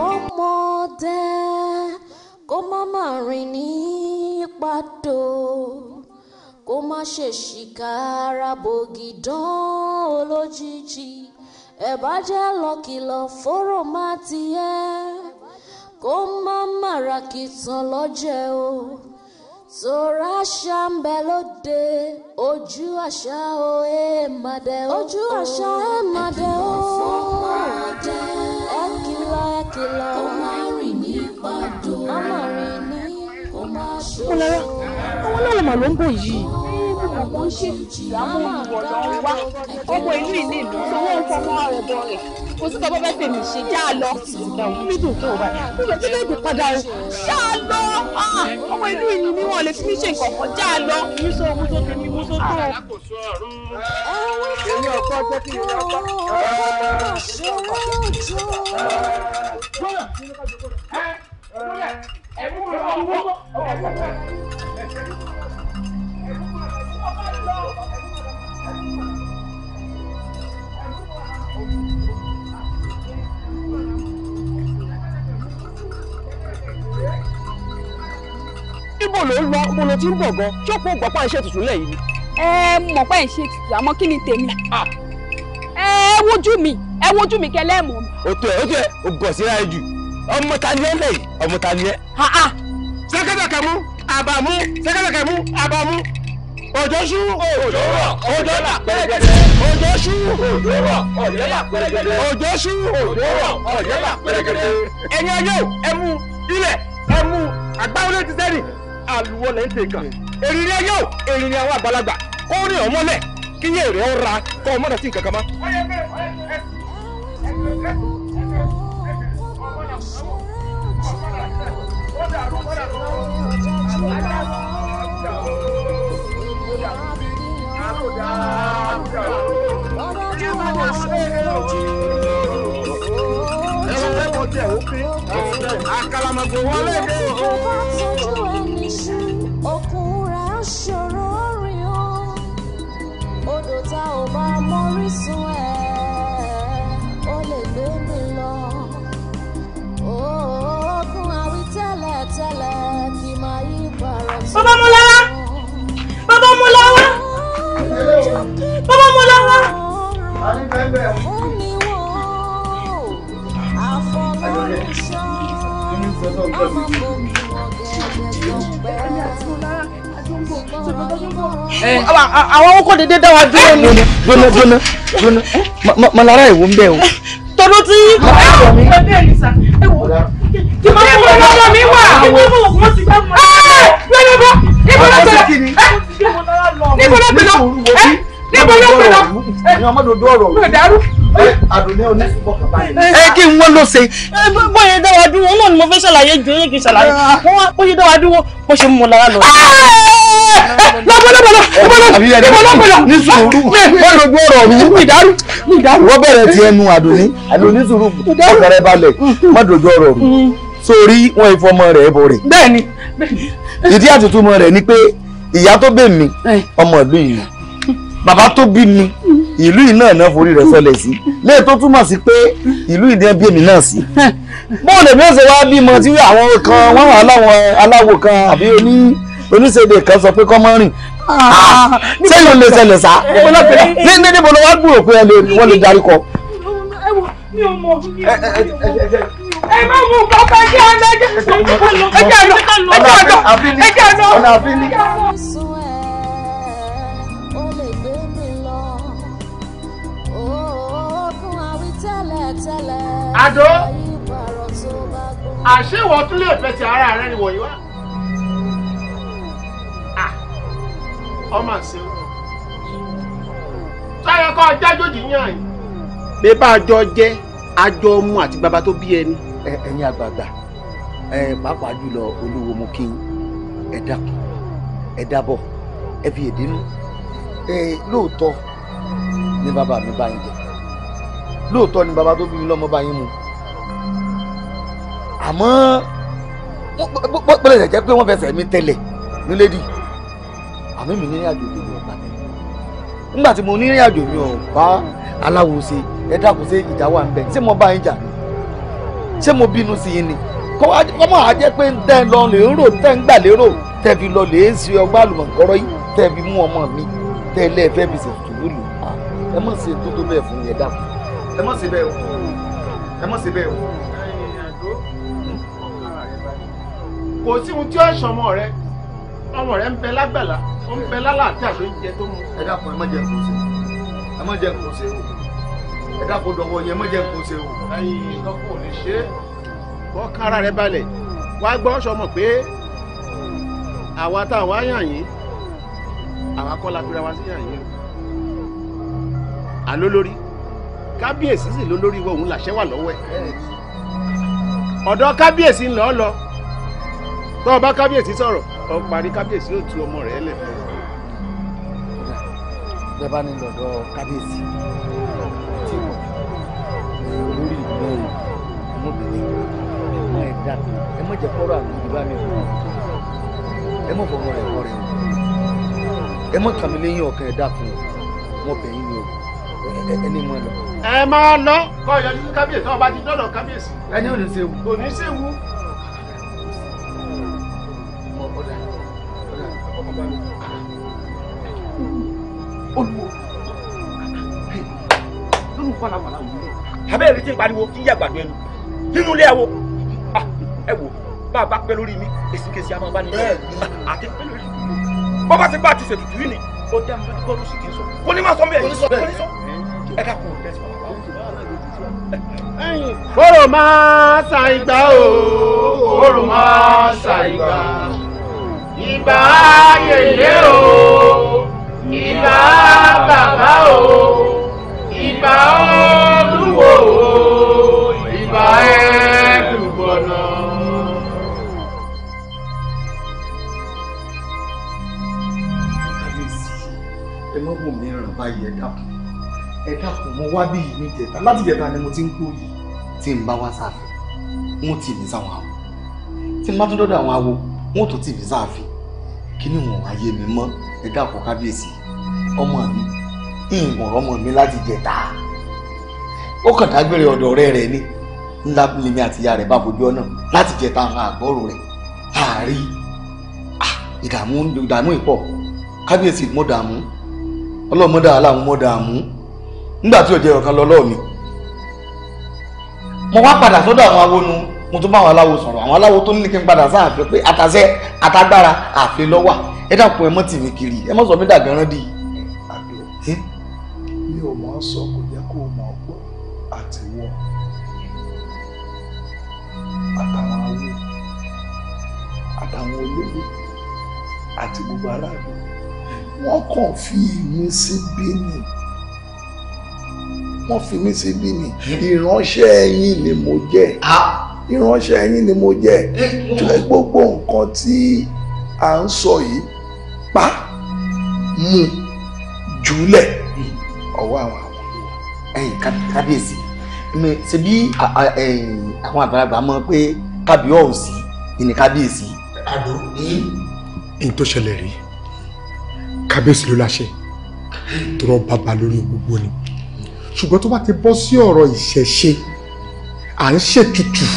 ọmọdé kó má má rìn ní pàtó kó má ṣe ṣìkàrà bògidán olójijì ẹ bá jẹ́ lọ́kìlọ̀ fóró má tiẹ̀ kó má má ra kìtàn lọ́jẹ̀ o sora àṣà ń bẹ ojú àṣà o ẹ má dẹ o ojú àṣà ẹ má dẹ o ẹ kìlọ̀ ẹ kìlọ̀. mọ́ lára àwọn náà ló ń bọ̀ yìí. ọmọ ń ìlú ìlú tó wọ́n ń fọmọ́ rẹ̀ kò sí kọ́kọ́ bẹ́ẹ̀ tèmi ṣe já lọ. mi dùn tó o bá mi dùn tó lẹ́gbẹ̀ẹ́ padà o. já lọ ọmọ ìlú ìní ni wọn lè fi ṣe nǹkan já lọ. mi sọ mo sọ tèmi mo sọ tó. èmi ọ̀pọ̀ jẹ́ kí n yá bá. ṣé wọ́n jọ ẹ̀mú rẹ̀ ọwọ́ ẹ̀mú rẹ̀ ẹ̀mú rẹ̀ ọba lọ. níbo ló ń lọ mo lọ ti ń bọ̀ gan ṣé kò gbọ́ pa iṣẹ́ tuntun lẹ́yìn ni. ẹ mọ̀ pé ẹ̀ ń àmọ́ kí ni tèmi. ẹ wojú mi ẹ wojú mi kẹlẹ́ mọ̀ mi. o tó o tó o gọ̀ sí láyé jù ọmọ ta ni ẹ lẹ́yìn ọmọ ta ni ẹ. sẹ́kẹ̀dẹ̀kẹ̀ mú àbàmú sẹ́kẹ̀dẹ̀kẹ̀ mú àbàmú òjò ṣú òjò rọ̀ òjò là pẹ́rẹ́gẹ́dẹ́ òjò ṣú òjò rọ̀ òjò là pẹ́rẹ́gẹ́dẹ́ òjò ṣú òjò rọ̀ òjò là pẹ́rẹ́gẹ́dẹ́. ẹ̀yin ayé o ẹ mú ilẹ̀ ẹ mú àgbáwọlé ti sẹ́ni àlùwọ̀ lẹ́yìn tẹ̀kàn èrìrì ayé o èrìrì àwọn àgbàlagbà kó rìn ọmọlẹ̀ kí yé rẹ̀ ó ra kọ́ ọmọdé sí nǹkan kan mọ́. àkàlàmọ̀gbò wọlé dé o. okun rẹ̀ ṣòro rìn o odò tá ò bá mọ́rí sun ẹ̀. bàbá mú lára bàbá mú lára àwọn ọkọ̀ dédé dá wa dúró ni. jóná jóná jóná mọ̀lára ìwò ń bẹ̀ o. tọdún tí. ẹ wò ó bẹ́ẹ̀ ni sà ẹ wọ. ẹ̀yin ọmọdodo ọ̀rọ̀ mi. ọ̀daràn. àdùnní onífọkàn báyìí. ẹ kí n wọ́n ló ṣe. bóyá dáwà dúró náà ni mo fẹ́ ṣàlàyé ju eyín kì í ṣàlàyé ah. bóyá dáwà dúró bó ṣe mú lára lọ. Ah! ní sùúrù ọmọdodo ọ̀rọ̀ mi. mi dàrú mi dàrú. wọ́n bẹ̀rẹ̀ ti ẹnu àdùnní àdùnní sùúrù ọkàrẹ́ balẹ̀ ọmọdodo mm. ọ̀rọ̀ mi. Mm. sórí wọn ìfọmọ rẹ̀ bọ̀ rẹ̀. bẹ́ẹ̀ni. ìdí àtútù mọ rẹ̀ ni pé ìyá tó bẹ̀ mí ọmọ ìlú yìí bàbá tó bí mi ìlú yìí náà náà forí rẹ̀ sọlẹ̀ sí léè tó túmọ̀ sí pé ìlú ìdí ẹbí èmi náà sí. bóun lè bẹ́ẹ̀ ṣe wá bímọ tí àwọn kan wọ́n wà láwọn aláwo kan àbí oní oníṣèdè kan sọ pé kọ́ mọ́ rìn sẹ́yìn ah, ah, ò lè ṣẹlẹ̀ sá ní níbo ló wá gbúrò pé wọ́n lè darí kọ. ẹ má mú kọ́kọ́ jẹ́ ọ̀nà ẹ̀jẹ̀ lọ ẹ̀jẹ̀ lọ ẹ̀jẹ̀ lọ ẹ̀jẹ̀ lọ. àdó àṣé ìwọ tún lè fẹ́ ti ara rẹ ni wọ̀nyí wá. Ah, ọmọ àṣẹ o sáyẹ kọ́ jájòjì yàn yìí. bí bá a jọ jẹ́ àjọ ọmọ àti bàbá tó bí ẹni. ẹ̀yin àgbààgbà pàápàá jùlọ olówó mo kí ẹ dákun ẹ dábọ̀ ẹ fi èdè nù lóòótọ́ ni bàbá mi bá ń jẹ lóòótọ́ ni bàbá tó bí mi lọ́mọ bá yín mu àmọ́ pẹ́lẹ́sẹ̀ jẹ́ pé wọ́n fẹsẹ̀ mi tẹ́lẹ̀ nílédi àmọ́ mi ní ìrìnàjò mi ò bá mi nígbà tí mo ní ìrìnàjò mi ò bá aláwo ṣe ẹ dákun ṣe ìjà wà ń bẹ ṣé mo bá yín jà ni ṣé mo bínú sí yín ni kọ́mọ àjẹ́ pé ń tẹ́ lọ lérò tẹ́ ń gbà lérò tẹ́ fi lọ lè ṣe ọgbà àlùmọ̀kọ́rọ́ yìí tẹ́ fi mú ọmọ mi tẹ́ lẹ́ẹ̀fẹ́ fi ṣètò lólu ẹ mọ̀ sí ètò tó bẹ̀ fún yẹn dákun ẹ mọ̀ sí bẹ́ẹ̀ o ẹ mọ̀ sí bẹ́ẹ̀ o. kò sí ohun tí ó ṣe ọmọ rẹ ọmọ rẹ ń bẹ lágbàlá ó ń bẹ lálàáfíà tó ń jẹ tó mu. ẹ dákun ẹ má jẹ nǹkan ṣe ẹ má jẹ nǹkan ṣe o ẹ dákun dọwọ yẹn ẹ má jẹ nǹkan ṣe o. ẹyin ìtọ́kùn ò ní ṣe é kọ́ kára rẹ balẹ̀ wá gbọ́ sọmọ pé àwa tá a wá yàn yín àwa kọ́ la tura wa sí yàn yín àlọ́ lórí kábíyèsí sì ló lórí ìwọ òun làṣẹ wà lọ́wọ́ ẹ̀ ọ̀dọ̀ kábíyèsí ńlọ lọ tó o bá kábíyèsí sọ̀rọ̀ ọ parí kábíyèsí ó tu ọmọ rẹ̀ lẹ̀ fún un. bá ní lọ́dọ̀ kábíyèsí tí mo ní olórí ìlú ẹ̀yìn ọmọbìnrin ẹ̀mọ́ ẹ̀dá ẹ má jẹ́ kọ́rọ̀ àmì ìdíbà mi kù ẹ má fọwọ́ rẹ̀ kọ́ ẹ má kàmí lẹ́yìn ọ̀kan ẹ̀dá kan wọn bẹ̀yìn ni ẹni mọ lọ. ẹ máa lọ kọ ìyọjú sí kábíyèsí ọba ti dọdọ kábíyèsí. ẹni ò ní ṣe wù. kò ní ṣe wù. olùwọ lórí wàlà wàlà wùlẹ. abẹ́ ìrètí ń pariwo kí yá gbàgbé ẹnu nínú ilé ẹ̀wọ̀ ah, ẹ wò bá a bá pẹ́ lórí mi èsì kèsì a máa bá ní bẹ́ẹ̀ ah, àti pẹ́ lórí mi bọ́ bá ti bá a ti ṣètùtù yìí ni ó dá mi lójú gbọ́dọ̀ sì kì í sọ kò ní máa sọ bẹ́ẹ̀ kò ní sọ bẹ́ẹ̀ ẹ dákun sa ìgbà o kóró máa sa ìgbà ìgbà yèyé o ìgbà bàbá o ìgbà olúwo o ìgbà ẹ̀ẹ́dùgbọ̀nà. ẹ má wò mí ràn báyìí ẹ dákun ẹ dákun mo wá bí yìí ní ìjẹta láti ìjẹta ni mo ti ń kú yìí. tí n bá wá sáàfin wọn tì mí sáwọn awo tí n bá tún dọ́dọ̀ àwọn awo wọn tó tì mí sáàfin kí ni wọn ayé mi mọ́ ẹ dákun kábíyèsí ọmọ mi ìmọ̀ràn ọmọ mi láti ìjẹta ó kàn dágbére ọ̀dọ̀ ọ̀rẹ́ rẹ̀ ni ńlá lèmi àtìyá rẹ̀ bá bojú ọ̀nà láti ìjẹta àwọn àgbọ̀rò rẹ̀ àárí ah, ìdààmú ìpọ̀ kábíyèsí mọ̀ dààmú ọlọ́mọdà aláwọn mọ̀ nígbà tí òjẹ́ ọ̀kan lọ́lọ́ mi mo wá padà sọ́dọ̀ àwọn awonu mo tún bá àwọn aláwo sọ̀rọ̀ àwọn aláwo tó ní kí n padà sáàfin pé àtàṣẹ àtagbára àfin ẹ dàpọ̀ ẹ mọ́ tì mí kiri ẹ mọ́ sọ mí dàgbẹ́rán dì í. mi ò mọ̀ sọ kò yẹ kó o mọ̀ ọ́ àtiwọ́ àtàwọn awo àtàwọn olóyè àti gbogbo aráàlú wọ́n kàn fi ìmísí bí wọ́n fi mí síbí ni ìránṣẹ́ yín ni mo jẹ́ ìránṣẹ́ yín ni mo jẹ́ gbogbo nǹkan tí à ń sọ yìí pa mu jùlẹ̀ ọwọ́ àwọn àwọn olùwà. ẹ̀yin kábíyèsí ṣe bí àwọn àgbàlagbà mọ̀ pé kábíyọ̀ ò sí ìní kábíyèsí. àdó ní. n tó ṣẹlẹ̀ rí kábíyèsí ló láṣẹ tọrọ bàbá lórí gbogbo ni ṣùgbọ́n tó bá ti bọ́ sí ọ̀rọ̀ ìṣẹ̀ṣe à ń ṣètùtù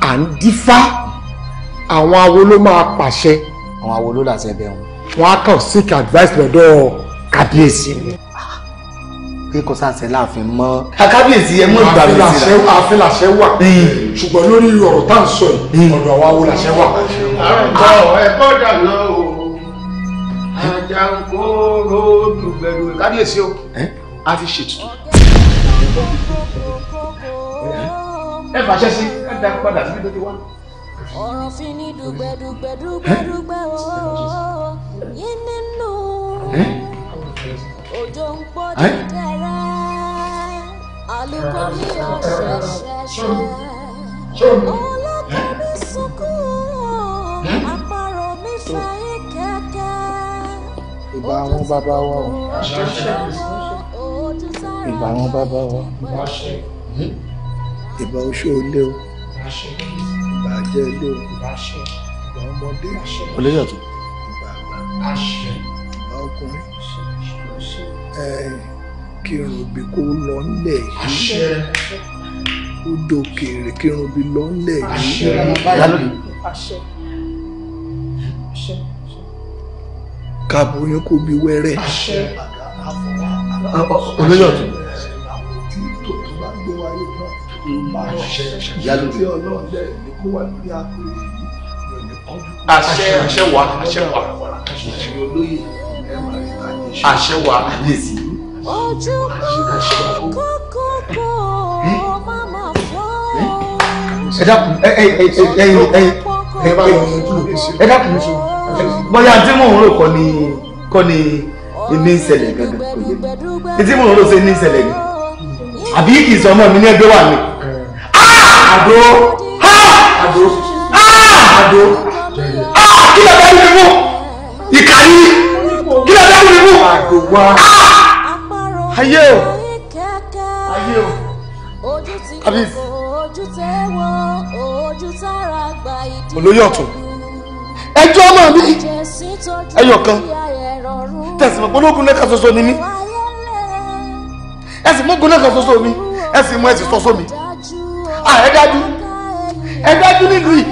à ń dífá àwọn awo ló máa pàṣẹ. àwọn awo ló làṣẹ bẹ wọn. wọn á kàn seek advice lọ́dọ̀ kábíyèsí ni. pé kò sáǹsẹ̀ láàfin mọ́. kábíyèsí ẹ mọ ìgbà mi sí la. àfin làṣẹ wà hmm. ṣùgbọ́n lórí ọ̀rọ̀ tá à ń sọ yìí hmm. ọ̀dọ̀ àwọn awo làṣẹ wà. àrùntọ́ ẹ bọ́dà náà o ajá ń kó lóòdù gbẹdùn kábíyèsí o a ti ṣètùtù ẹ fàṣẹ sí ẹ dá padà síbi tó ti wá. ọ̀rọ̀ fi ní dùgbẹ́dùgbẹ́dùgbẹ́dùgbẹ́ ooo yín nínú òjò ń pọ̀ dídẹ̀rẹ́ àlùkò ní ọ̀ṣẹ̀ṣẹ̀ṣẹ̀ ọlọ́kẹ́ mi sunkún àparò mi fẹ́ kẹ́kẹ́. ìbá àwọn bàbá wa o ìbà àwọn bàbá wa ìbà oṣó ilé o ìbà àjẹ ilé o ìbà ọmọdé olóyè ọ̀tún ìbà àgbà ìbà ọkùnrin kírun bí kò lọ nílẹ̀ yìí ó dòkèrè kírun bí lọ nílẹ̀ yìí kàbóyún kò bí wẹ́rẹ́ olóyè ọ̀tún. àṣẹ àṣẹ wa àṣẹ wa àṣẹ wa wa. ojú wa, kókó wa. máma wa, ẹ dákun ẹ ẹ ẹ ẹ ẹ ẹ ẹ dákun bóyá tí mò ń rò kọ́ ni kọ́ ni ní ìṣẹ̀lẹ̀ gangan kò yé mi etí mò lọ sí ní ìṣẹ̀lẹ̀ gan àbí kì mi ní ẹgbẹ́ wà mí. Eh. Ah! àdó àdó ah! àdó ah! kí ló dé níbi fún ìkàlí kí ló dé níbi fún. àdó wá ayé o ayé o kábíyèsí. olóyè ọ̀tún ẹjọ́ ọmọ mi ẹyọ kan tẹ̀sí mọ̀ pé ológun lẹ́ka ṣoṣo ni mí ẹ sì mógun lẹ́ka ṣoṣo mi ẹ mọ ẹ sì mi à ẹ dájú nílùú yìí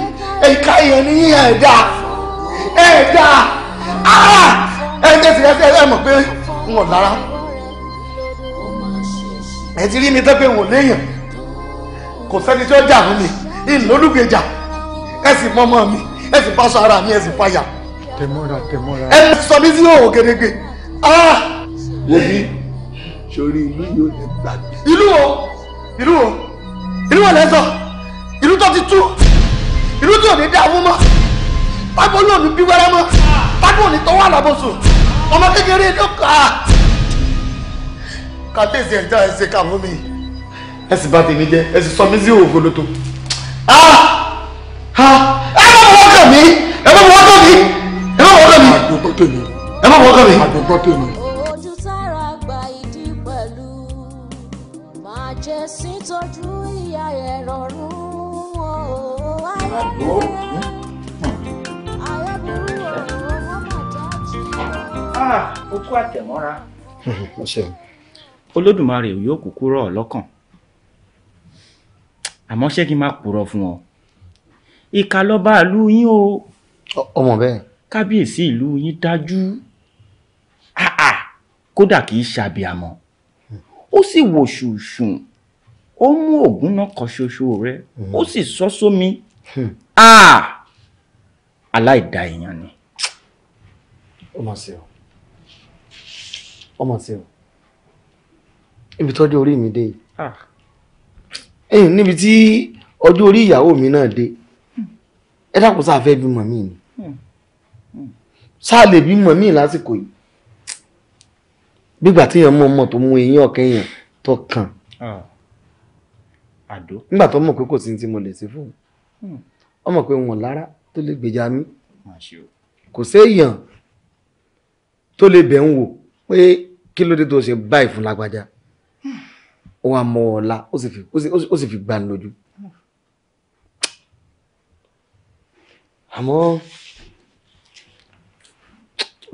ẹ̀ka èèyàn ní yíyan ẹ̀ dáa ẹ̀ dáa ẹ̀ ń tẹ̀sí ẹ̀ pé n ò lára ẹ rí mi tẹ́pẹ́ wò léèyàn kò sẹ́ni tí ó jà fún mi ìlú olùgbèjà ẹ sì mi ẹ sì ara mi ẹ fàyà tẹmọ́ra tẹmọ́ra. ẹ sọ mi sí òwò gẹ́gẹ́ wo ah! bí sórí ìlú yìí ò lè gbàgbé. ìlú o ìlú o ìlú ò lè sọ ìlú tó ti tú ìlú tí ò ní dá àwọn mọ́ pápá olóò ní bí wẹ́rẹ́ mọ́ pápá ò ní tọ́wọ́ àlàbọ̀sùn ọmọ kékeré ló kà á. kàtẹ́sì ẹ̀já ẹ̀sìn kà fún mi. ẹ sì bà tèmi jẹ́ ẹ sì sọ mí sí òògùn lóto. tèmi. ẹ má fọkàn mi. àjọgbọ́ tèmi. ojú tára gba ìdí pẹ̀lú máa jẹ sí tọ́jú ìyá ẹ̀ rọrùn o. ayé burú ayé burú ọ̀rọ̀ wọn mà dájú. ó kú àtẹ̀mọ́ra. (laughs) olódùmarè yóò kúkú rọ̀ lọ́kàn àmọ́ ṣé kí n máa purọ́ fún ọ ìka lọ́ba àlú yín o. ọmọ bẹ́ẹ̀ kábíyèsí ìlú yín dájú àà kódà kì í ṣàbíàmọ́ ó sì wò ṣùṣùn ó mú ògùn náà kan ṣoṣo rẹ ó sì sọ sómi hmm. aláìda èèyàn ni. ọmọ sí o ọmọ sí o ibi tọ́jú orí mi dé yìí ẹ̀yìn níbi tí ọjọ́ orí ìyàwó mi náà dé hmm. ẹ dákun sáà fẹ́ bímọ mi ni. Hmm sáà lè bímọ míì lásìkò yìí gbígbà téèyàn mọ ọmọ tó mú eyín ọ̀kẹ́ yẹn tó kàn ah. nígbà tó mọ̀ pé kò sí ti mo lè sí fún ọmọ hmm. pé wọn lára tó lè gbèjà mí kò séèyàn tó lè bẹ̀ ń wò pé kí ló dé tó ṣe báyìí fún lágbájá ó wà mọ ọ̀la ó sì fi gbani lójú àmọ́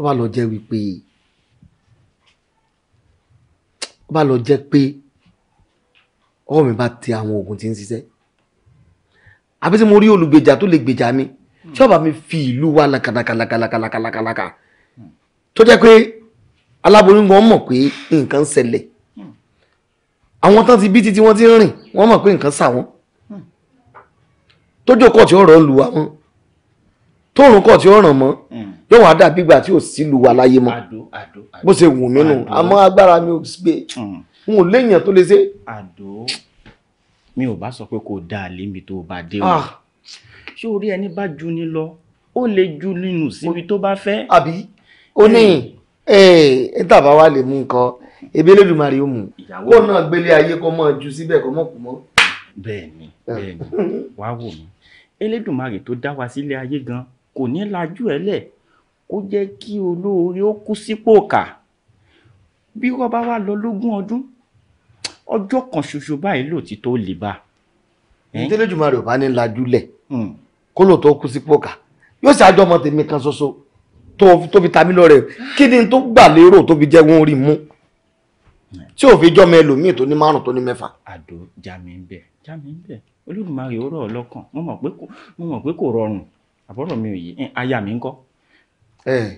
ó bá lọ jẹ́ wípé ó bá lọ jẹ́ pé ọwọ́ mi bá ti àwọn oògùn tí ń ṣiṣẹ́ àbí tí mo rí olùgbèjà tó lè gbèjà mi ṣọ́ọ̀bà mi fi ìlú wa lakalakalakalakalaka tó jẹ́ pé aláboyún gan mọ̀ pé nǹkan ṣẹlẹ̀ àwọn tán ti bí títí wọ́n ti ń rìn wọ́n mọ̀ pé nǹkan ṣà wọ́n tójó kọ̀ tí ó rọ̀ lu àwọn tóòrùn kọ̀ tí ó ràn mọ́ yóò wá dàbí ìgbà tí ò sílùú wa láyé mọ́ bó ṣe wù mí nù àmọ́ agbára mi ò gbé hmm. n ò léèyàn tó lè ṣe. àdó mi ò bá sọ pé kò dáa lémi tó bá dé o ah. ṣé orí ẹni bá ju ni lọ ó lè ju nínú síbi tó bá fẹ́. àbí ó ní hmm. ẹ tàbá wa lè mú nǹkan ebi Elédùmarè ó mú kó náà gbélé ayé kó mọ ju síbẹ̀ kó mọ̀ kú mọ́. bẹ́ẹ̀ni ah. bẹ́ẹ̀ni wàá wò mí Elédùmarè tó dá wa sílé ayé gan kò ní lajú ẹ lẹ kó jẹ́ kí olóore ó kú sípò kà bí wọ́n bá wá lọ lógún ọdún ọjọ́ kan ṣoṣo báyìí lòtí tó lè bá. ìtẹ́lẹ́jùmọ̀ rẹ̀ ò bá ní lajúlẹ̀ hmm. kó lò tó kú sípò kà yóò ṣe àjọmọ tèmi kan ṣoṣo tó fi ta mí lọ rẹ̀ kí ni tó gbà lérò tó fi jẹ́ wọ́n rí mú tí ò fi jọmọ ẹlòmíì tó ní márùn tó ní mẹ́fà. àdó jami ń bẹ jami ń bẹ Olódùmarè ó rọ̀ ọ́ lọ́kàn mo mọ̀ pé kò rọrùn àbọ̀rọ̀ mi ò yé aya mi ń kọ́ ẹ eh.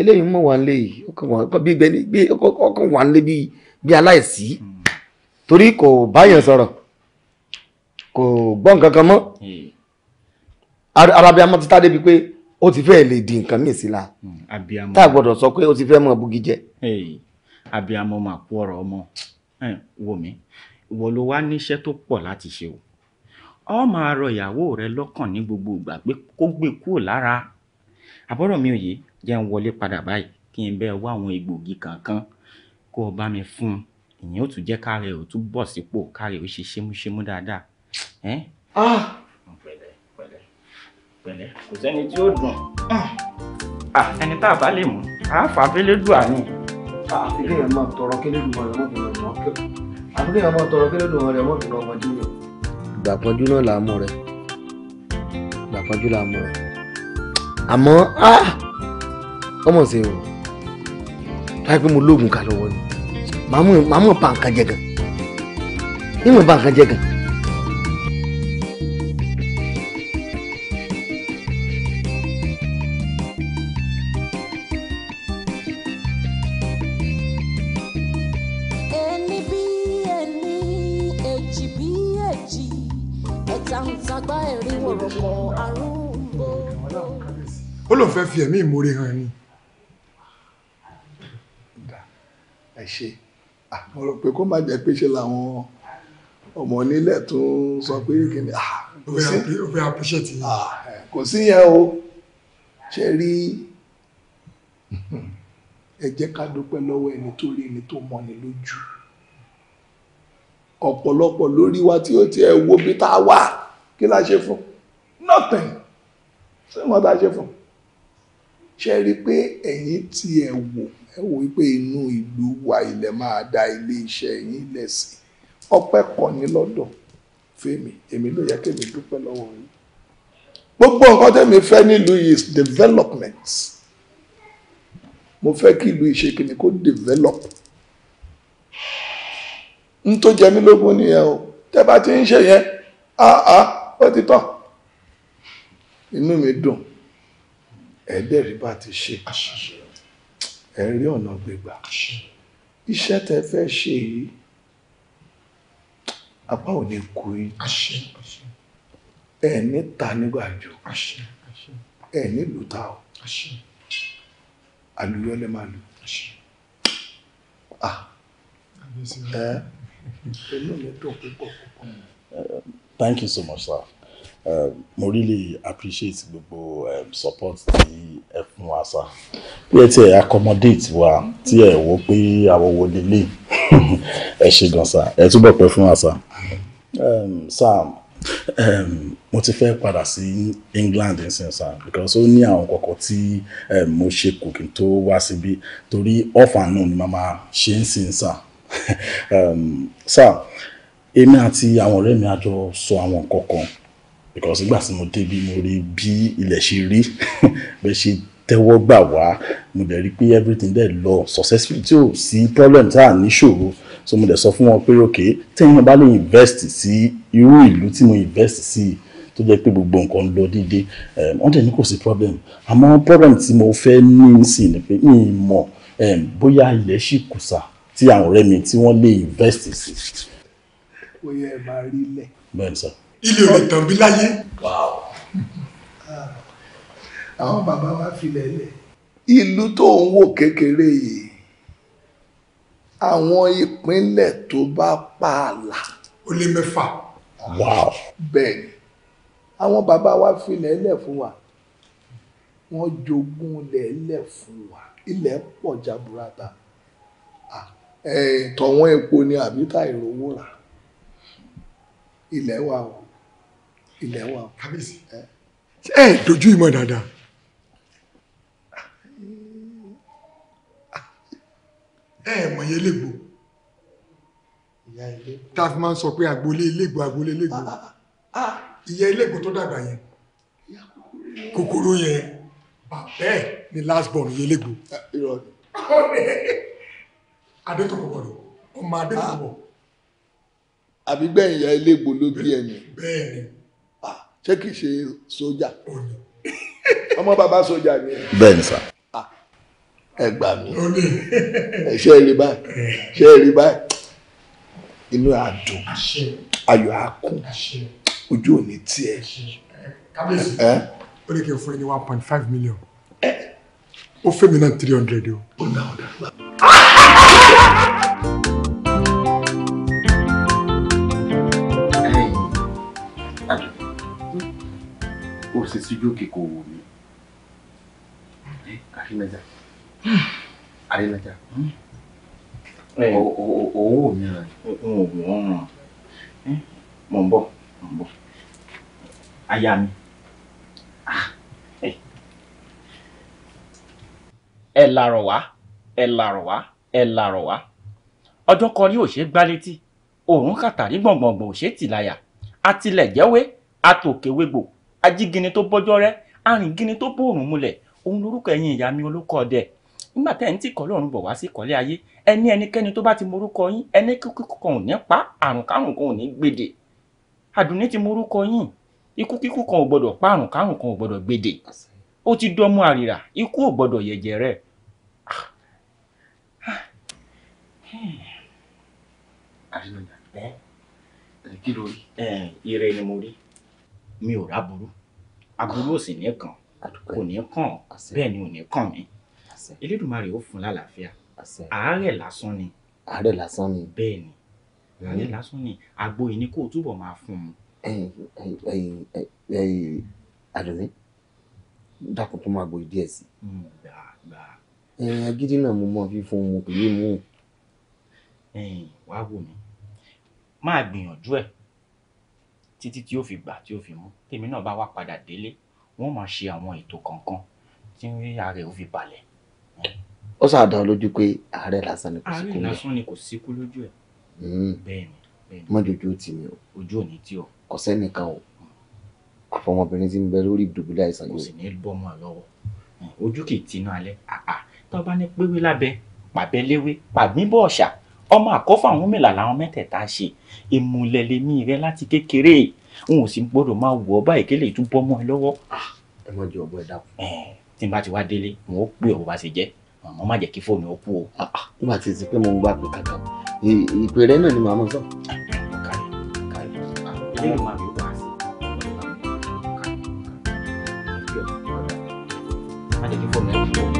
eléyìí mọ̀ wà nílé yìí ọkàn bí gbẹni bí ọkàn wà nílé bí bí aláìsí hmm. torí kò báyàn sọ̀rọ̀ kò gbọ́ nǹkan kan mọ́ hmm. arabiamọ ti tá débi pé ó ti fẹ́ lè di nǹkan míì sí la hmm. tá a gbọ́dọ̀ sọ pé ó ti fẹ́ mọ bugi jẹ. Eh. abiamọ máa kú ọ̀rọ̀ ọmọ eh, wò mí ìwọ ló wá níṣẹ́ tó pọ̀ láti ṣe o ọ máa rọ ìyàwó rẹ lọ́kàn ní gbogbo ìgbà pé kó gbé kúrò lára àbọ̀rọ̀ mi ò yé jẹ́ ń wọlé padà báyìí kí n bẹ́ẹ̀ wá àwọn egbògi kankan kó o bá mi fún un ìyẹn ó tún jẹ́ kárẹ̀ ó tún bọ̀ sípò kárẹ̀ ó ṣe ṣémúṣémú dáadáa. Ah! pẹ̀lẹ́ pẹ̀lẹ́ pẹ̀lẹ́ kò sẹ́ni tí ó dùn ah! Ah, ẹni tá a bá lè mú àáfà abẹ́lẹ́dùn àní. àfikẹ́ yẹn máa tọrọ kẹ́lẹ́dùn ọ̀rẹ́ ọmọbìnrin ọmọ kẹ́lẹ́ àfikẹ́ yẹn máa tọrọ kẹ́lẹ́dùn ọ̀rẹ́ ọmọbìnrin ọmọdé yẹn. gbàpọ́njú náà làá mú rẹ gbàpọ́njú làá mú rẹ àmọ́ ah, ọmọ ṣe o láì pé mo lóògùn kà lọ́wọ́ ni màá mọ̀ bá nǹkan jẹ gan ìmọ̀ bá nǹkan jẹ gan. fi ẹ̀mí ìmoore hàn ni. ẹ ṣe mo rò pé kó má jẹ́ pé ṣe làwọn ọmọ onílẹ̀ tó ń sọ pé kí ni kò sí yẹn o ṣe rí ẹ jẹ́ ká dúpẹ́ lọ́wọ́ ẹni tó rí ẹni tó mọ́ni lójú ọ̀pọ̀lọpọ̀ lórí wa tí ó ti ẹ̀ wo bí tá a wà kí la ṣe fún nothing ṣé wọ́n tá a ṣe fún un ṣe rí i pé ẹ̀yin tí ẹ wò ẹ wò pé inú ìlú wa ilẹ̀ máa da ilé iṣẹ́ yín lẹ́sìn ọpẹ́ kan ní lọ́dọ̀ fèmí èmi ló yẹ kémi dúpẹ́ lọ́wọ́ yín gbogbo nǹkan tẹ́mi fẹ́ nílùú yìí is development mo fẹ́ kí ìlú ìṣe kìíní kó develop n tó jẹ mí lógún nìyẹn o tẹ́ bá ti ń ṣe yẹn á á ó ti tán inú mi dùn ẹ̀ẹ́dẹ̀rí bá ti ṣe ẹ̀ ọ̀nà gbégbà iṣẹ́ tẹ fẹ́ ṣe yìí apá ò ní kú yín ẹ̀ níta nígbàjọ ẹ̀ nílùú ta o àlùyọ máa lù inú mi dùn púpọ̀ púpọ̀. Thank you so much, sir. Um, mo really appreciate gbogbo um, support tí ẹ fún wa sa bí ẹ ti ẹ accommodate wa tí ẹ wò pé àwọn wo lélẹ̀ (laughs) ẹ ṣe gan sa ẹ túbọ̀ pẹ́ fún wa sa um, sa um, mo ti fẹ́ padà sí England nsìn sa because ó ní àwọn kọ̀kọ̀ tí um, mo ṣe kò kí n tó wá síbí torí off and on ni màmá ṣe ń sìn sa sa èmi àti àwọn ọ̀rẹ́ mi àjọ sọ àwọn nǹkan kan because ìgbà tí mo débi mo rí bí ilẹ̀ ṣe rí (laughs) bẹ́ẹ̀ ṣe tẹ́wọ́ gbà wá mo dẹ̀ rí pé everything dẹ̀ lọ successfully tí ò sí problem tá à níṣòro so mo dẹ̀ sọ fún wọn pé ok téèyàn bá lè invest sí irú ìlú tí mo invest sí tó jẹ́ pé gbogbo nǹkan lọ déédéé ehm, wọ́n dẹ̀ ní kò sí problem àmọ́ problem tí mo fẹ́ ní sí ni pé mi ì mọ̀ ehm, bóyá ilẹ̀ ṣì kùsà tí àwọn ọ̀rẹ́ mi tí wọ́n lè invest sí. ó yẹ ẹ máa rí ilẹ̀. bẹ́ẹ̀ ni sir ilé ò lè tàn bí láyé. àwọn bàbá wa filẹ̀ lẹ̀. ìlú tó ń wò kékeré yìí àwọn ìpínlẹ̀ tó bá pààlà. ó lé mẹ́fà. bẹ́ẹ̀ ni àwọn bàbá wa filẹ̀ lẹ̀ fún wa wọ́n jogún lẹ̀ẹ́lẹ̀ fún wa ilẹ̀ pọ̀ jaburata tọ̀wọ́n epo ni àbí tá ìrówó rà ilẹ̀ wa o ilẹ̀ wa o. kábíyèsí. ẹ dojú ìmọ̀ dáadáa. ẹ ẹ mọ̀ yẹn légbò. ìyá ilé. tá a fi máa ń sọ pé agboolé légbò agboolé légbò. Ah, ah, ah, ìyá légbò tó dàgbà yẹn. kòkòrò yẹn bàbá ẹ ni last born yẹn légbò. adétòkòkòrò ọmọ adétòkòkò. àbí gbẹ̀yìn ìyá légbò ló bí ẹ̀yìn. bẹ́ẹ̀ ni ṣé kìí ṣe sójà ọmọ bàbá sójà ni. bẹ́ẹ̀ni sà. Ah, ẹ gbà mí ṣé ẹ rí báyìí ṣé ẹ rí báyìí inú àdùn ayọ̀ àkùn ojú òní tiẹ̀. kábíyèsí ó ní kí n fún ẹ ní one point five million ó fẹ́ mi náà three hundred o. ó náà dá. (sighs) Hmm? o sì síjú òkè kò wò mí àrínájà àrínájà owó mi ràn yín. mo ń bọ̀ mo ń bọ̀ aya mi. Ah, ẹ làrọ̀ wá ẹ làrọ̀ wá ẹ làrọ̀ wá ọjọ́ kan rí òṣè gbá létí òun kàtàrí gbọ̀ngbọ̀ngbọ̀n òṣè tìláyà àtilẹ̀ jẹ́wé atòkèwégbò ajígini tó bọ́jọ́ rẹ́ arìngini tó bóòrùn múlẹ̀ òun lorúkọ ẹ̀yin ìyá mi olóko ọdẹ nígbà tẹ́ ẹ̀ ń tì kọ́ lọ́run bọ̀ wá sí ìkọ́lé ayé ẹni ẹnikẹ́ni tó bá ti morúkọ yín ẹni kíkú kan ò ní pa àrùn kárùn kan ò ní gbèdè àdùnní ti morúkọ yín ikú kíkú kan ò gbọdọ̀ pa àrùn kárùn kan ò gbọdọ̀ gbèdè ó ti dọ́mú àrìrà ikú ò gbọdọ̀ yẹ̀jẹ̀ rẹ̀. Ah. Hmm. àrìnàjà ẹ kí ló rí. ire ni mo rí mi ò ráburú aburú ò sì ní kàn kò ní kàn bẹ́ẹ̀ ni ò ní kàn mí elédùnmarè ó fún lálàáfíà àárẹ̀ lásán ni àárẹ̀ lásán ni bẹ́ẹ̀ ni àárẹ̀ lásán ni àgbo yìí ni kó o túbọ̀ máa fún un. àdùnní dákun tó máa gbo díẹ̀ sí i agídí náà mo mọ fífún mo kì mú un. wàá wò mí máa gbìyànjú ẹ̀ títí tí ó fi gbà tí ó fi mú tèmi náà bá wá padà délé wọn máa ṣe àwọn ètò kankan tí ààrẹ ò fi balẹ̀. ó ṣàdá lójú pé ààrẹ lásán ni kò sí kú lójú ẹ. ààrẹ lásán ni kò sí kú lójú ẹ. Hmm. bẹ́ẹ̀ ni bẹ́ẹ̀ ni. mọ́jọ́jú tì mí o. ojú ò ní tí o. kò sẹ́nìkan o àfọmọbìnrin tí ń bẹ lórí ìdùbúlẹ̀ àìsàn yìí. kò sì ní bọ́mọ lọ́wọ́ ojú kì í tinú alẹ́ àà tó bá ní pẹ́wé lábẹ́ pàbẹ́léwé pàbíbọ̀ ọ̀ṣà ọmọ àkọ́fà àwọn mẹ́la làwọn mẹ́tẹ̀ẹ̀ta ṣe ìmùlẹ̀ lèmi rẹ láti kékeré n ò sì gbọ́dọ̀ máa wọ̀ ọ́ báyìí kélé tún bọ́ mọ́ ẹ lọ́wọ́. Ah, ẹ mọ jẹ ọgbọ ẹ dákun. tí n bá ti wá délé n ó pè ọ bá ṣe jẹ màmá má jẹ kí fóònù ó kú o. Ah, ah, nígbà tí èsì pé mo ń gbà pé kàkà ìpè rẹ náà ni màmá sọ. kàrí kàrí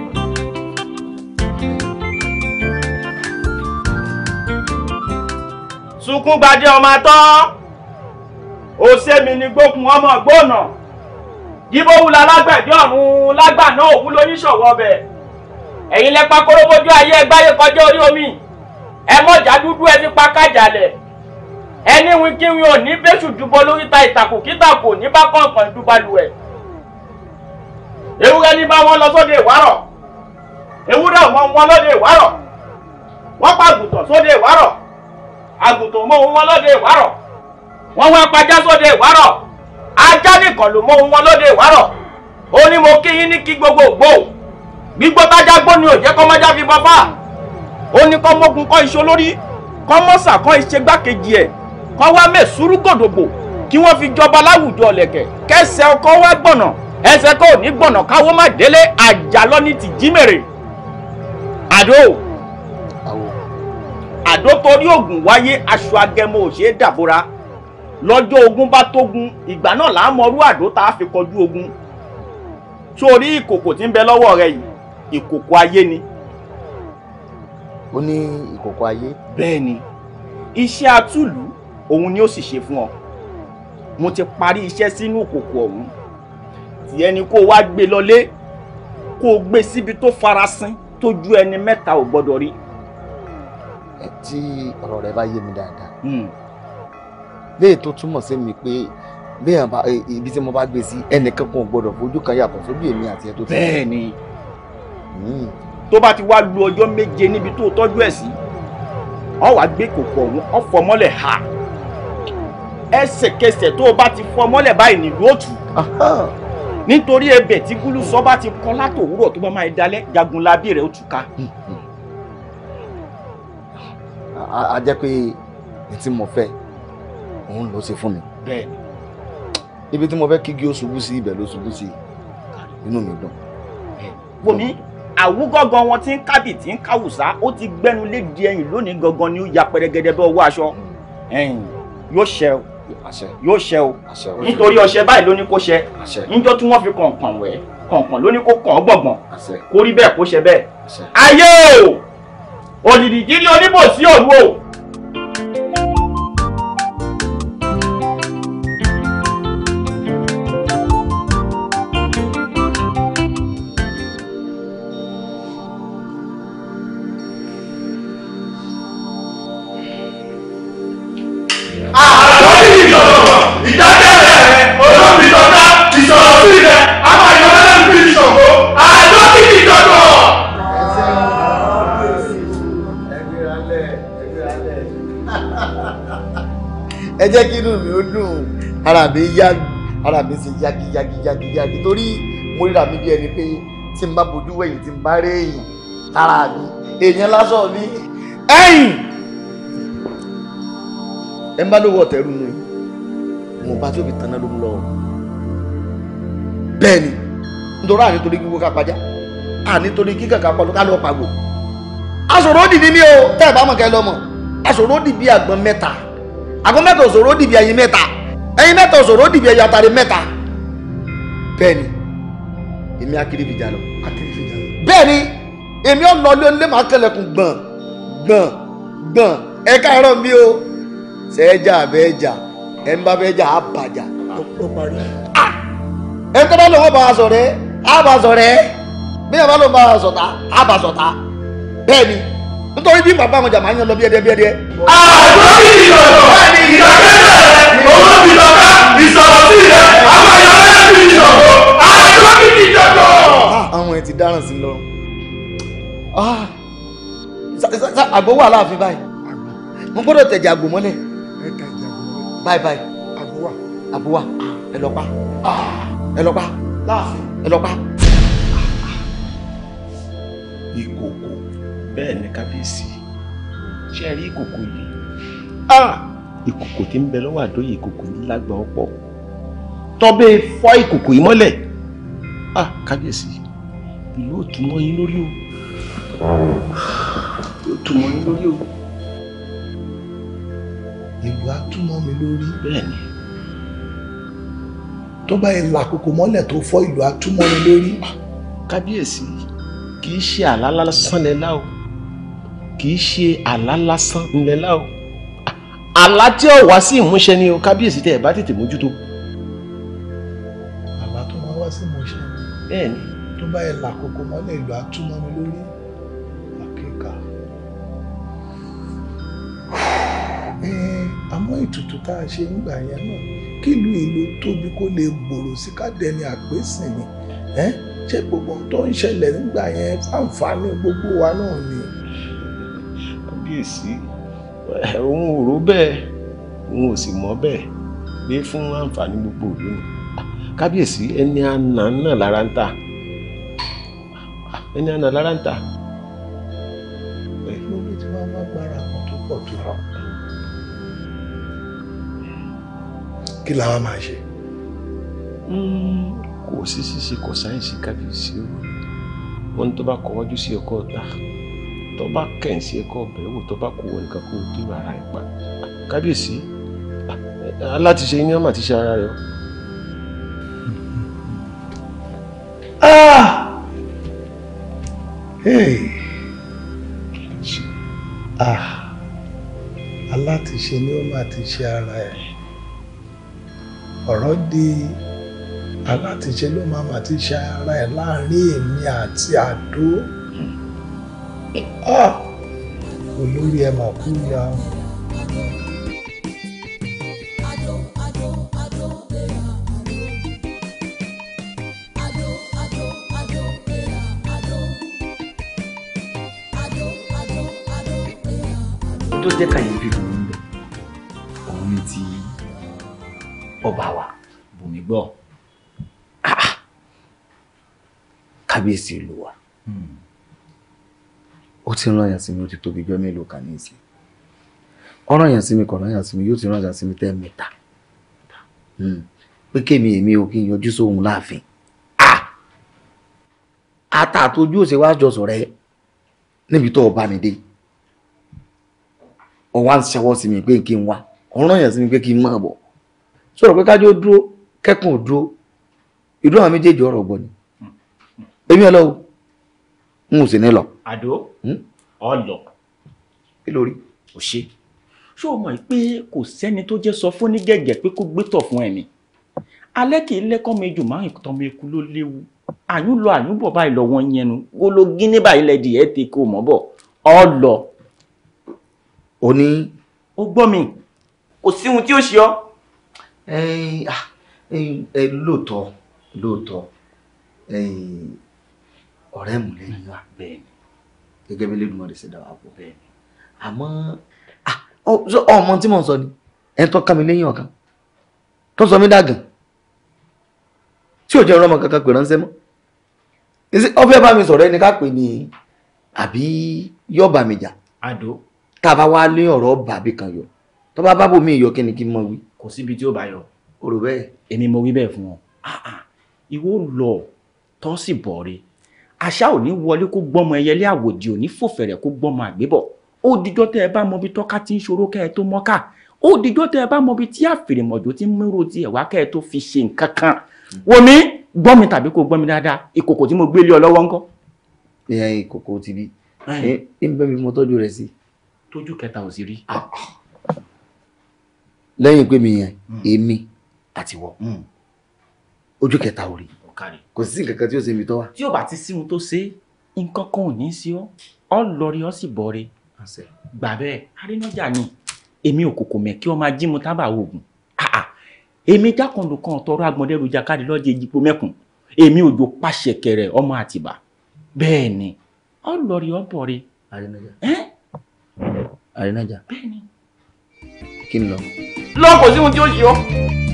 sunkún gbadé ọmọ atọ́ òsèmi ni gbókun ọmọ gbóònà jíbówula lágbẹ̀dẹ ọ̀run lágbà náà òwú lóníṣòwò ọbẹ̀ ẹ̀yin lẹ́pa kóróbójú ayé ẹgbáyé kọjá orí omi ẹ mọ̀já dúdú ẹ ti pa kájàlẹ̀ ẹni wí kí wí ò ní bẹ́sù dúbọ lórí ta ìtàkùn kítàkù ní bá kọ̀ọ̀kan dúbalùwẹ̀ ewúrẹ́ ní bá wọn lọ sóde ìwárọ̀ ewúrẹ́ wọn wọn lóde ìwárọ̀ wọ́n pàgùtàn sóde ìwárọ̀ àgùntàn mọ ohun wọn lóde ìwárọ̀ wọ́n wá pajá sóde ìwárọ̀ ajá nìkan ló mọ ohun wọn lóde ìwárọ̀ ó ní mo kí yín ní kí gbogbo gbò gbígbó tájá gbó ni ò jẹ́ kọ́ mọ́já fi bọ́ fà ó ní kọ́ mọ́gun kọ́ iṣó lórí kọ́ mọ́sà kọ́ iṣẹ́ gbákejì ẹ̀ kọ́ wá mẹ́ gòdògbò kí wọ́n fi jọba láwùjọ ọ̀lẹ̀kẹ̀ kẹsẹ̀ ọkọ̀ wá gbọ̀nà ẹsẹ̀ kọ́ ò ní gbọ̀nà káwọ́ má délé àjálọ́ ní tìjímèrè àdó àdótórí ògùn wáyé aṣọ agẹmọ ò ṣeé dàbora lọ́jọ́ ogun bá tógun ìgbà náà là á mọrú àdó a fi kọjú ogun sórí ìkòkò tí ń bẹ lọ́wọ́ rẹ yìí ìkòkò ayé ni. ó ní ìkòkò ayé. bẹ́ẹ̀ ni iṣẹ́ àtúlù òun ni ó sì ṣe fún ọ mo ti parí iṣẹ́ sínú ìkòkò ọ̀hún tìyẹ ni kó wá gbé lọlé kó gbé síbi tó farasin tó ju ẹni mẹ́ta ò gbọ́dọ̀ rí tí ọ̀rọ̀ rẹ bá yé mi dáadáa hmm. léè tó túmọ̀ sí mi pé léèyàn bá ibi tí mo bá gbé sí ẹnìkan kan gbọdọ̀ fojú kan yàtọ̀ sójú èmi àti ẹ tó ti. bẹ́ẹ̀ni hmm. tó bá ti wá lu ọjọ́ méje níbi tó tọ́jú ẹ̀ sí ọ wàá gbé kòkò ọ̀hún ọ fọmọ́lẹ̀ ha ẹsẹ̀kẹsẹ̀ tó o bá ti fọmọ́lẹ̀ báyìí nílùú òtù nítorí ẹ̀bẹ̀ tí gúlùsọ bá ti kọ látòwúrọ̀ tó bá máa dalẹ̀ jagunlabi rẹ̀ ó túká. Hmm, a jẹ́ pé ní tí mo fẹ́ òun ló ṣe fún mi. bẹ́ẹ̀ni. ibi tí mo fẹ́ kígi ó ṣubú sí ibẹ̀ ló ṣubú sí inú mi dùn. bòmí àwúgọ́gọ́ wọn tí ń kábì tí ń káwùsá ó ti gbẹ́nu lé di ẹ̀yìn lónìí gangan ni ó ya pẹrẹgẹdẹ bẹ́ ọwọ́ aṣọ yóò ṣe o yóò ṣe o nítorí ọṣẹ báyìí ló ní kó ṣe níjọ́ tí wọ́n fi kànkàn wẹ̀ kànkàn ló ní kó kàn ọ́ gbọ̀ngbọ̀n kó rí bẹ́ẹ̀ kó ṣe bẹ́ẹ̀ ayé o òdìdí kiri oníbòsí òru o mi yá ara mi ṣe yagi yagi yagi yagi torí mo ríra mi bí ẹni pé tí n bá bojú wẹ̀yìn tí n bá rí èèyàn tara mi èèyàn lásán ní ẹ̀yìn ẹ bá lówó ọ̀tẹ̀rù mi mo bá tóbi tán náà ló ń lọ bẹ́ẹ̀ ni nítorí àní torí gbogbo kápájá àní torí kíkàkà pọ̀ ká lọ pàgò aṣòrodì ni mí o tẹ́ ẹ̀ bá mọ̀ kẹ́ lọ́mọ̀ aṣòrodì bíi àgbọn mẹ́ta àgbọn mẹ́ta òṣòrodì bíi ẹyin mẹ́ta ẹ̀yin mẹ́ta òṣòro dìbì ẹ̀yà àtàrí mẹ́ta bẹ́ẹ̀ ni èmi akérèfèjà lọ akérèfèjà lọ bẹ́ẹ̀ ni èmi ò lọ lé máa kẹlẹ̀kùn gbọ̀n gbọ̀n gbọ̀n ẹ káàárọ̀ mi o sẹ́jà bẹ́ẹ̀jà ẹ̀ ń bá bẹ́ẹ̀jà á bàjà. ẹ tọ́ bá lọ́wọ́ bá a sọ̀rẹ́ á bá a sọ̀rẹ́ bí ẹ bá lọ́wọ́ bá a sọ̀tà á bá a sọ̀tà bẹ́ẹ̀ nítorí bí bàbá àwọn jàmbá yẹn lọ bí ẹdẹ bí ẹdẹ. àgbọ̀n ìyọ̀dọ̀ ìyọ̀dọ̀ fi lọ ká ìsọ̀rọ̀ sí rẹ̀ àwọn èèyàn lẹ́yìn fi ti sọ̀rọ̀ àjọ fi ti jọ̀dọ̀. àwọn ẹ̀ ti dáràn sí lọ ah, àgbo wà láàfin báyìí mo gbọ́dọ̀ tẹ̀jẹ̀ àgbo mọ́lẹ̀ báyìí báyìí àgbo wà àgbo wà ẹ lọ pa ah, ẹ lọ pa ẹ lọ pa. ìkòkò bẹ́ẹ̀ ni kábíyèsí ṣe rí ìkòkò yìí. Ah! ìkòkò tí ń bẹ lọ́wọ́ àdóyè ìkòkò yìí lágbà ọ̀pọ̀ tọ́bẹ̀ fọ́ ìkòkò yìí mọ́lẹ̀ à ah, kábíyèsí ìlú ò túmọ̀ yín lórí o ìlú ò túmọ̀ yín lórí o. ìlú á túmọ̀ mi lórí. bẹ́ẹ̀ni. tó bá yẹ la mọ́lẹ̀ tó fọ́ ìlú á túmọ̀ mi lórí. Ah, kábíyèsí kì í ṣe àlá lásán lẹ́la o kì í ṣe àlá lásán lẹ́la o àlá tí ó wá sí ìmúṣẹ ni o kábíyèsí tẹ ẹ bá tètè mójútó. àlá tó máa wá sí ìmúṣẹ ni. bẹ́ẹ̀ni. tó bá yẹ làkòkò mọ́lẹ̀ ìlú àtúmọ̀ mi lórí àkíkà. àmọ́ ètùtù tá a ṣe nígbà yẹn náà kílùú ìlú tóbi kó lè gbòòrò sí kádẹ́ni àgbésìn ni ṣé gbogbo ohun tó ń ṣẹlẹ̀ nígbà yẹn fáǹfààní gbogbo wa náà ni. kábíyèsí. Eh, òun ò rò bẹ́ẹ̀ òun ò sì mọ̀ bẹ́ẹ̀ pé fún àǹfààní gbogbo ìlú ni kábíyèsí ẹni àná náà lára ń tà ẹni àná lára ń tà. lórí tí wọ́n bá gbára kan tó pọ̀ tó rọ̀. kí làwa máa ṣe. Hmm, kò sí ṣíṣe kò sáyẹ̀nsì kábíyèsí o wọ́n tó bá kọ́wọ́jú sí ọkọ̀ ọ̀tá. Ah, tó bá kẹ̀ǹsì ẹ̀kọ́ ọbẹ̀ wò tó bá kú wọn nìkan kó o dé ara ẹ̀ pa kábíyèsí alátiṣe iná mà ti ṣe ara rẹ o. Ah! Ah! alátiṣe ni ó máa ti ṣe ara ẹ̀ ọ̀rọ̀ di alátiṣe ló máa máa ti ṣe ara ẹ̀ láàrin èmi àti àdó olórí ẹ mà kú ya. tó jẹ́ kàyéfì kan ń bẹ̀ òun ni ti ọba wa bùnmi gbọ́ ah, kábíyèsí ìlú wa. Hmm ó ti rán yàn sí mi ó ti tóbi jọ mélòó kan ní ìsìn ọ̀ràn yàn sí mi kọ̀ọ̀ràn yàn sí mi yóò ti rán yàn sí mi tẹ́ẹ̀mẹ́ta hmm. pé kémi èmi ò kí n yọjú sóhun láàfin àtàtójú òsè wá jọsọ rẹ níbi tó o bá mi dé o wá ń ṣẹwọ́ sí mi pé kí n wá ọ̀ràn yàn sí mi pé kí n máa bọ̀ sọ̀rọ̀ pé kájọ́ dúró kẹ́kùn dúró ìdúrà méjèèjì ọ̀rọ̀ gbọ́ ni èmi ọlọ́wọ́ n ò sì ní lọ. àdó hmm? ọlọ. kí ló rí. ò ṣe ṣé o mọ̀ pé kò sẹ́ni tó jẹ́ sọ fún ní gẹ̀gẹ̀ pé kó gbé tọ̀ fún ẹni alẹ́ kì í lẹ́kọ́ méjì máa ń tọmọ eku ló léwu àyùn lọ àyùn bọ̀ báyìí lọ wọn yẹnu ológin ní báyìí lẹ dìé ti kó mọ́ bọ̀ ọlọ. o ní. o gbọ́ mi kò sí ohun tí ó ṣe ọ́. ẹ ah, ẹ lóòótọ́ lóòótọ́ ọ̀rẹ́ ìmùlẹ̀ ni wá bẹ́ẹ̀ni gẹ́gẹ́ bí lẹ́nu ọ̀rẹ́ ṣe dà wá pọ̀ bẹ́ẹ̀ni àmọ́ ah, ọmọ tí mò ń sọ ni ẹ̀ ń tọ́ ká mi lẹ́yìn ọ̀kan tó sọ mí dàgàn tí ò jẹ́ ọ̀rọ̀ ọmọ kankan pè ránṣẹ́ mọ́ ọfẹ́ bá mi sọ̀rọ̀ ẹni ká pè ní àbí yọ̀bà mi jà àdó tá a bá wá lé ọ̀rọ̀ bàbí kan yọ tó bá bábò mi yọ kí ni kí n mọ wí. kò síbi tí ó bá yọ. o rò bẹ́ẹ̀. èmi mo wí bẹ́ẹ̀ fún ọ ah, ah, ìwọ lọ tó sì bọ̀ rí àṣà ò ní wọlé kó gbọ́mọ ẹyẹlé àwòdì ò ní fòfẹ̀rẹ̀ kó gbọ́mọ àgbébọ̀ ó dijọ́ tẹ́ ẹ bá mọbi tọ́ka tí ń ṣòro kẹ́ ẹ tó mọ́ká ó dijọ́ tẹ́ ẹ bá mọbi tí àfèrèmọ̀jò ti ń mérò tiẹ̀ wá kẹ́ ẹ tó fi ṣe nǹkan kan wọmi gbọ́ tàbí kó gbọ́ dáadáa ìkòkò tí mo gbé lé ọ lọ́wọ́ ńkọ́. ìyá ìkòkò ti rí ẹ ń bẹ́ mi mo tọ́jú rẹ̀ sí. tójú kẹta ò sí rí. lẹ́yìn pé mi yẹn hmm. èmi àtiwọ́ hmm. ojú kẹta ò rí kárí. kò sí nǹkan kan tí ó ṣe mi tán wá. tí ò bá ti sírun tó ṣe nǹkan kan ò ní sí ọ ọ lọrí ọ sì bọre gbà bẹ́ẹ̀ arínájà ni èmi òkòkò mẹ kí ọ máa jí mu tábà oògùn èmi jákàndò kan tọrọ agbọndẹrù jákàdé lọjẹ ìjìpó mẹkùn èmi òjò pàṣẹ kẹrẹ ọmọ àtìbà bẹ́ẹ̀ ni ọ lọrí ọ bọre. arínájà arínájà bẹ́ẹ̀ ni. kí ni lọ. lọ sí ohun tí ó ṣe ọ.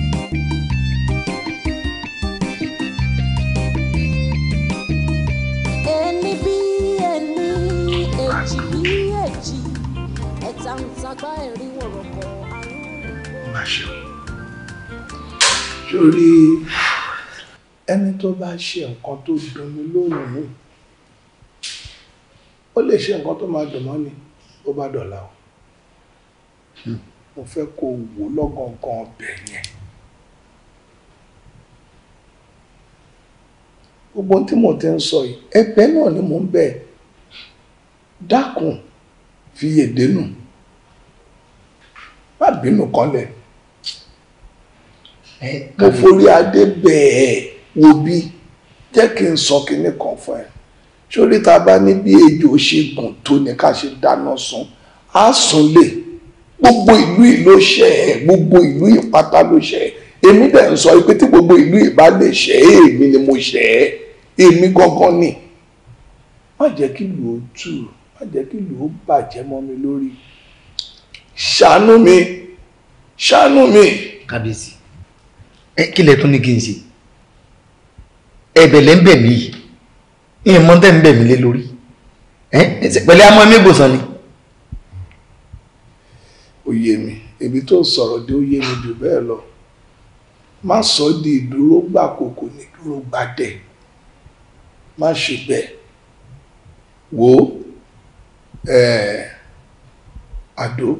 ṣàǹṣàgbá ẹ̀rí wọ̀rọ̀kọ̀ àrùn. má ṣe o sórí ẹni tó bá ṣe nǹkan tó dunni lónìí ó lè ṣe nǹkan tó máa dùn ni ó bá dọ̀la o hmm. mo fẹ́ kó wò lọ́gàngàn ọbẹ̀ yẹn gbogbo tí mo ti ń sọ yìí ẹ̀bẹ̀ náà ni mò ń bẹ̀ dákun fi yèdè nù má bínú kanlẹ̀ mo forí adé bẹ́ẹ̀ wo bí jẹ́ kí n sọ kinní kan fún ẹ sórí tá a bá ní bí ejò ṣe gùn tó ní ká ṣe dáná sun á sùn lè gbogbo ìlú yìí ló ṣe é gbogbo ìlú yìí pátá ló ṣe é èmi dẹ̀ ń sọ pé tí gbogbo ìlú yìí bá lè ṣe é èmi ni mo ṣe é èmi gangan ni má jẹ́ kí ìlú ó tù má jẹ́ kí ìlú ó bàjẹ́ mọ́ mi lórí ṣàánú mi ṣàánú mi. kábíyèsí ẹ kí lẹ tún ní kí n ṣe ẹ̀bẹ̀ lẹ ń bẹ̀ mí yìí ìyẹn mọ ń bẹ̀ mí lé lórí ẹ pẹ̀lẹ́ amọ ẹmí ìbòsàn ni. ó mi èmi tó sọ̀rọ̀ dé ó yé mi jù bẹ́ẹ̀ lọ má sọ di ìdúró gbà kòkò ní dúró gbà dẹ̀ má ṣe bẹ́ẹ̀ wò ó ẹ̀ẹ́ àdó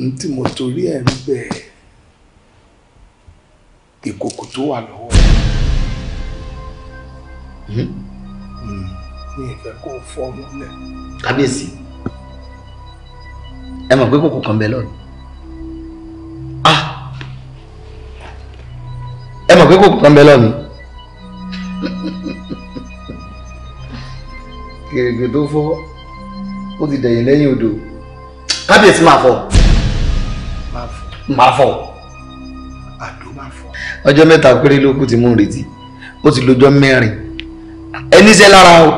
n tí mo torí ẹ̀ ń bẹ̀ ìkòkò tó wà lọ́wọ́ hmm? Hmm, mi ìfẹ́ kó fọ́ mọ́lẹ̀. kábíyèsí ẹ mọ̀ pé kòkò kan bẹ lọ́nà ah ẹ mọ̀ pé kòkò kan bẹ lọ́nà gèrègè tó fọ́ ó ti dẹ̀yìn lẹ́yìn odò kábíyèsí máa fọ́ máa fọ. àdó máa fọ. ọjọ́ mẹ́ta péré ló kù tí mò ń retí ó ti lọ́jọ́ mẹ́rin ẹni iṣẹ́ lára o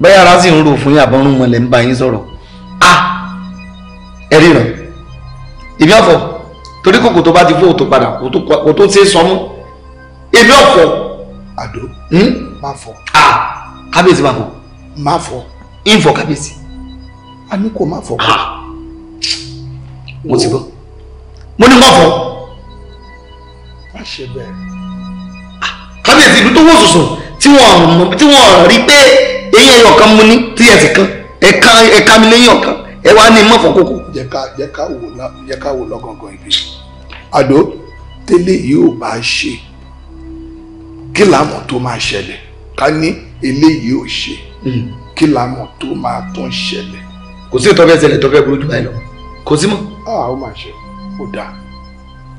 bẹ́ẹ̀ ara sì ń rò fún yàbọ̀rún mọ̀lẹ́ ń bá yín sọ̀rọ̀ a ẹ ríran ìbí ọ̀fọ̀ torí kòkò tó bá ti fóòtò padà kò tó ṣe é sọmú ìbí ọ̀fọ̀. àdó hmm? máa fọ. a kábíyèsí máa fọ. máa fọ. ìfọ kábíyèsí. a ní kò máa fọ. mo ti gbọ́ mo ní kọ́ ah, kábíyèsí ìlú tó wò sòsò tí wọ́n tí wọ́n rí pé eyín ẹyọ kan mu ní tí ẹ kan ẹ̀ka ẹ̀ka mi lẹ́yìn ọ̀kan ẹ wá ní mọ̀fọ́ kókó. jẹ́ ká jẹ́ ká wò lọ jẹ́ ká wò lọ́gàngàn ibi àdó tẹ́lẹ̀ yóò bá ṣe kí làwọn tó máa ṣẹlẹ̀ ká ní eléyìí ò ṣe hmm. kí làwọn tó máa tún ṣẹlẹ̀. kò sí ìtọ́fẹ́ ṣẹlẹ̀ tọ́fẹ́ burú báyìí lọ kò sí mọ́. Ah, ó máa ṣe ó dáa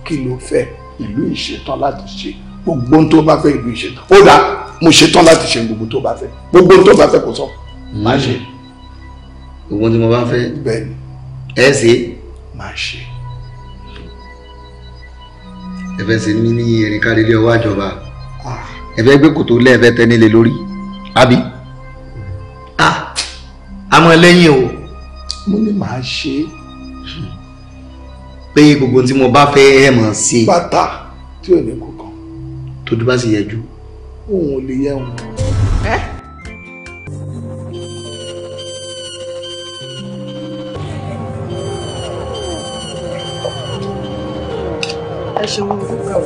kí ló fẹ́ ìlú ìṣetán láti ṣe gbogbo ohun tó bá fẹ́ ìlú ìṣetán ó dáa mo ṣetán láti ṣe gbogbo tó bá fẹ́ gbogbo ohun tó bá fẹ́ kò sọ máa ṣe. gbogbo ohun tí mo bá fẹ́ bẹ́ẹ̀ni ẹ ṣe máa ṣe. ẹ fẹ́ ṣe mí ní erin kárílé ọwọ́ àjọba ah. ẹ fẹ́ gbé kòtò lẹ́ẹ̀fẹ́ tẹ́nílé lórí àbí àmọ́ ah. lẹ́yìn o. mo ní màá ṣe é pé gbogbo tí mo bá fẹ́ ẹ̀ mọ̀ sí. bàtà tí ò ní kú kan. tójú bá sì yẹjú. òun ò lè yẹ òun. ẹ́ ẹ ṣeun mo dúpẹ́ o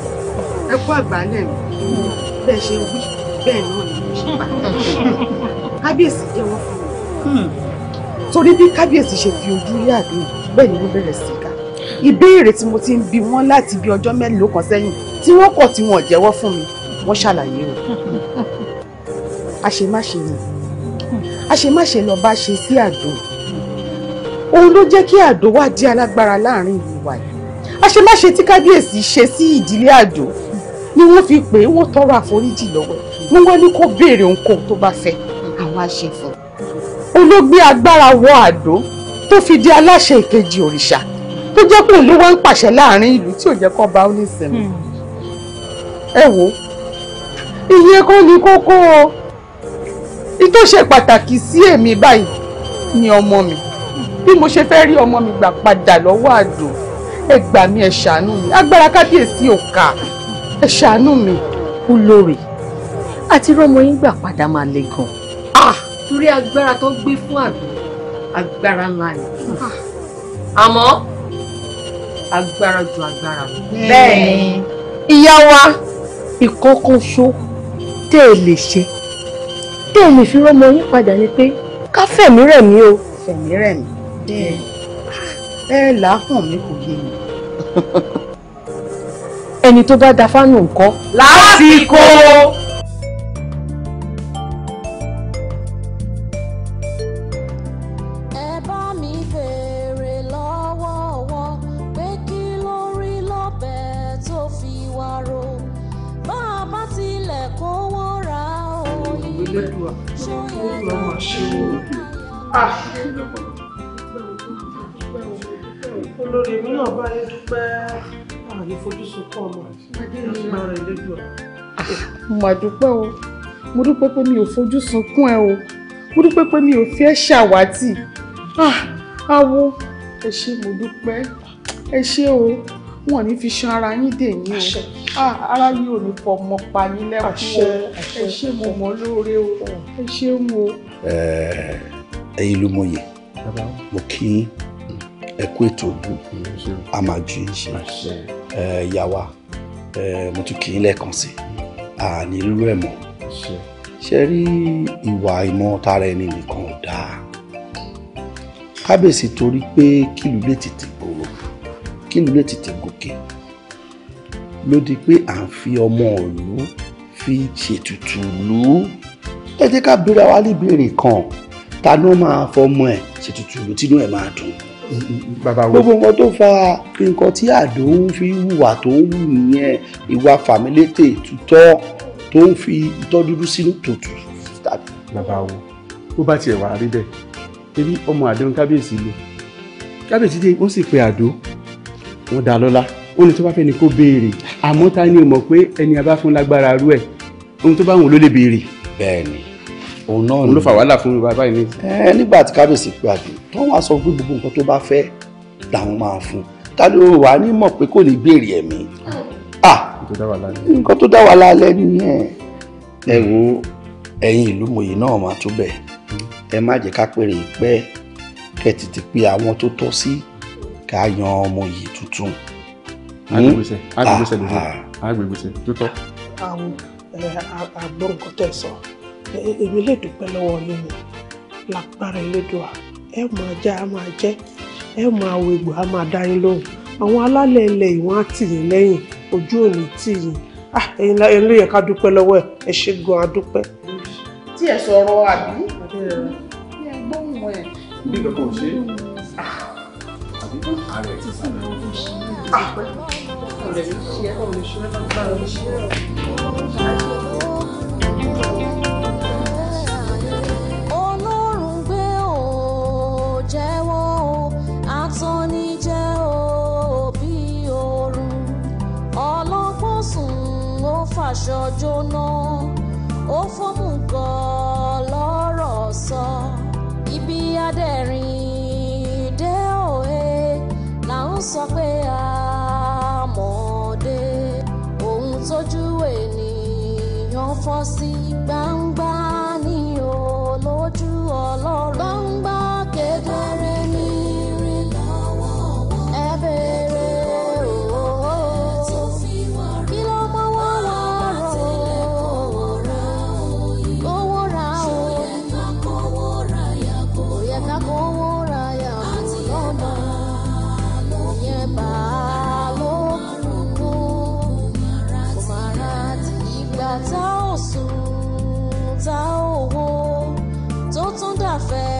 ẹ kú àgbálẹ̀ mi bẹ́ẹ̀ ṣe wí bẹ́ẹ̀ náà ni mo ṣe bá kábíyèsí jẹ́wọ́ fún mi hmm. torí bí kábíyèsí ṣe fi ojú rí àdéhùn bẹ́ẹ̀ ni mo bẹ̀rẹ̀ sí ìbéèrè tí mo ti ń bi wọ́n láti bí ọjọ́ mélòó kan sẹ́yìn tí wọ́n kọ̀ tí wọ́n jẹ́wọ́ fún mi wọ́n ṣàlàyé o àṣemáṣe ni àṣemáṣe lọ bá ṣe sí àdó òun ló jẹ́ kí àdó wá di alágbára láàrin ìlú wa yìí àṣemáṣe tí kábíyèsí ṣe sí ìdílé àdó ni wọ́n fi pè é wọ́n tọrọ àforíjì lọ́wọ́ wọ́n wá ní kó béèrè ohunkóhun tó bá fẹ́ àwọn àṣefún olóògbé agbára wọ àdó tó fi di aláṣẹ ìkejì òrìṣà tó jẹ́ pé ìlú wa ń pàṣẹ láàrin ìlú tí ò jẹ́ kó bá ó hmm. ẹ wo iye kọ́ ni kókó o ìtò ṣe pàtàkì sí èmi báyìí ni ọmọ mi bí mo ṣe fẹ́ rí ọmọ mi gbà padà lọ́wọ́ àdùn ẹ gbà mí ẹ ṣàánú mi agbára kábíyèsí ò ká ẹ ṣàánú mi. olórí àti rọmọ yín gbà padà máa le gan. Ah! torí agbára tó gbé fún àdùn agbára ńlá ni ah! àmọ́ agbára ju agbára lọ. bẹ́ẹ̀ni. ìyá wa ìkọkànṣó tẹ́ ẹ lè ṣe tẹ́ ẹ lè fi rọ́mọ yín padà ni pé ká fẹ̀mí rẹ̀mí o. fẹ̀mí rẹ̀mí bẹ́ẹ̀ bẹ́ẹ̀ làákàn mi kò yé mi. ẹni tó bá da fánù ńkọ́. lásìkò. lásìkò. Elédùà Olúwa máa ṣe o ah! olórí èmi náà bá yẹ dúpẹ́ ààyè ah, fojú sunkún ọmọ agbára ah, ìlẹ́jọ́. mo àdúpẹ́ o mo dúpẹ́ pé mi ò fojú sunkún ẹ o mo dúpẹ́ pé mi ò fi ẹ́ ṣàwátì awo ẹ ṣé mo dúpẹ́ ẹ ṣé o wọn ní fi ṣan ara yín dè yín o ah, ara yín ò ní fọ ọmọ pa yín lẹ́kọ̀ọ́ ẹ ṣé mo mọ lóore o ẹ ṣé ń wo. Eh, ẹ̀yin ló mọyè mo kí ẹ ètò ògùn a máa ju yín ṣe eh, ìyá wa eh, mo tún kí yín lẹ́ẹ̀kan sí àní irú ẹ̀ mọ́ ṣe rí ìwà ìmọ̀ tara ẹni nìkan ò dáa kábíyèsí torí pé kílù lè tètè gbòòrò kí ìlú lè tètè gòkè ló di pé à ń fi ọmọ ìlú fi ṣètùtù ìlú ẹ jẹ́ ká bíra wa níbèrè kan ta ló máa fọmọ ẹ̀ ṣètùtù ìlú tínú ẹ̀ máa dùn gbogbo nǹkan tó fa nǹkan tí àdó ń fi hùwà tó ń wù nìyẹn ìwà fàmílétè tutọ́ tó ń fi itọ́ dúdú sínú tòtù. bàbá wo bó bá tiẹ̀ wà á rí bẹ́ẹ̀ ebi ọmọ àdéhùn kábíyèsí lò kábíyèsí dé wọ́n sì pe àdó wọ́n dá lọ́lá ohun tó bá fẹ́ ni kó béèrè àmọ́ ta ni o mọ̀ pé ẹni abá fún lágbára rú ẹ̀ ohun tó bá wọn ló lè béèrè. bẹ́ẹ̀ni òun náà ni òun ló fà wàhálà fún mi bàbá yìí ní. ẹ nígbà tí kábíyèsí pé àbí tó wàá sọ pé gbogbo nǹkan tó bá fẹ́ làwọn máa fún ta ló wà á ní mọ̀ pé kò ní béèrè ẹ̀mí. nǹkan tó dá wa lálẹ́ nìyẹn. ẹ wo ẹ̀yin ìlú mòye náà máa tó bẹ̀ ẹ má jẹ́ ká pèrè ìpẹ́ kẹ́ tètè pe àwọn tó tọ́ sí ká yan ọmọ yìí tuntun. agbègbèsè agbègbèsè ló ń agbègbèsè tó tọ́. àwọn agbóǹkọ tẹ sọ eh, èmi lè dúpẹ́ lọ́wọ́ yín ni lágbára elédùà ẹ máa jẹ́ a máa jẹ́ ẹ máa wo egbò a máa dá yín lóhùn àwọn alálẹ̀ ilẹ̀ ìwọ̀n á tì yín lẹ́yìn ojú ò ní tì yín ah, ẹ̀yin ló yẹ ká dúpẹ́ lọ́wọ́ ẹ̀ ẹ ṣe gan a dúpẹ́. tí ẹ sọ̀rọ̀ àbí ẹ gbóhùn ẹ. bí kankan ò ṣe ààrẹ ti sì ló ń ṣe o jẹ́wọ́ o atọ́ni jẹ́ o bí ooru ọlọ́gbọ́n sùn jóná ó fọ́mù gan-an lọ́rọ̀ sọ ibi adẹ́rìn ń sọ pé àmọ̀dé ohun tójú ènìyàn fọ́ sí gbangba ní olójú ọlọ́run fail.